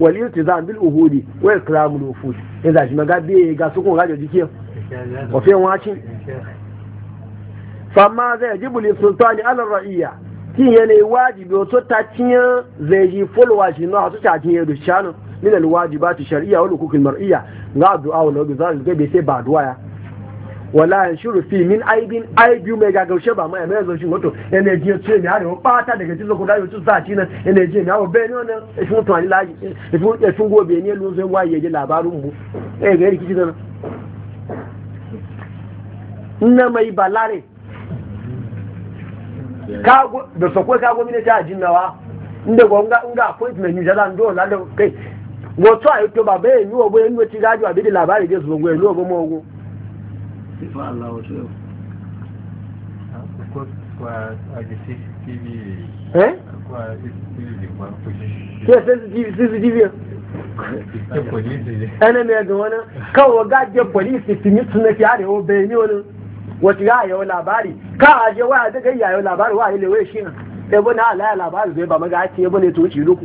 wal iltizam bil uhudi wa wacin zai ta min alwajibati shar'iyya wal hukukil mar'iyya ga du'a wal bizal ga bai sai ba du'a wala yanshuru fi min aibin aibu mai gagaushe ba mai mai zoshin wato ene je ce mi hare ba ta daga cizo ko dawo su sati nan ene je mi hawo bene wannan ifun to ani laji ifun ifun gobe ne lu zai waye je labarun mu eh ga rikici nan na mai balare kago da sokoi kago mine ta jinnawa inda gonga inda appointment ni jalan do la da kai wato a eh? yato e ba bai yi wa bayan wacce gaji wa bidi labari da zuwa gwai lobo mogo ẹnẹ mi ẹgbẹ̀ wọn káwọ gájẹ pọ̀lísì tí ní túnlẹ̀ fi àrẹ ó bẹ̀rẹ̀ ní ọ̀nà wọ́n ti rá àyẹ̀wò làbárì káà àjẹwà àdẹ́gẹ̀ ìyàyẹ̀wò làbárì wà ilẹ̀ wẹ́ ṣìnà labari náà láyà làbárì rẹ̀ bàmọ́gá ne ẹgbọ́n ètò duku.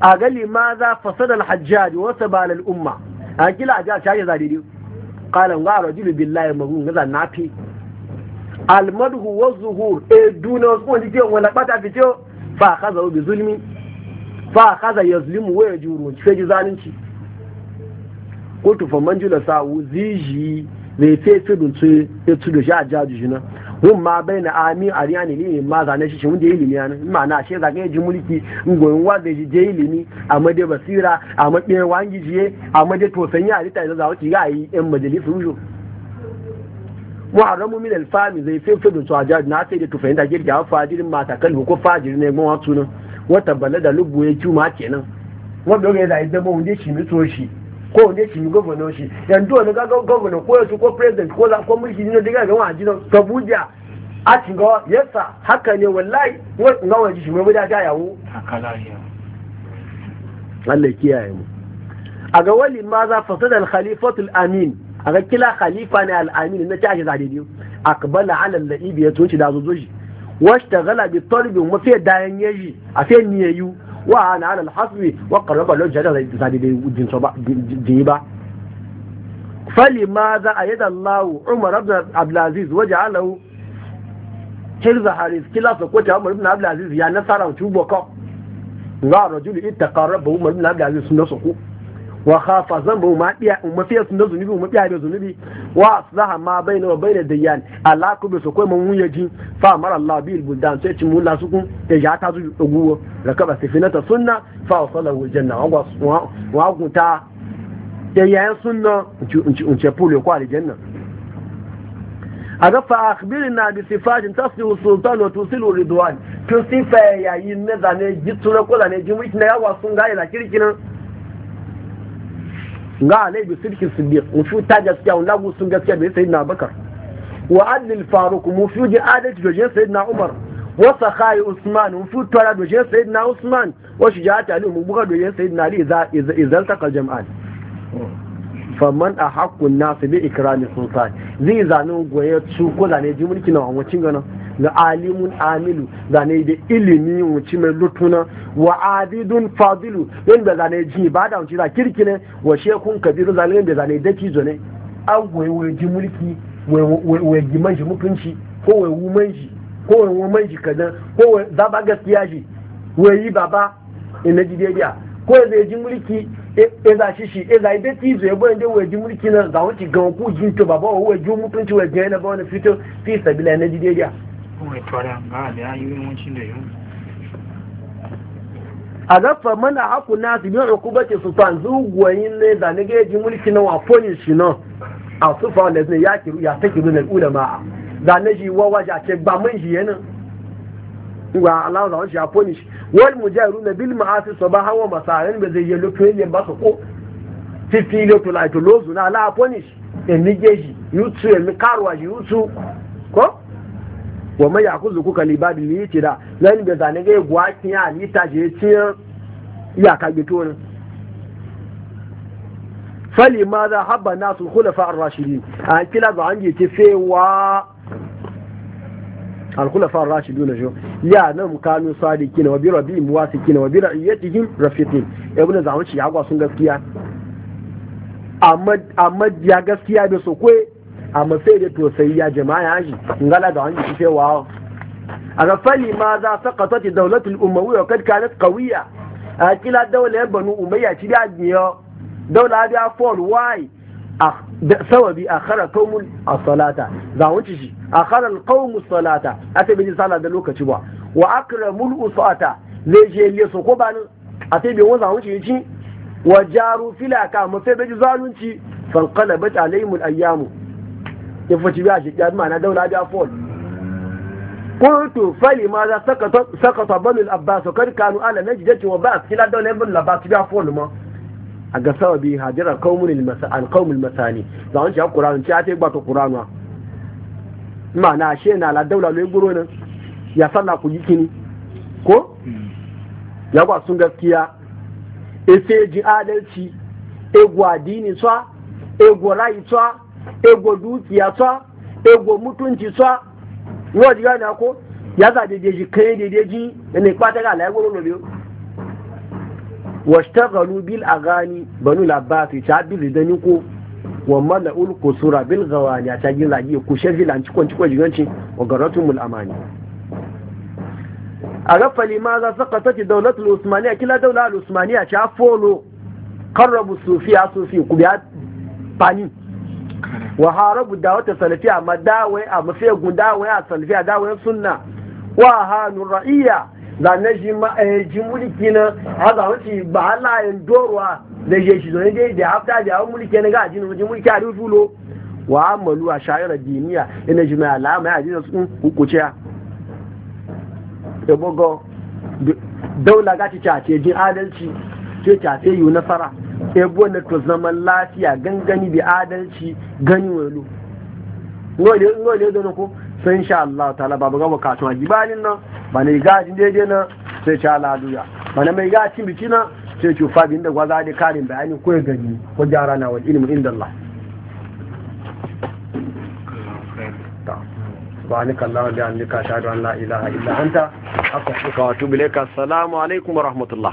a ma za fasadar hajjaji wasu ba al'umma a kila a jihar shayi zadidi kalan ga rajulu billahi mahu na nafi almadhu wa zuhur e duna wasu wani ke wani bata fito fa kaza bi zulmi fa kaza ya zulmi wa ya juru sai ji zalunci kotu tufa manjula sa'u ziji zai fi tudun ce ya tudu shi a jajujina hun ma bai na ami a riya ne ma zane shi shi wanda ilimi yana ma na shi zaka ji mulki ngoyin wanda shi je ilimi a made basira a made wangi jiye a made tosan ya rita da zawo ki ga yi yan majalisu jo muharramu min alfami zai fi fi dunsu ajad na sai da tufayin da ke da fajirin mata kalbu ko fajirin ne gwan nan wata bala da lubu ya ci ma kenan wanda ya zai zama wanda shi mito shi ko ne shi mi gwamnati. shi yanzu wani ga gwamna ko yasu ko president ko za ko mulki ne daga ga wani jinan kabuja a ci yasa haka ne wallahi wani ga wani shi mai buda ta yawo Allah kiyaye mu a ga wali ma za al-khalifatul amin a ga kila khalifa ne al-amin na ta shi zade biyu akbala ala al-laibi ya toci da zo zo shi washta bi talibin mafi dayan yaji a fe niyayu wa ana ala alhasbi wa qarraba lahu jada da zadi ba fali ma za a Allah Umar ibn Abdul Aziz hirza haris kila so ko Umar ibn ya nasara tubo ko ga rajul ittaqa Umar ibn Abdul Aziz sun so ko wa khafa zambu ma biya ma fiya sun da zunubi ma biya da zunubi wa aslaha ma baina wa baina dayyan Allah ku bi su kai mun yaji fa mara Allah bil buldan sai cin mulla su kun da ya ta zu guwo rakaba sifinata sunna fa wasalahu janna wa wa guta da yayin sunna unci unci pulu ko aljanna aga fa akhbirna bi sifatin tasilu sultan wa tusilu ridwan to sifa yayin ne zane jitsura ko zane jumu'i ne ya wasun ga ila ga alaihi sirki siddiq mu fi ta gaskiya wala mu sun gaskiya bai sayyidina bakar wa adl faruq mu fi ji adalci doje sayyidina umar wa sakhai usman mu fi tora doje sayyidina usman wa shuja'at ali mu buga doje sayyidina ali idan idan takal jama'an faman a haƙƙun nasu bi ikramin sultan zai zane goye su ko zane ji mulki na wacin gana ga alimun amilu zane da ilimi wuci mai lutuna wa abidun fadilu yin da zane ji ba da wuci za kirkine ne wa shekun kabiru zane yin da zane da ki ne an goye wa ji mulki wa giman shi mutunci ko wa wuman shi ko wa wuman shi kadan ko wa zaba gaskiya shi wa yi baba ina ji daidai ko zai ji mulki eza e shishi eza ibe tizo ebo ende weji muliki na za wuci gan ku ji jinto baba o weji mutunci weji na ba wani e fito fi sabila na didi dia a fa mana haku na su biyan hukubace su fan zugwayin e ne da na gaji muliki na wa wafonin shi nan a sufa wanda ya ta kiru na ulama da na shi wawa shi a ce ba mun shi yanin wa Allah na shi afoni shi wal mujaruna bil ma'asi sabaha wa masayan be zai yelo fe yen ba su ko ti ti lo to lai to lozu na Allah afoni shi emi jeji yutu emi karwa yutu ko wa ma yakuzu da libadi li da lan da zane ga gwa kin ya ni ta je tin ya ka gito ne fali ma za haba nasu khulafa ar-rashidin an kila ba an je ti fewa الخلفاء الراشدون جو يا نم كانوا صادقين وبربي مواسكين وبرعيتهم رفيقين ابن زعمت يا غوا سون غسكيا gaskiya. اما يا gaskiya da su kwe A matsayi da tosai ya jama'a yaji ngala da wani cewa a ga fali ma za saqatat dawlatul umawiyya kad kanat qawiyya a kila dawla banu umayya ci da niyo dawla ya fall why sawabi a kara kaumun a salata za wuce shi a kara kaumun salata a ta bin sala da lokaci ba wa akra a ta zai je le so ko ba ni a ta wani za wuce shi wa jaru filaka mu sai bai zalunci ba ta alaihimul ayyamu ya faci biya shi ya ma'ana daula biya fall kuntu fali ma za sakata sakata banu al abbas kar kanu ala najdati wa ba'th ila daula ibn al abbas biya fall ma a ga sababi hadir alkawumin masani za a cikin kuranu ce a ta yi gbata kuranu ma na ashe na ladaula lai guro nan ya sanna ku yi kini ko ya gwa sun gaskiya efe ji adalci ego adini tsa ego rai tsa ego dukiya tsa ego mutunci tsa wọ́n ji gani ko ya za daidai ji kai daidai ji yana ipata ga alayi guro lobe washtaghalu bil agani banu labbas ta bi da ni ko wa mala'ul kusura bil gawani ta gin zagi ku shafi lanci kwanci ko jiganci wa amani a rafa limaza saqatat dawlat al usmaniya kila dawla al usmaniya ta folo qarrabu sufiya sufi ku biya pani wa harabu dawata salafiya madawai a mafi gun dawai a salafiya dawai sunna wa hannun ra'iyya? zane shi eh, ji mulki na a zama shi ba halayen doruwa da ya shi zoye dai da hafta da yawon mulki na gaji na wajen mulki a rufu lo wa amalu a shayar diniya ina shi mai alama ya ji da sun hukuce ya bugo daula ga ta cace jin adalci ce cace yi nasara ya e buwa na to zaman lafiya gangani da adalci gani wani lo. Ngo ne zo ko sun sha Allah ta'ala babu gaba kasuwa gibanin nan ba ne ga shi daidai na sai sha laduya ba na mai ga cin biki na sai ce fa da gwa za a bayani ko ya gani ko gyara na wani ilimin inda Allah. Ba ni kalla wa biya ni ka sha don la'ila a ila hanta, aka suka wato bile ka salamu alaikum wa rahmatullah.